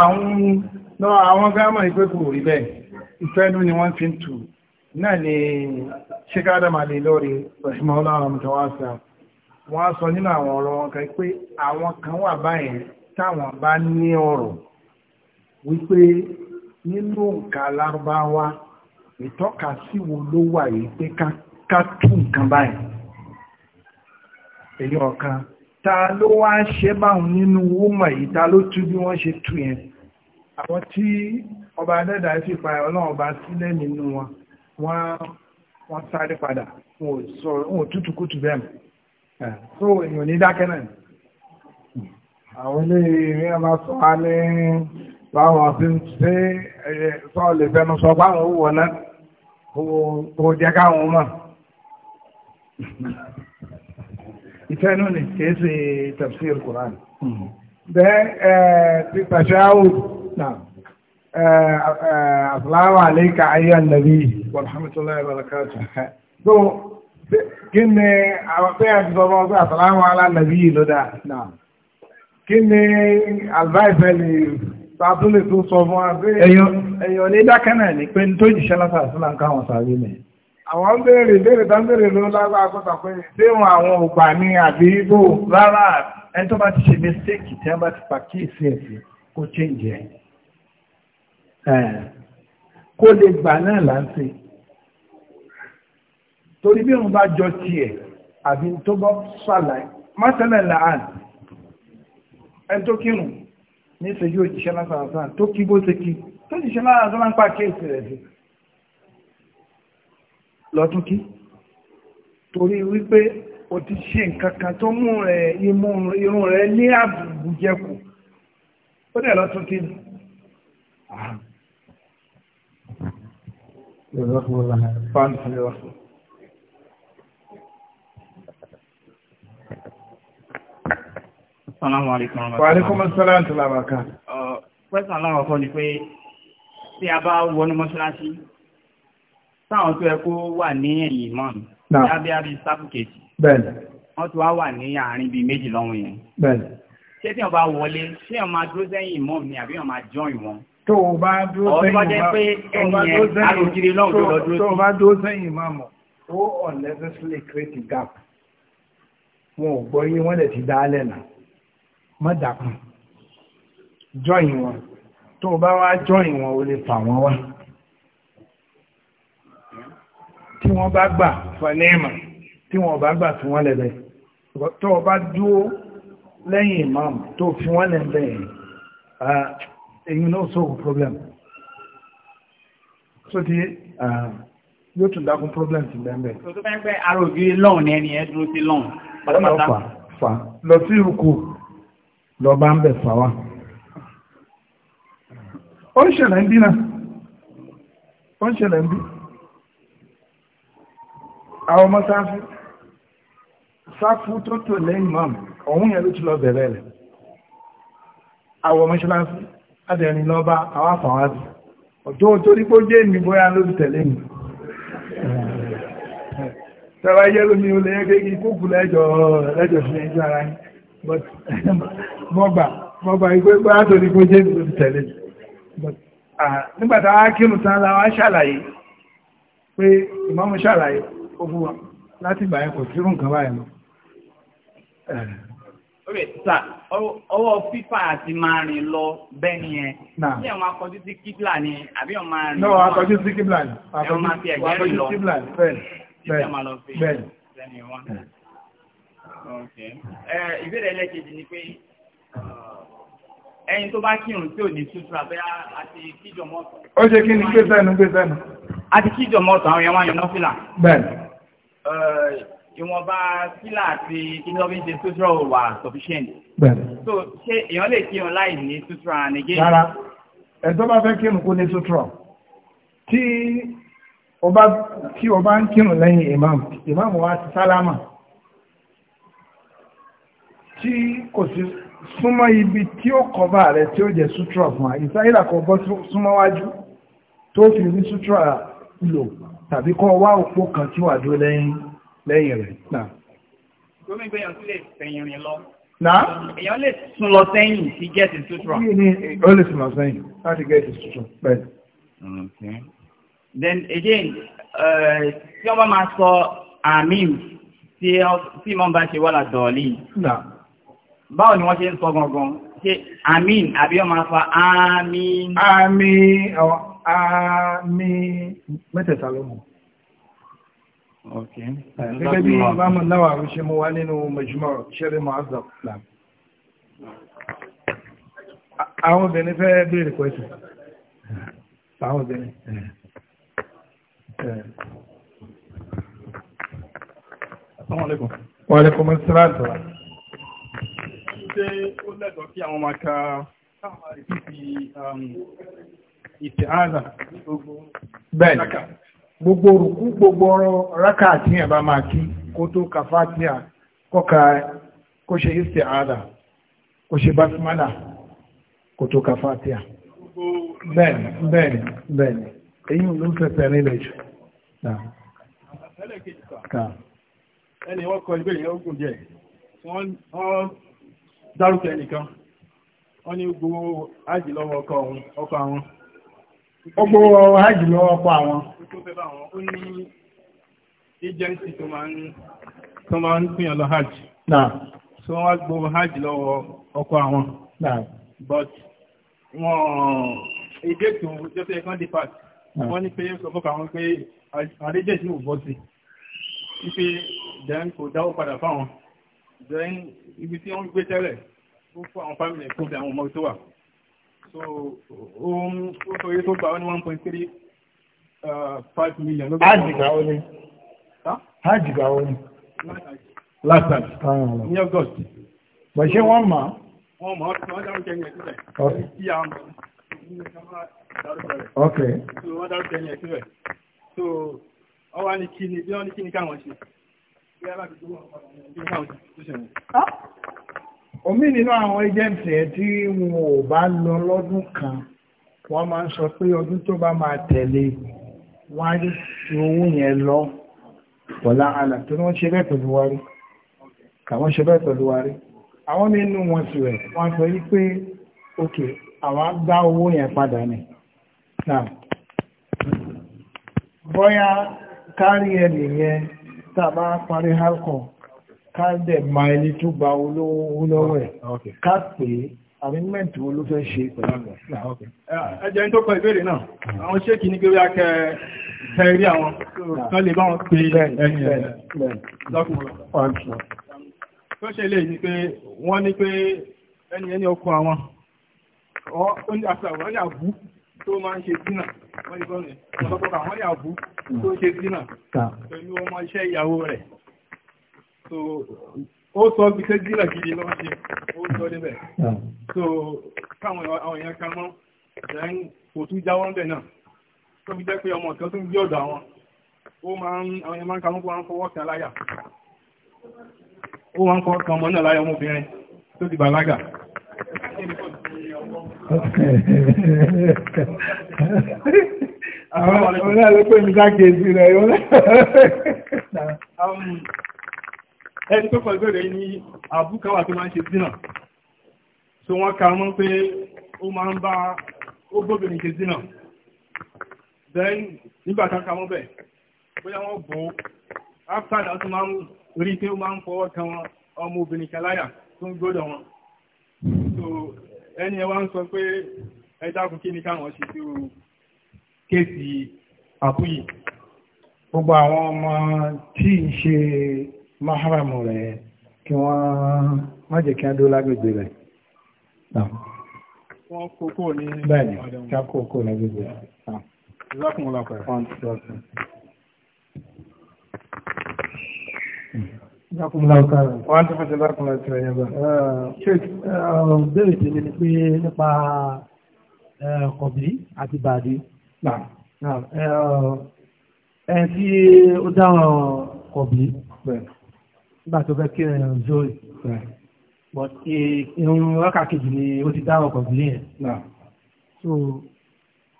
[SPEAKER 1] àwọn gáàmà ìpé kò rí bẹ́ẹ̀ ìfẹ́nú ni wọ́n fi ń tù náà ni ṣíkádà màlè lórí rahimahullah mutawasa wọ́n á sọ nínú àwọn ọ̀rọ̀ wọn kan pé àwọn kan wà báyìí táwọn bá ní ọ̀rọ̀ wípé nínú nǹkan alárúbáwá ìtọ́ka sí wo ló wà yìí pé ká tú nǹkan báyìí èyí ọ̀kan ta ló wá ṣe báhùn nínú wúmọ̀ yìí ta ló tú bí wọ́n ṣe tú yẹn àwọn tí ọba adẹ́dà fi pa ọlọ́run ọba sílẹ̀ nínú wọn wọ́n sáré padà wọn tútù kútù bẹ́ẹ̀ mọ́ so ní dákẹ́ náà àwọn ilé ìrìn ọmọ sọ á ní báwọn ọ̀sìn ṣe sọ lè fẹnu sọ báwọn owó wọlé owó jẹ́ káwọn mọ̀ ìfẹ́nú ni kìí ṣe tafsir Quran bẹ́ẹ̀ pípa ṣááwù náà àfúláwà alayka ayé ànàbí wàlhámẹ́tọ́láì barakatu <laughs> so kí ni àwọn pé àti sọ fún ọ pé àfúláwà alánàbí yìí ló dáa náà kí ni advice ẹ lè tàbí lè tún sọ fún wa pé èèyàn ní dákẹ́ náà ni pé ní tó jìṣẹ́ lásàásílà ń káwọn sáré mẹ́rin àwọn ń bèèrè ìbéèrè tán bèèrè ló lágbà àkọ́ta pé déhùn àwọn ògbà ní àbí ibò rárá ẹni tó bá ti ṣe mistake tí wọ́n bá ti pàkíyèsí ẹ̀sìn kó change ẹ̀ kó lè gbà náà láǹṣe torí bí wọ́n bá jọ tiẹ̀ àbí tó bá ṣàlàyé mọ́tẹ́lẹ̀ làán ẹni tó kírun ní ìṣẹ́jú òjíṣẹ́ lásán àṣán tó kí bó ṣe kí tó jíṣẹ́ lásán láńpá kíyèsí rẹ̀ lọ́tún kí torí wípé o ti ṣe nǹkan kan tó mú rẹ̀ irun rẹ̀ ní àbùjẹkù ó dẹ̀ lọ́tún kí ni. Salamu alaikum. Wa alaikum assalam wa rahmatullahi wa barakatuh.
[SPEAKER 2] Pẹ́sàn uh, aláwọ̀ kọ́ ni pé tí a bá wọnú mọ́ṣáláṣí sáwọn tó yẹ kó wà ní ẹ̀yìn mọ́ mi lábẹ́ àbí sáfù kejì wọ́n ti wá wà ní àárín bíi méjì lọ́wọ́ yẹn ṣé tí wọ́n bá wọlé ṣé wọ́n máa dúró sẹ́yìn mọ́ mi àbí wọ́n máa jọyìn wọn
[SPEAKER 1] tó o bá dúró sẹ́yìn mọ́ ó unnecessarily create a gap wọn ò gbọ́ yí wọ́n lè ti dálẹ̀ náà má dàkún join wọn tó o bá wá join wọn o lè fà wọ́n wá tí wọ́n bá gbà fọlẹ́ẹ̀mà tí wọ́n bá gbà fi wọ́n lẹ́lẹ́ tó o bá dúó lẹ́yìn imam tó fi wọ́n lẹ́lẹ́ èyí náà sókù problem so ti yóò tún dákún problem ti lẹ́m̀bẹ̀. tó
[SPEAKER 2] tó fẹ́ pẹ́ ara ògiri lọ́hùn ní ẹni ẹ dúró sí lọ́hùn pátápátá.
[SPEAKER 1] fa lọ sí ìrùkù lọ bá ń bẹ̀ fà ó ń ṣẹlẹ̀ ń bí náà ó ń ṣẹlẹ̀ ń bí náà. àwọn ọmọ sáfù sáfù tó tò lẹ́yìn ọ̀hún ló ti lọ bẹ̀rẹ̀ rẹ̀ àwọn ọmọ ṣọ́láṣí adẹ̀rin lọ́ba àwọn àfàwádìí ọjọ́ tó rí pó jẹ́ ìmì bóyá ló ti tẹ̀lé mi tẹ́wà yẹ́ lómi olè yẹ́ kéèkì kókù lẹ́jọ́ lẹ́jọ́ sí ẹjọ́ ara yìí mọ́gbà mọ́gbà ìgbé tó rí pó jẹ́ ló ti tẹ̀lé mi ó fún wa láti ìgbà yẹn kò sírù nǹkan báyìí
[SPEAKER 2] lọ. ok sà ọwọ́ fífà àti máa rìn lọ bẹ́ẹ̀ ni ẹ tí ẹ̀ máa kọjú sí kíblà ni àbí ọ̀ máa rìn lọ. náà akọjú sí kíblà ni akọjú sí kíblà ni bẹ́ẹ̀ bẹ́ẹ̀ bẹ́ẹ̀ ìbéèrè ẹlẹ́kejì ni pé ẹyin tó bá kírun tí ò ní sutura bẹ́ẹ̀ àti kíjọ mọ́tò. ó ṣe kí ni gbé sẹ́nu gbé sẹ́nu. àti kíjọ mọ́tò àwọn yẹn wá yan nọ́fìlà ìwọ̀nba sílà àti innovate sutura wà sufficient. so ṣé èèyàn lè kírun láì ní sutura nìgé. rárá
[SPEAKER 1] ẹ̀tọ́ bá fẹ́ kírun kó ní sutura tí o bá tí o bá ń kírun lẹ́yìn imam imam wa ti sálámà tí kò sí súnmọ́ ibi tí ó kọba rẹ̀ tí ó jẹ́ sutura fún wa ìsáyìlà kò bọ́ súnmọ́ wájú tó fi rí sutura lò tàbí kọ́ wá òpó kan tí wà dúró lẹ́yìn lẹ́yìn rẹ̀ náà.
[SPEAKER 2] gómìnà ìgbéyàn tún lè fẹ̀yìn rìn lọ. náà. èèyàn lè sún lọ sẹ́yìn sí gẹ́ẹ̀tì tuntun. kí ni ó lè
[SPEAKER 1] sún lọ sẹ́yìn láti gẹ́ẹ̀tì tuntun
[SPEAKER 2] bẹ́ẹ̀. then again eh, tí wọ́n bá máa sọ amim tí wọ́n bá ṣe wà ládọ̀ọ́lì. báwo ni wọ́n ṣe ń sọ gangan ṣe amin àbí wọ́n máa fa
[SPEAKER 1] amin. amin àwọn a mẹ́tẹ̀ẹ̀ta ló mú. gẹ́gẹ́ bí ìbámu náwà rí ṣe mú wá nínú mẹjúmọ́ ṣẹ́rí mọ́ázọ̀ plan. àwọn obìnrin fẹ́ béèrè pẹ̀sì àwọn obìnrin Wa alaikum assalam Ṣé ó lẹ́tọ̀ọ́ kí àwọn máa ka ìtìhánà bẹ́ẹ̀ gbogbo rùkú gbogbo ọ̀rọ̀ rákà àti ẹ̀bá máa kí kó tó kàfá tí a kọ́ka kó ṣe ìtìhánà kó ṣe basmala kó tó kàfá tí a èyí ló ń nílẹ̀ jù ẹni kọ ìbéèrè yẹn ogun dárúkọ ẹnìkan ní gbogbo ọkọ àwọn Ọgbọ́ hajj lọ ọkọ̀ àwọn. Ó ní agency tó máa ń pín ọlọ hajj. Náà. So wọ́n wá gbọ́ hajj lọ́wọ́ ọkọ̀ àwọn. Náà. But wọ́n èdè tó jọ́sẹ̀ ẹ̀kan dé pàt. Wọ́n ní pé yóò sọ fọ́kà wọn pé àdéjẹ́ sí ò bọ́ sí. Ipe then kò dáwọ́ padà fáwọn. Then ibi tí wọ́n gbé tẹ́lẹ̀, ó fún àwọn family ẹ̀kọ́ bí àwọn ọmọ tó wà so o tó yẹ tó gbà ó ní one point three five million. hajj gbà ó ní. hajj gbà ó ní. last hajj. ní august. bàṣẹ wọn mọ. wọn mọ ọtí wọn dáhùn kẹyìn ẹ síbẹ̀. ọtí yà á mọ okay so wọ́n dárúkọ ẹni ẹ̀sìn rẹ̀ so
[SPEAKER 2] wọ́n wá ní kí ni bí wọ́n ní kí ni káwọn ṣe
[SPEAKER 1] omi nínú àwọn agents ẹ̀ tí wọn ò bá lọ lọ́dún kan wọ́n máa ń sọ pé ọdún tó bá máa tẹ̀lé wọ́n á rí ti owó yẹn lọ pọ̀lá àlà tó ní wọ́n ṣe bẹ́ẹ̀ pẹ̀lú wa rí kàwọn ṣe bẹ́ẹ̀ pẹ̀lú wa rí àwọn nínú wọn sì rẹ̀ wọ́n sọ yí pé òkè àwọn á gbá owó yẹn padà ni bóyá kárí ẹ̀ nìyẹn tá a bá parí halkọ̀ ká dẹ̀ ma ẹni tó gba olówó lọ́wọ́ ẹ̀ ká pè é àrímẹ́ǹtì wo ló fẹ́ ṣe pẹ̀lú rẹ̀. ẹjẹ́ ń tó kọ ìbéèrè náà àwọn ṣéèkì ní pé ó yá kẹ ẹ rí àwọn tó lè bá wọn pe ẹni ẹ̀ lọ́kùnrin. tó ṣe lè ní pé wọ́n ní pé ẹni ẹni ọkọ àwọn ó ní àṣàwọ̀ ó ní àbú tó máa ń ṣe dínà wọ́n ní gbọ́n rẹ̀ ọ̀pọ̀lọpọ̀ àwọn ní àbú tó ṣe dínà pẹ̀lú ọmọ iṣẹ́ ìyàwó rẹ̀ so ó sọ bí pé gílà gidi lọ́wọ́ ṣe ó sọ débẹ̀ ah. so káwọn àwọn èèyàn kan mọ́ then kò tún jáwọ́ ń bẹ̀ náà tó fi jẹ́ pé ọmọ kan tún gbé ọ̀dọ̀ àwọn ó máa ń àwọn èèyàn máa ń ka mọ́ pé wọ́n fọwọ́ kan láyà ó wọ́n fọwọ́ kan ọmọ náà láyà ọmọbìnrin tó ti bàlágà <laughs> àwọn ọ̀rẹ́ ló pè mí sákèésí rẹ̀ yóò ẹni tó kọ̀ ìbéèrè ní àbúkáwà tó máa ń ṣe zina so wọ́n ka mọ́ pé ó máa ń bá ó ṣe zina then nígbà kan ka mọ́ bẹ̀ bóyá wọ́n bò ó after that ó máa ń rí pé ó máa ń fọwọ́ kan ọmọ obìnrin kan tó ń gbọ́dọ̀ wọn so ẹni ẹ wá ń sọ pé ẹ dákun kí ni
[SPEAKER 2] káwọn ṣe sí o
[SPEAKER 1] kéèsì àkúyè. gbogbo àwọn ọmọ tí ì ṣe mahram rẹ̀ kí wọ́n má jẹ́ kí á dó lágbègbè rẹ̀ wọ́n kókó ní bẹ́ẹ̀ni kí á kókó lágbègbè rẹ̀ lọ́kùnrin lọ́kùnrin Béèrè tèmi ni pé nípa kọ̀bí àti bàdí. Ẹ tí ó dáhùn kọ̀bí nígbà tó fẹ́ kí ẹ̀ ń zó but e, irun ọkà kejì ni ó ti dá ọkọ̀ ìbílẹ̀ yẹn
[SPEAKER 2] so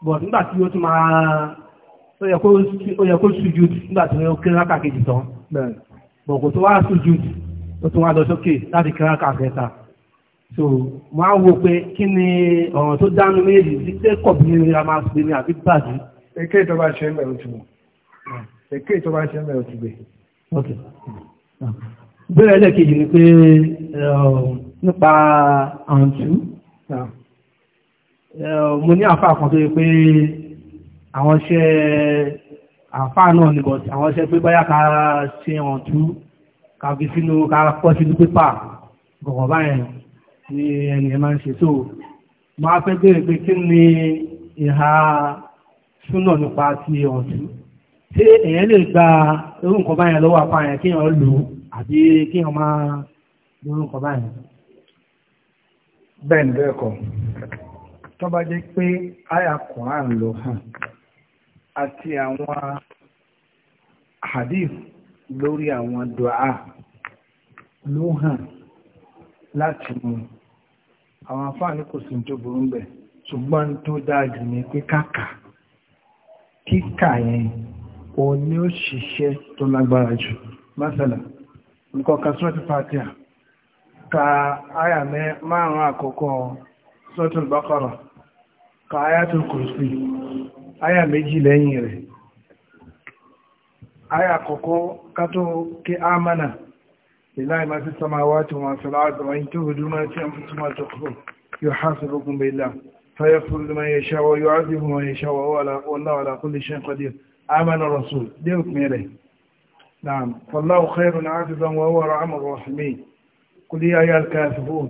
[SPEAKER 2] but nígbà tí ó tún máa ó yẹ kó ṣújú nígbà tí ó kí ọkà kejì tán but kò tó wá ṣújú ó tún wá lọ sókè
[SPEAKER 1] láti kí ọkà kẹta so mo á wo pé kí ni ọ̀ràn tó dánú méjì sí pé kọ̀bìnrin ni a máa ṣe ní àbí bàjẹ́. èké ìtọ́ba ṣe ń bẹ̀rù ti wọ̀ èké ìtọ́ba ṣe ń bẹ̀rù ti gbé bẹ́rẹ̀ lẹ́kejì ni pé eh, nípa àǹtú eh, mo ní àfáà kan tó yẹ pé àwọn iṣẹ́ àfáà náà ni bọ̀tí àwọn iṣẹ́ pé báyá ká ṣe àǹtú ká fi sínú ká pọ́ sínú pépà gọ̀gọ̀ báyẹn ni ẹni ẹ̀ máa ń ṣe tó máa fẹ́ bèèrè pé kí ni
[SPEAKER 2] ṣé èèyàn lè gba irú nǹkan báyẹn lọ́wọ́ apá yẹn kéèyàn lò àbí máa lo irú
[SPEAKER 1] nǹkan bẹ́ẹ̀ ni bẹ́ẹ̀ kọ́ tó jẹ́ pé àyà hàn àti hadith lórí àwọn dua ló hàn láti mú àwọn afáàní kò sí tó burú bẹ̀ ṣùgbọ́n tó dáa jù ní pé òun ni ó ṣiṣẹ́ tó lágbára jù mọ́sàlá nǹkan ka sọ́tù fàtíà ka àyà márùn-ún àkọ́kọ́ sọ́tù bákọ̀rọ̀ ka àyà tó kò sí àyà méjì lẹ́yìn rẹ̀ àyà àkọ́kọ́ ká kí ámánà لله ما في السماوات وما في الأرض وإن تبدوا ما يشاء ويعذب من يشاء والله على كل شيء قدير amana rasul dé òpin rẹ̀ náà fọláwù kẹrù náà ti zan wọ́wọ́ rọ àmà rọ̀hìmí kúlí ayé alkafihun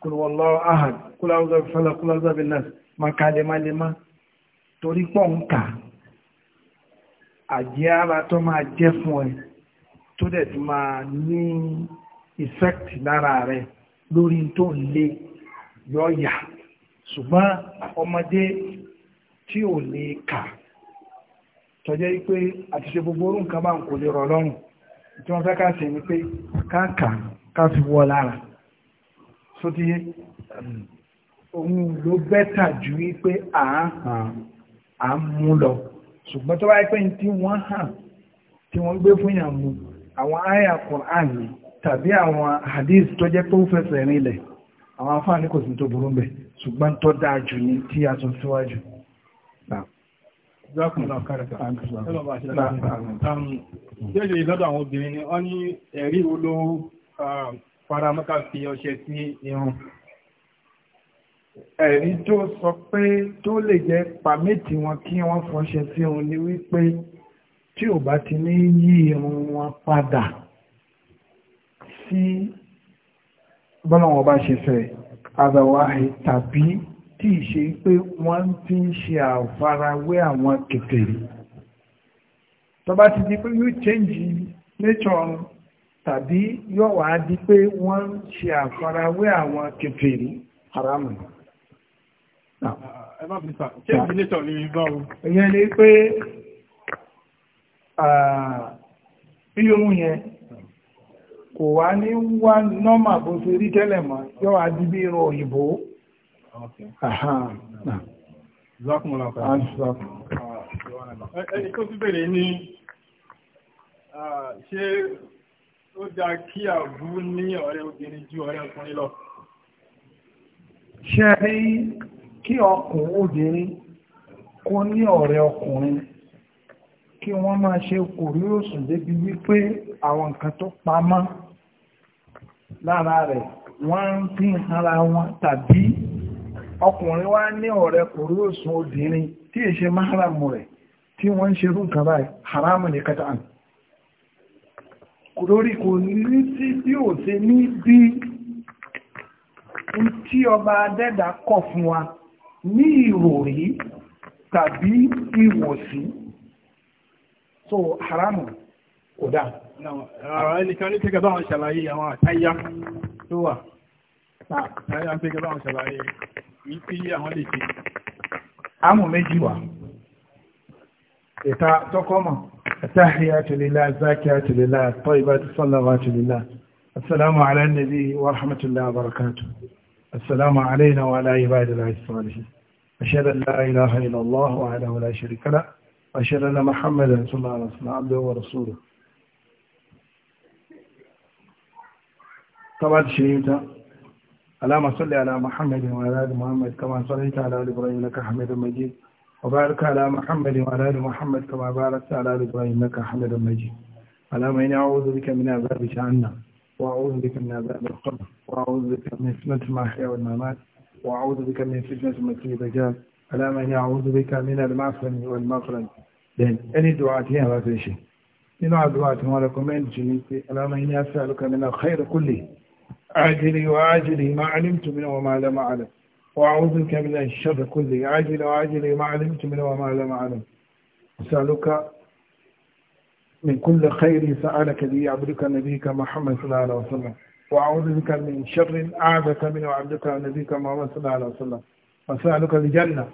[SPEAKER 1] kúlí wallahu ahad kúlí àwọn zabi fẹlẹ kúlí àwọn zabi nas ma ka lemalema torí pọ̀ ń kà àjẹ́ ara tó máa jẹ́ fún ẹ tó dẹ̀ ti máa ní effect lára rẹ lórí tó le yọ yà ṣùgbọ́n ọmọdé tí ò lè kà tọ́jẹ́ wípé àtiṣe gbogbo orú nǹkan bá ń kò lè rọ̀ lọ́rùn tí wọ́n fẹ́ ká ṣe wípé káàkà ká fi wọ́ lára sótíyé òun ló bẹ́tà ju wípé à ń mú lọ ṣùgbọ́n tó bá yẹ pé tí wọ́n hàn tí wọ́n gbé fún yàn mú àwọn àyà Qur'an tàbí àwọn hadith tó jẹ́ pé ó fẹsẹ̀ rinlẹ̀ àwọn afáàní kò sí tó burú bẹ̀ ṣùgbọ́n tó dáa jù ní tí a tún síwájú. Jẹ́jẹ́ ìlọ́dọ̀ àwọn obìnrin ni wọ́n ní ẹ̀rí oló faramọ́ká fi ọṣẹ sí irun. Ẹ̀rí tó sọ pé tó lè jẹ́ pàmẹ́tì wọn kí wọ́n fọṣẹ sí irun ni wípé tí ò bá ti ní yí irun wọn padà sí bọ́lọ̀wọ̀n bá ṣe fẹ́ àbẹ̀wà tàbí tí ì ṣe pé wọ́n fi ń ṣe àfarawé àwọn kékeré tó bá ti di pé yóò change nature ọ̀run tàbí yóò wá di pé wọ́n ń ṣe àfarawé àwọn kékeré haramu. ẹ má fi sà ni pé iye ohun yẹn kò wá ní wá nọ́mà bó ṣe rí tẹ́lẹ̀ mọ́ yóò wá di bí irun òyìnbó. Ẹni tó tún bèèrè ní ṣé ó dáa kí àbú ní ọ̀rẹ́ obìnrin
[SPEAKER 2] ju ọ̀rẹ́ ọkùnrin lọ?
[SPEAKER 1] Ṣé rí kí ọkùnrin obìnrin kó ní ọ̀rẹ́ ọkùnrin kí wọ́n máa ṣe kò rí òsùn débi wípé àwọn nǹkan tó pamọ́ lára rẹ̀ wọ́n ń pín ara wọn tàbí ọkùnrin wá ní ọ̀rẹ́ kòrò òsùn obìnrin tí èṣe máhàràmù rẹ̀ tí wọ́n ń ṣe rú nǹkan báyìí haramu ní kẹta àmì lórí kò ní tí bí ò ṣe ní bí tí ọba adẹ́dà kọ̀ fún wa ní ìròrí tàbí so haramu kò dá ẹnìkan ní wípé لله الزاكيات لله الطيبات الصلوات لله السلام على النبي ورحمة الله وبركاته السلام علينا وعلى عباد الله الصالحين أشهد أن لا إله إلا الله وحده لا شريك له وأشهد أن محمدا صلى الله عليه وسلم عبده ورسوله طبعا شريمته اللهم صل على محمد وعلى ال محمد كما صليت على ال ابراهيم انك حميد مجيد وبارك على محمد وعلى ال محمد كما باركت على ال ابراهيم انك حميد مجيد اللهم اني اعوذ بك من عذاب جهنم واعوذ بك من عذاب القبر واعوذ بك من فتنه المحيا والممات واعوذ بك من فتنه المسيح الدجال اللهم اني اعوذ بك من المعفن والمغرم لان اني هي هذا الشيء لما دعاتي ولكم انت اللهم اني اسالك من الخير كله عاجلي وعاجلي ما علمت منه وما لم أعلم وأعوذ بك من الشر كله عاجلي وعاجلي ما علمت منه وما لم أعلم أسألك من كل خير سألك لي عبدك نبيك محمد صلى الله عليه وسلم وأعوذ بك من شر أعبك من عبدك نبيك محمد صلى الله عليه وسلم وأسألك الجنة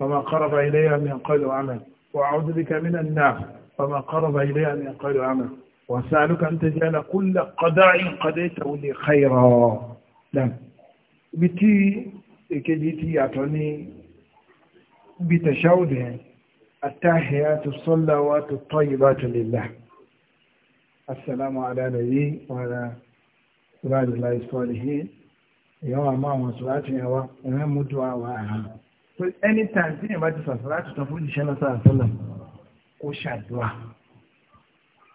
[SPEAKER 1] وما قرب إليها من قول وعمل وأعوذ بك من النار وما قرب إليها من قول وعمل وسألك أن تجعل كل قداع قضيته لي خيرا نعم بتي كجيتي يعطوني بتشاؤل التحيات الصلوات الطيبات لله السلام على نبي وعلى عباد الله الصالحين يا ما وصلاتي يا وهم دعاء وعلى anytime tí ìbá ti sàfẹ́rẹ́ àtúntàn fún ìṣẹ́lẹ̀ sáà sọ́lọ̀ kó ṣàdúrà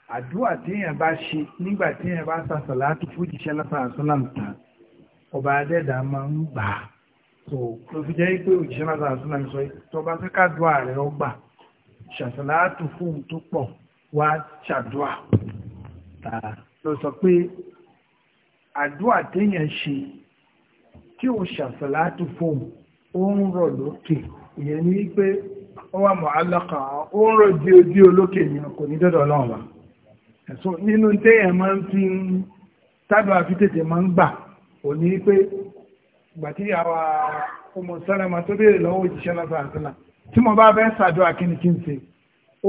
[SPEAKER 1] àdúrà téèyàn bá ṣe nígbà téèyàn bá sa sàlátù fújìṣẹ́ lásàásánà tán ọba adẹ́dà máa ń gbà á tó ló fi jẹ́ pé òjìṣẹ́ lásàásánà sọ tó bá fẹ́ kádùá rẹ̀ ọgbà ṣàṣàlátù fóun tó pọ̀ wá ṣàdúà tààrà ló sọ pé àdúà téèyàn ṣe tí ò ṣàṣàlátù fóun ó ń rọ̀ lókè ìyẹn ní pé ó mọ̀ alákàá ó ń rọ̀ di olókè ni kò ní dọ́dọ̀ ọlọ́run wa ẹ̀sùn nínú téèyàn máa ń fi tábìlì àfi tètè máa ń gbà òní pé ìgbà tí àwa ọmọ sálámà tó béèrè lọ́wọ́ òjíṣẹ́ lọ́sàn àtúnà tí mo bá fẹ́ ṣàdúrà kí ni kí n ṣe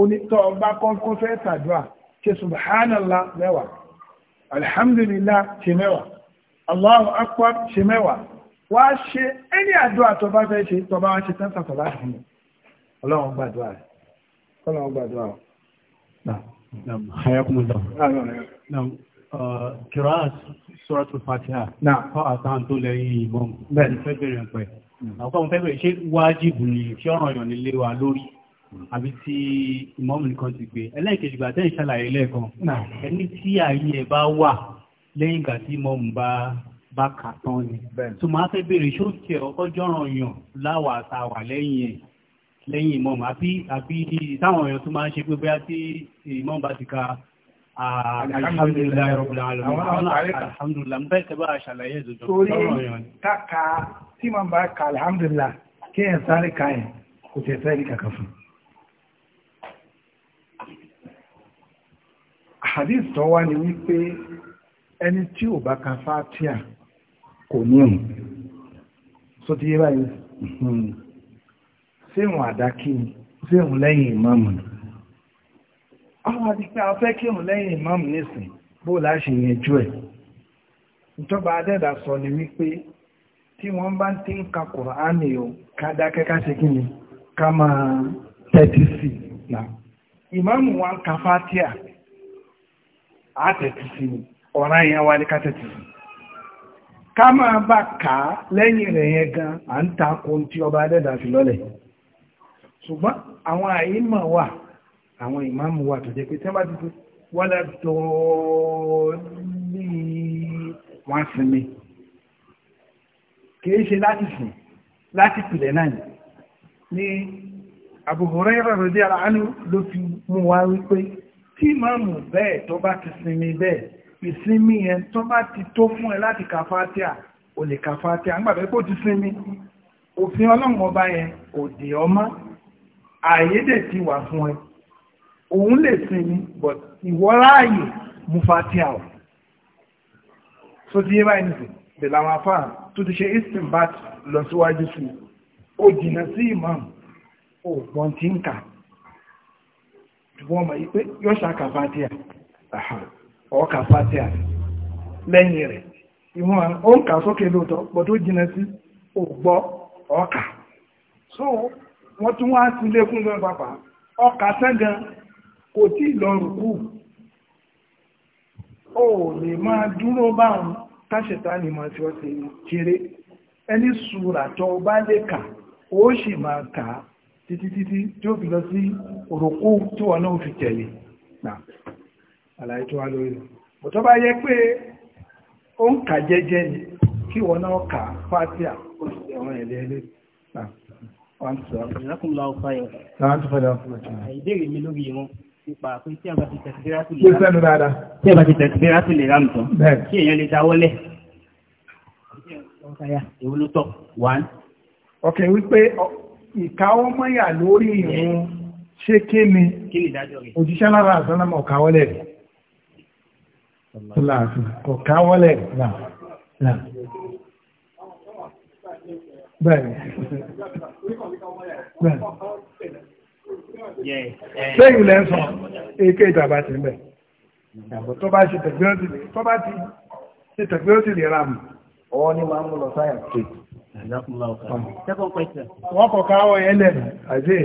[SPEAKER 1] onítọ̀ ọba kọ́kọ́ fẹ́ ṣàdúrà ṣe subhanallah mẹ́wàá alhamdulillah ṣe mẹ́wàá allahu akbar ṣe mẹ́wàá wá ṣe ẹni àdúrà tó bá fẹ́ ṣe tó bá wá ṣe tán sàtọ̀ láti fún ọlọ́run gbàdúrà ọlọ́run gbàdúrà rẹ̀ نعم حياكم الله نعم قراءة سورة الفاتحة نعم فأتان تولي إمام بẹ́ẹ̀ fẹ́ bẹ̀rẹ̀ pẹ̀ àwọn ọmọ fẹ́ bẹ̀rẹ̀ ṣé wájìbù ni
[SPEAKER 2] tí ọ̀ràn èèyàn nílé wa lórí àbí tí ìmọ̀mù nìkan ti gbé ẹlẹ́ẹ̀kejì gbà tẹ́yìn ṣàlàyé lẹ́ẹ̀kan ẹni tí ààyè ẹ̀ bá wà lẹ́yìn ìgbà tí ìmọ̀mù bá bá kà tán ni tó máa fẹ́ bẹ̀rẹ̀ ṣó ọkọ́ jọ̀ràn èèyàn láwàá ta lẹ́yìn ẹ̀ lẹ́yìn ìmọ̀mù àbí àbí táwọn èèyàn tó máa ń ṣe pé bóyá tí ìmọ̀mù bá ti ka alhamdulilayi rabbil alamin alhamdulilayi mo fẹ́ tẹ́ bá ṣàlàyé ìdòdò lọ́rọ̀ yẹn.
[SPEAKER 1] káka tí màá bá ka alhamdulilayi kí ẹ̀ sáré ka yẹn kò tẹ̀ sẹ́ẹ̀lì kankan fún. hadith tó wá ni wípé ẹni tí ò bá ka fatia kò ní ìmù. sọ ti yé báyìí. Hmm. séhùn àdákí ni séhùn lẹ́yìn ìmáàmù ni àwọn àdípẹ́ afẹ́ kírùn lẹ́yìn ìmáàmù nísìn bó láṣe yẹjú ẹ̀ ìjọba adẹ́dà sọ ni wípé tí wọ́n bá ti ń ka Kùránì o ká kí ni ká máa tẹ́tí sí na ìmáàmù wa ń ka fátíà á tẹ́tí sí ni ọ̀rá yẹn wá ní ká tẹ́tí ko ọba adẹ́dà fi lọ́lẹ̀ ṣùgbọ́n àwọn àyímọ̀ wà àwọn ìmáàmù wà tó jẹ́ pé tí wọ́n bá ti tó wọ́lá tó ní wọ́n sinmi kìí ṣe láti sìn láti pìlẹ̀ náà ni Abu Hurairah radiyallahu anhu ló fi mú wa wípé tí ìmáàmù bẹ́ẹ̀ tó bá ti sinmi bẹ́ẹ̀ ìsinmi yẹn tó bá ti tó fún ẹ láti ka Fatiha ò lè ka Fatiha nígbà pé kó ti sinmi òfin ọlọ́run ọba yẹn kò dè ọmọ àyédè ti wà fún ẹ òun lè sinmi but ìwọ́ráàyè mú fatia ọ̀ so ti yé báyìí nìsín bẹ̀rẹ̀ làwọn afá tó ti ṣe eastern bat lọ síwájú sí i ó jìnnà sí imam ó gbọ́n ti ń kà ṣùgbọ́n ọmọ yìí pé yóò ṣàkà fatia ọ̀ọ́kà fatia lẹ́yìn rẹ̀ ìwọ̀n ó ń kà sókè lóòótọ́ but tó jìnnà sí ó gbọ́ ọ̀ọ́kà so wọ́n tún wá sí fún lọ́wọ́ bàbá ọkà sẹ́gan kò tí lọ́rùn kú ó lè máa dúró káṣẹ̀tà ni ti ọ̀sẹ̀ kéré ẹni sùúrà tó bá lè kà ó sì máa kà á títí títí tí ó fi lọ sí tí wọn náà fi tẹ̀lé
[SPEAKER 2] Ìbéèrè mi lórí ìran nípa pé tí a bá ti tẹ̀síbírátù lè rà mùtọ́, kí èèyàn lè dáwọ́lẹ̀.
[SPEAKER 1] Èwo ló tọ́? One. Ok, wípé ìkáwọ́ mọ́yà lórí ìrún ṣé kí ni òjíṣẹ́ lára àsánàmọ̀ káwọ́lẹ̀ rẹ̀? Kò káwọ́lẹ̀ rẹ̀ náà. Bẹ́ẹ̀ni. Sẹ́yìn lẹ́ sọ, èké ìdàbà ti mẹ́. Tó bá ṣe tẹ̀gbẹ́ ó ti lè ra mù. Ọwọ́ ní máa ń mú lọ sáyà ké. Wọ́n kọ̀ káwọ́ ẹlẹ̀ àti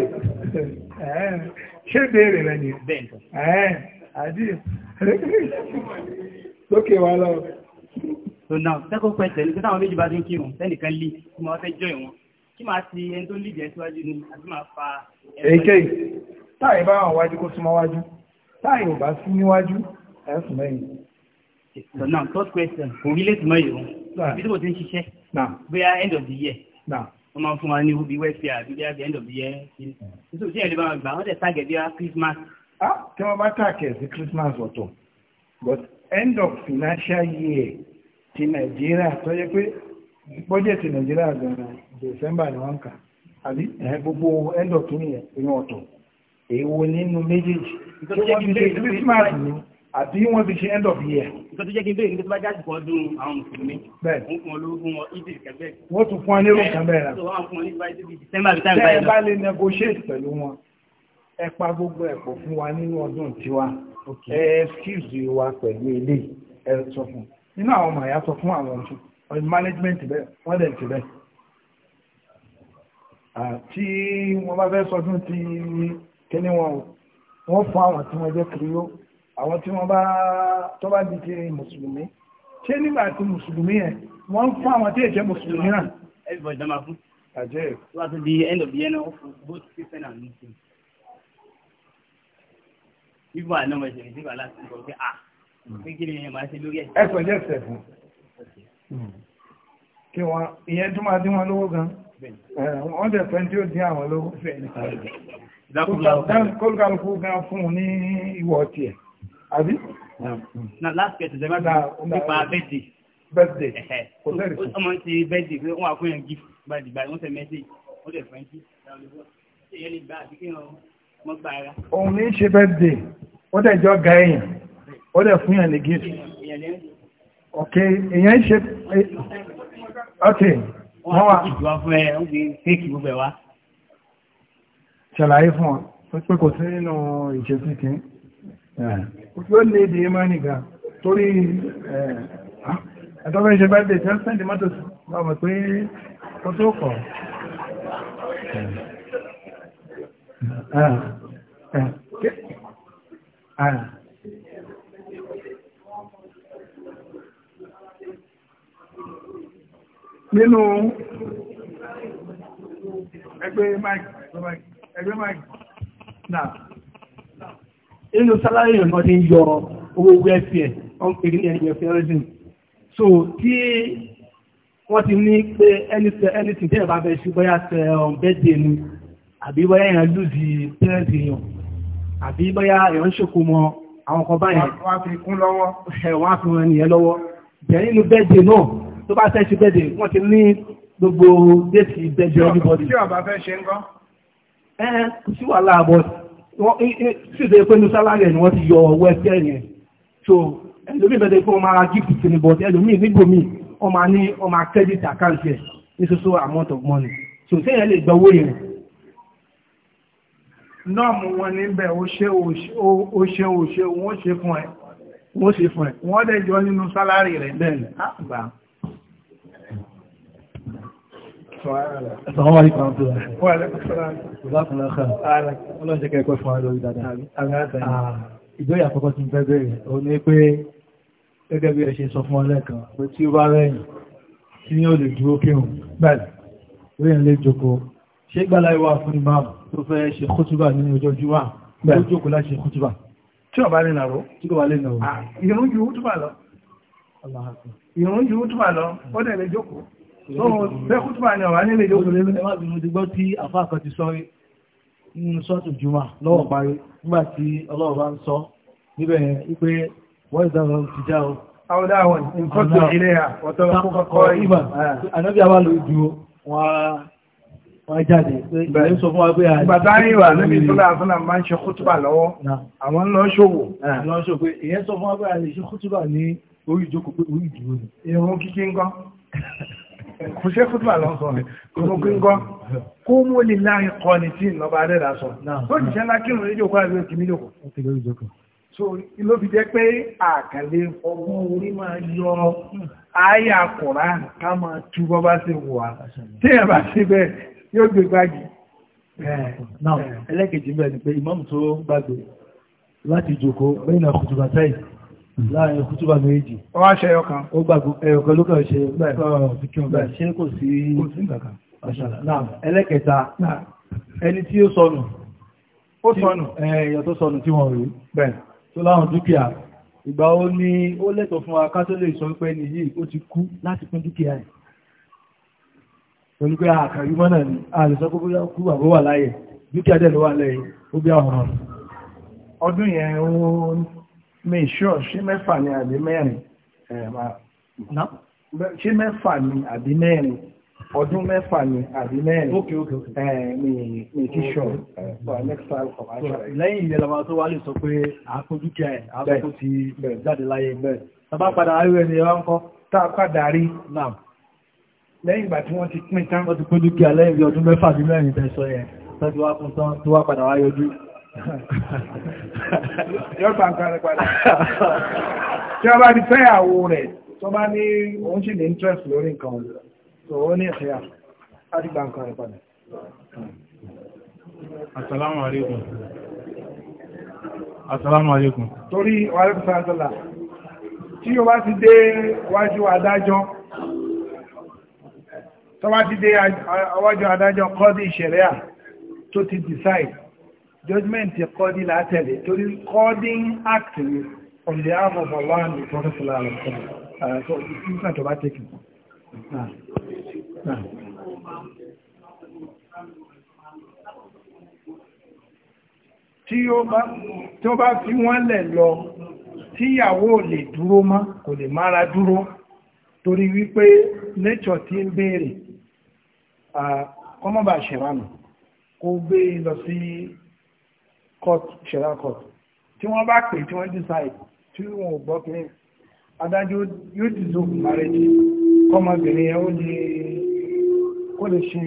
[SPEAKER 1] ṣé béèrè rẹ̀ ni? Àti lókè wa lọ. So now, second question, ní pé táwọn méjì bá ti ń kírun, sẹ́nìkan lé,
[SPEAKER 2] kí wọ́n fẹ́ jọ ìwọ̀n kí máa ti ẹni tó lìjẹ́ síwájú ni àti máa fa. èyíkéyìí
[SPEAKER 1] táyì bá wọn wájú kó súnmọ́ wájú táyì ò bá sí níwájú ẹ̀ sùn mẹ́yìn. so now third question kò rí lè súnmọ́ yìí o
[SPEAKER 2] ibi tí mo ti ń ṣiṣẹ́ bóyá end of the year wọ́n máa ń fún wa ní ubi welfare àbí bí end of the year nítorí tí ẹ̀rí bá wọn gbà wọ́n tẹ̀ tàgẹ̀ bí i Christmas. tí wọ́n bá tàgẹ̀ sí
[SPEAKER 1] Christmas ọ̀tọ̀ but end of financial year ti Nàìjíríà tó yẹ pé bọ́jẹ̀tì Nàìjíríà gan-an december ni wọ́n kà àbí gbogbo end of kìíní yẹn inú ọ̀tọ̀ èwo nínú méjèèjì tó jẹ́ kí n ṣe christmas ni àbí wọ́n fi ṣe end of year.
[SPEAKER 2] nǹkan tó jẹ́ kí n bẹ́ẹ̀ ní tó bá jáde kọ́ ọdún àwọn mùsùlùmí. bẹ́ẹ̀ wọ́n fún ọ lórúkọ wọn ibi kẹfẹ́. wọ́n tún fún ọ ní orúkọ bẹ́ẹ̀ rà. wọ́n fún ọ ní december bí táyì báyìí lọ. tẹ́ ẹ bá
[SPEAKER 1] lè negotiate pẹ̀lú wọn ẹ pa gbogbo ẹ̀pọ̀ fún wa nínú ọdún tiwa ẹ excuse wa pẹ̀lú eléyìí ẹ sọ fún un nínú àwọn ọmọ àyà sọ fún àwọn ọmọ management bẹ́ẹ̀ wọ́n dẹ̀ ti bẹ́ẹ̀ tí wọ́n bá fẹ́ sọdún ti kíní wọn wọ́n fún àwọn tí wọ́n jẹ́ kìrìó àwọn tí wọ́n bá tó bá di ti mùsùlùmí ṣé nígbà tí mùsùlùmí yẹn wọ́n fún àwọn tí èjẹ́ mùsùlùmí náà.
[SPEAKER 2] everybody dama fún. àjẹ́ ẹ̀. wọ́n ti di end of the year náà both christian and muslim. bíbọ̀ àná mo ṣe ìdíbà láti sọ pé ah pé kí ni màá ṣe lórí ẹ̀. ẹ pẹ̀lú ẹ̀sẹ̀
[SPEAKER 1] fún. Hmm. kí wọ́n ìyẹn tún máa dín wọn lówó gan-an wọ́n jẹ́ pẹ́ tí ó dín àwọn lówó fẹ́ ní kọlùkàlùkù gan fún ní ìwọ̀ ọ̀tí ẹ̀ àbí? na last year ṣẹ̀ṣẹ̀ máa bí nípa bẹ́ẹ̀dì bẹ́ẹ̀dì
[SPEAKER 2] kò sẹ́rì fún ọmọ ti bẹ́ẹ̀dì pé wọ́n àkóyàn gift gbàdì gbàdì wọ́n sẹ̀ mẹ́sì wọ́n jẹ́ pẹ́ntì
[SPEAKER 1] òun ní ṣe bẹ́ẹ̀dì ó dẹ̀ jọ ga ẹ̀yìn ní gift ok èèyàn ṣe
[SPEAKER 2] ok. okay wọ́n wà ìjọba fún ẹ ó fi fẹ́ẹ̀kì gbogbo ẹ̀ wá.
[SPEAKER 1] ṣàlàyé fún ọ pé kò sí nínú ìṣesí kìíní yóò lè dè máa nìgbà torí ẹ̀tọ́fẹ́ ìṣẹ́gbà ìdè tí ó sẹ́ndì mọ́tò lọ́wọ́ pé ó tó kọ̀ Ah, ah, ah. nínú ẹgbẹ́ mike ẹgbẹ́ mike náà
[SPEAKER 2] inú sálárì ìrìnkan ti ń yọ owó wẹ́fẹ́ wọ́n pè ní ẹgbẹ́ fẹ́rẹ́sìn so tí wọ́n ti ní pé anything tẹ́yẹ̀ bá fẹ́ sí bóyá tẹ um, bẹ́ẹ̀dẹ̀ ni àbí bóyá èèyàn lùzì pẹ́rẹ́sì èèyàn àbí bóyá èèyàn ń ṣòkó mọ àwọn
[SPEAKER 1] kan báyìí wọ́n á fi kún lọ́wọ́ wọ́n á fi wọn nìyẹn lọ́wọ́ bẹ̀rẹ̀ nínú bẹ́ẹ̀dẹ̀ náà tó bá fẹ́ ṣe bẹ́ẹ̀dẹ̀ wọ́n ti ní gbogbo déètì ìbẹ́jọ everybody. tí ọba fẹ́ ṣe ń gọ́. ẹ ẹ kò sí wàhálà àbọ̀ sí ìdè pé ní sálárì ẹ̀ ni wọ́n ti yọ ọwọ́ ẹgbẹ́ yẹn so ẹlòmíì bẹ́ẹ̀ pé wọ́n máa gífù sí ni but ẹlòmíì nígbòmí wọ́n máa ní wọ́n máa credit account yẹn ní soso amount of money so sẹ́yìn lè gbọ́ owó yẹn. nọ́ọ̀mù wọn níbẹ̀ ó ṣe ó ṣe ó ṣe wọ́n ṣe fún ẹ wọ́n ṣe fún ẹ wọ́n dẹ̀ jọ nínú sálárì rẹ̀ bẹ́ẹ̀ ni ah,
[SPEAKER 2] Assalamu alaikum warahmatullahi wabarakatuh.
[SPEAKER 1] Wa alaikum assalam. Jazakumullahu khairan. Ọlọ́run jẹ́ kẹ́kọ̀ọ́ fún wa lórí dáadáa. Ìgbéyà àkọ́kọ́ ti ń fẹ́ bẹ̀rẹ̀, ó ní pé gẹ́gẹ́ bí ẹ ṣe sọ fún ọ lẹ́ẹ̀kan, pé tí ó bá rẹ̀yìn, tí ní ó lè dúró kírun, bẹ́ẹ̀ lórí ẹ̀ lè jókòó. Ṣé gbálá ìwà fún imam tó fẹ́ ṣe kútùbà nínú ọjọ́ Júmà? Bẹ́ẹ̀ Wọ́n ìdára ti já o. Àwọn dáwọn ìfọ́tò ilé à, wọ́tọ́ kọ́kọ́ ìbà. Ànábí àwọn olùdú wọ́n jáde. Bẹ̀rẹ̀ sọ fún wa pé àìsí. Bàtá ìwà níbi tọ́lá àfúnà máa ń ṣe kútùbà lọ́wọ́. Àwọn lọ́ṣòwò. Ah, lọ́ṣòwò pé ìyẹn sọ fún wa pé àìsí kútùbà ní orí ìjókòó pé orí ìdúró ni. Ìrún kíkí ń kọ́. <laughs> kò ṣe kó túnmà lọ́sọ̀ rẹ̀ kò mú gbíngọ́ kó mú lè láàrin kọ́ ni tí ìlọ́ba adẹ́dà sọ tó jìṣẹ́ ńlá kírun ní ìjòkó àbí òkè mílòkó so ló fi jẹ́ pé àkàlé ọgbọ́n orí máa yọ àyà kùrá ká máa tú bọ́ bá ṣe wù wá tí ẹ̀ bá ṣe bẹ́ẹ̀ yóò gbé gbági. náà ẹlẹ́kejì bẹ́ẹ̀ ni pé ìmáàmù tó gbàgbé láti ìjòkó lẹ́yìn àkùtùbàtà yìí láàrin kútúbà méjì. Ó wá ṣe ẹyọkan. Ó gbàgbọ́ ẹyọkan ló kàn ṣe bẹ́ẹ̀ ṣe kò sí ìgbàkan. Ẹlẹ́kẹta, ẹni tí ó sọnù. Ó sọnù. Ẹ̀yàn tó sọnù tí wọ́n rí. Bẹ́ẹ̀. Tó láwọn dúkìá. Ìgbà ó ní ó lẹ́tọ̀ọ́ fún wa ká tó lè sọ pé ní yìí ó ti kú láti pín dúkìá ẹ̀. Pẹ̀lú pé àkàrí mọ́nà ni a lè sọ pé bóyá kú àbó wà láyé. Dúkìá dẹ̀ ló wà lẹ́yìn. Ó bí àwọn Ọdún yẹn ó mi ṣọ́ ṣé mẹ́fà ni àbí mẹ́rin ṣé mẹ́fà ni àbí mẹ́rin ọdún mẹ́fà ni àbí mẹ́rin ok ok ok mi ti ṣọ́
[SPEAKER 2] lẹ́yìn ilẹ̀ lọ́wọ́ tó wá lè sọ pé àkójúkẹ́ ẹ̀
[SPEAKER 1] àkókò ti jáde láyé bẹ́ẹ̀ tàbá padà a padà rí náà lẹ́yìn ìgbà tí wọ́n ti pín tán wọ́n ti pín dúkìá
[SPEAKER 2] lẹ́yìn ọdún mẹ́fà bí mẹ́rin tẹ̀sọ yẹn
[SPEAKER 1] tó wá padà wáyé ojú yóò bá padà tí bá rẹ̀ tó bá ní òun sì ní interest lórí nǹkan tó ní padà. Torí sáàtọ́là tí o bá ti dé wájú adájọ́ tó bá ti dé wájú adájọ́ kọ́ di à tó ti decide judgment kọ́dí látẹ̀lẹ̀ torí kọ́dí act ni ọ̀lẹ́ àmọ̀bọ̀ wà ní prọ́fẹ́sọ̀lá tí ó bá fi wọ́n lẹ̀ lọ tíyàwó lè dúró má kò lè mára dúró torí wípé nature ti ń béèrè ah, kọmọ́bà ṣẹ̀ránù kó gbé e lọ sí court ṣẹ̀dá court tí wọ́n bá pè tí wọ́n decide tí wọ́n ò gbọ́ pé adájọ́ yóò dissolve marriage kọ́mọbìnrin yẹn ó lè kó lè ṣe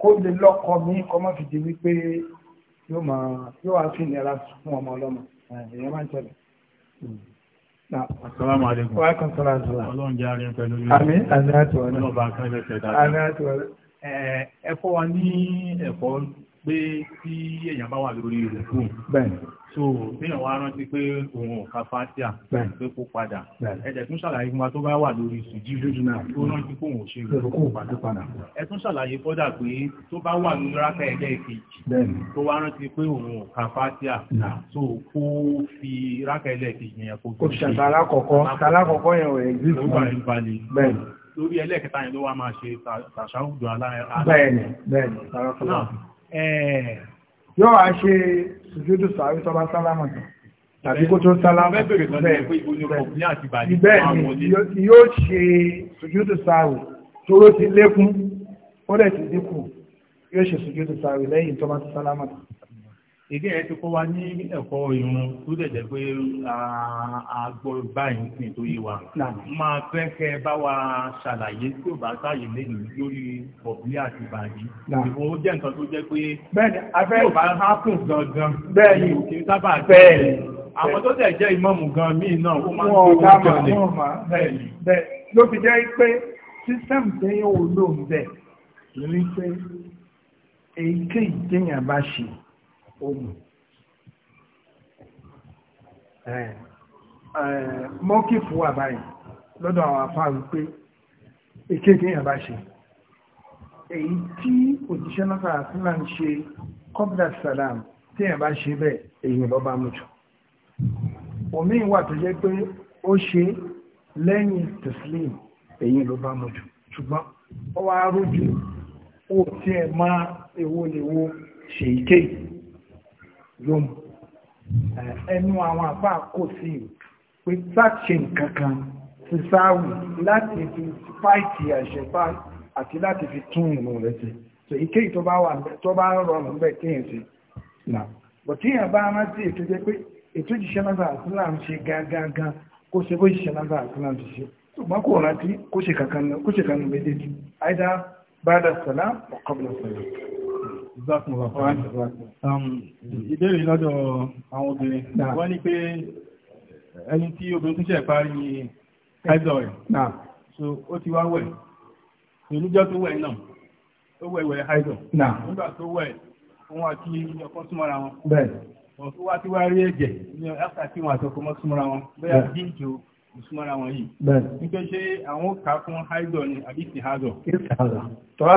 [SPEAKER 1] kó lè lọ́kọ mí kọ́mọ fìdí wípé yóò máa yóò wá sí ìnira fún ọmọ ọlọ́mọ ìyẹn máa ń tẹ̀lé. Assalamu alaikum. Wa alaikum salam. Ọlọ́run jẹ́ àárín pẹ̀lú yóò. Àmín, àmì àti wọlé. Ọlọ́ba
[SPEAKER 2] kan lẹ́sẹ̀ dáadáa.
[SPEAKER 1] Àmì wa ní ẹ̀fọ́ pé tí èèyàn bá wà lórí ìrùkú so téèyàn wá rántí pé òun ò ka fásíà pé kó padà ẹ̀jẹ̀ tún ṣàlàyé fún wa tó bá wà lórí sùjídù tó rántí pé òun ò ṣe ìrùkú padà ẹ tún ṣàlàyé fọ́dà pé tó bá wà nínú rákà ẹ̀jẹ̀ ìkejì tó wá rántí pé òun ò ka fásíà so kó fi rákà ẹ̀jẹ̀ ìkejì yẹn kó fi ṣe tàlákọ̀ọ́kọ́ tàlákọ̀ọ́kọ́ yẹn ò ẹ̀ lórí ẹlẹ́ẹ̀kẹta
[SPEAKER 2] yẹn ló wá máa ṣe tàṣáwùdù aláìrẹ́
[SPEAKER 1] yóò wá ṣe sùjúdù sàárì tó bá sálámà tán tàbí kó tó sálámà bẹ́ẹ̀ ni yóò ṣe sùjúdù sàárì tóró ti lékún ó dẹ̀ ti dínkù yóò ṣe sùjúdù sàárì lẹ́yìn tó sálámà tán èdè ẹ̀ ti kọ́ wa ní ẹ̀kọ́ irun tó dẹ̀dẹ̀ pé
[SPEAKER 2] àgbọ̀ báyìí ní tó yé wa máa fẹ́ kẹ́ bá wa ṣàlàyé tí ò bá sáàyè lẹ́yìn lórí ọ̀bí àti bàbí ìwọ ó jẹ́ nǹkan tó jẹ́ pé bẹ́ẹ̀ni
[SPEAKER 1] afẹ́ ò bá hápùn gangan bẹ́ẹ̀ni ò kí ń sábà bẹ́ẹ̀ni àwọn tó dẹ̀ jẹ́ ìmọ̀mù gan míì náà ó máa ń gbé oúnjẹ lè bẹ́ẹ̀ni ló fi jẹ́ pé sísẹ́mù tẹ́yìn ò lóun bẹ́ẹ̀ lórí pé èyíkéyìí téèyàn bá ṣe òmù. Eh, eh, mọ́kì fún wa báyìí lọ́dọ̀ àwọn afáà wípé èkéèké yẹn bá ṣe èyí tí òjíṣẹ́ náà sílá ń ṣe kọ́bílà sàlám tí yẹn bá ṣe bẹ́ẹ̀ èyí lọ́ bá mú jù omi wà tó jẹ́ pé ó ṣe lẹ́yìn tẹ̀sílìm èyí ló bá mú jù ṣùgbọ́n ó wá rújú ó tiẹ̀ máa èwo lèwo ṣèyíkéyìí yóò mú eh, ẹnu àwọn àbá kò sí pé sáàtì nǹkan kan ti sáàwì láti fi fáìtì àṣẹpá àti láti fi tún ìlú rẹ̀ sí so ike tó bá wà tó bá rọrùn bẹ́ẹ̀ kéèyàn sí nà bọ̀tíyàn bá rántí ètò jẹ́ pé ètò ìṣẹ́ náà àtúnlá ń ṣe gágágá kó ṣe bó ìṣẹ́ náà àtúnlá ń ṣe ṣùgbọ́n kò rántí kó ṣe kankan méjèèjì àìdá bá dà sọ̀lá ọ̀kọ́bùlọ̀ sọ̀lá Um, ìbéèrè lọ́dọ̀ àwọn obìnrin. Wọ́n ní pé ẹni tí obìnrin tún ṣẹ̀ parí Kaiser rẹ̀. So ó ti wá wẹ̀. Ìlújọ́ tó wẹ̀ náà, ó wẹ̀ wẹ̀ Kaiser. Nígbà tó wẹ̀, wọ́n àti ọkọ̀ súnmọ́ra wọn. Bẹ́ẹ̀. Ó wá tí wá rí ẹ̀jẹ̀ ní ọ́sà tí wọ́n àtọkọ mọ́ súnmọ́ra wọn. Bẹ́ẹ̀ jíjò ìsúnmọ́ra wọn yìí. Bẹ́ẹ̀. Nígbà ṣe àwọn kà fún Kaiser ni àbí Tìhazọ̀. Tọ́lá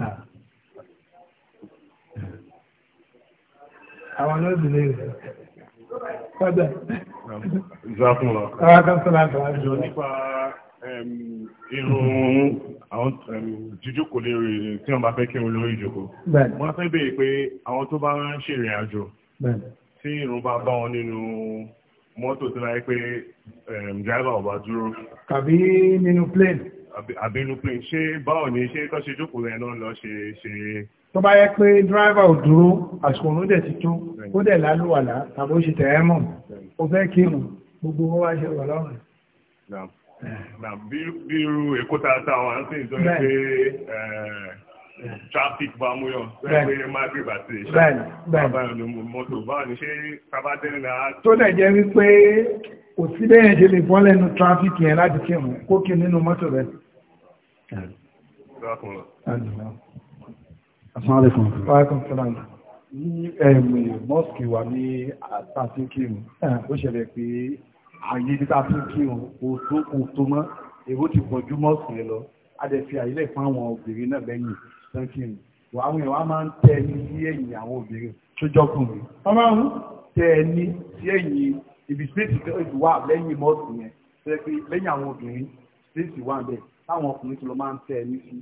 [SPEAKER 1] Ah. àwọn lọ́dún lè nípa
[SPEAKER 2] irun
[SPEAKER 1] àwọn lè rí tí wọ́n bá fẹ́ lórí wọ́n fẹ́ bèèrè pé àwọn tó bá ń àjò tí irun bá bá wọn nínú mọ́tò tó láyé pé dúró tàbí nínú plane
[SPEAKER 2] àbínúpin ṣé báwo ni ṣé tó ṣe jókòó rẹ̀ náà lọ ṣe ṣe.
[SPEAKER 1] tó bá yẹ pé dírẹ́fà ò dúró àsìkò òun dẹ̀ ti tó ó dẹ̀ lálùwàlá tàbí ó ṣe tẹ̀ ẹ́ mọ̀ ó fẹ́ kírun gbogbo wọn wá ṣe wà lọ́rùn
[SPEAKER 2] bí irú èkó tààtà àwọn àti ìjọba pé eh, traffic bá mú yàn pé magrib àti ìṣẹ́ bàbáyàn ló mú mọ́tò báwọn ní ṣe kábádẹ́rin náà tó dẹ̀ jẹ́ wípé
[SPEAKER 1] kò sí bẹ́ẹ̀ ṣe lè bọ́ lẹ́nu traffic yẹn láti kírun kó nínú mọ́tò rẹ̀ Ní ẹ̀mù mọ́sùkì wà ní àtàtíkìrù, ó ṣẹlẹ̀ pé àyè ní àtàtíkìrù kò tó mọ́, èrò ti pọ̀ jú mọ́sùkì lọ, a dẹ̀ fi àyílẹ̀ fún àwọn obìnrin náà lẹ́yìn tàtíkìrù. Wà àwọn èèyàn máa ń tẹ́ ní sí ẹ̀yìn àwọn obìnrin tó jọ́kùnrin. Wọ́n máa ń tẹ́ ní sí ẹ̀yìn ibi spéèsì wà lẹ́yìn mọ́sùkì táwọn ọkùnrin tó lọ máa ń fẹ́ ẹni sí.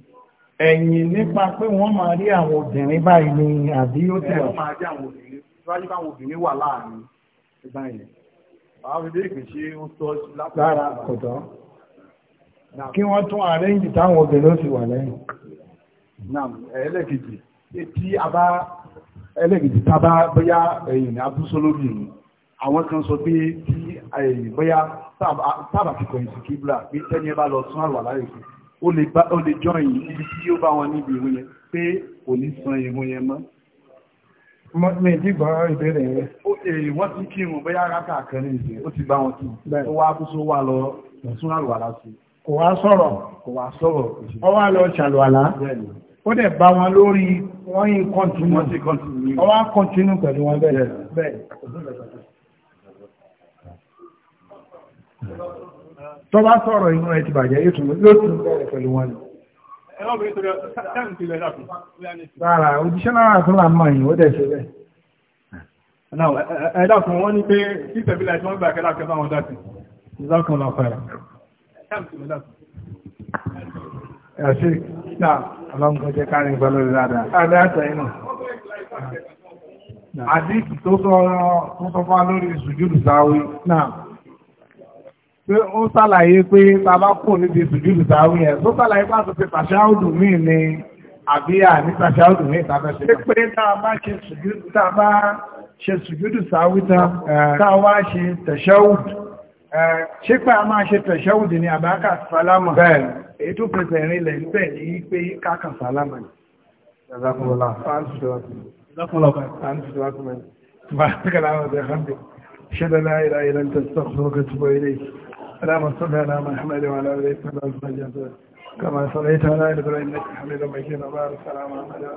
[SPEAKER 1] ẹ̀yìn nípa pé wọ́n máa rí àwọn obìnrin báyìí ni àbí ó tẹ̀ ọ́. wọ́n máa rí àwọn obìnrin síwájú báwọn obìnrin wà láàrin ìgbà yẹn. àwọn ilé ìgbè ṣe ń tọ́ lára kọ̀tọ́. kí wọ́n tún àrẹ́yìn táwọn obìnrin ó sì wà lẹ́yìn. nam ẹlẹ́kejì a bá tábà ti kọ̀yìn sí kíbla pé tẹ́ni ẹ bá lọ sún àlùwàlá yìí ó lè jọ yìí ibi tí ó bá wọn níbi ìwé yẹn pé kò ní san ìwé yẹn mọ́. mi ì dìgbà ìbéèrè yẹn. ó èyí e, wọ́n ti kírun bóyá rákà kan ní ìsìn ó ti bá wọn kí ó wá kó só wá lọ sún àlùwàlá sí. kò wá sọ̀rọ̀ kò wá sọ̀rọ̀ ó wá lọ ṣàlùwàlá ó dẹ̀ bá wọn lórí wọ́n yìí kọ́ntínú wọ́n wá kọ́ntínú pẹ̀lú wọn bẹ́ẹ̀ tó bá sọ̀rọ̀ inú ẹ̀ ti bàjẹ́ yóò tún bẹ̀rẹ̀ pẹ̀lú wọn lọ. Sára òjíṣẹ́ náà tún là mọ̀ yìí ó dẹ̀ ṣe bẹ́ẹ̀. Ẹ̀dá fún wọn ní pé títẹ̀ bí láti wọ́n gbà kẹ́lá kẹfà wọn dátì. Ìzákan lọ fẹ́ra. Ẹ̀ṣẹ́ náà ọlọ́nkọ́ jẹ́ kárin pẹ̀lú dáadáa. Adé àtẹ̀yìn náà. Àdíkì tó sọ fún wa lórí ìṣùjúdù náà pé ó sàlàyé pé bàbá kò níbi ìsùjúdù sáwí ẹ̀ tó sàlàyé pàtó pé tàṣáùdù míì ni àbí à ní tàṣáùdù míì tàbẹ́sẹ̀. pé pé tá a bá ṣe sùjúdù tá a bá ṣe sùjúdù sáwí tán tá a wá ṣe tàṣáùdù ṣé pé a máa ṣe tàṣáùdù ni àbákà sálámà. bẹ́ẹ̀ ètò pèsè ìrìnlẹ̀ ń bẹ̀ ní pé káàkà sálámà ni. jazakumullah fáńtù tó wà fún mi. jazakumullah fáńtù tó wà fún اللهم صل على محمد وعلى آل محمد كما صليت على آل إبراهيم إنك حميد مجيد وبارك على محمد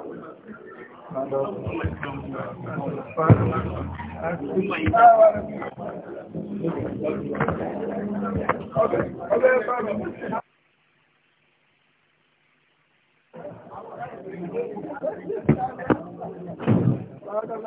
[SPEAKER 2] Thank you.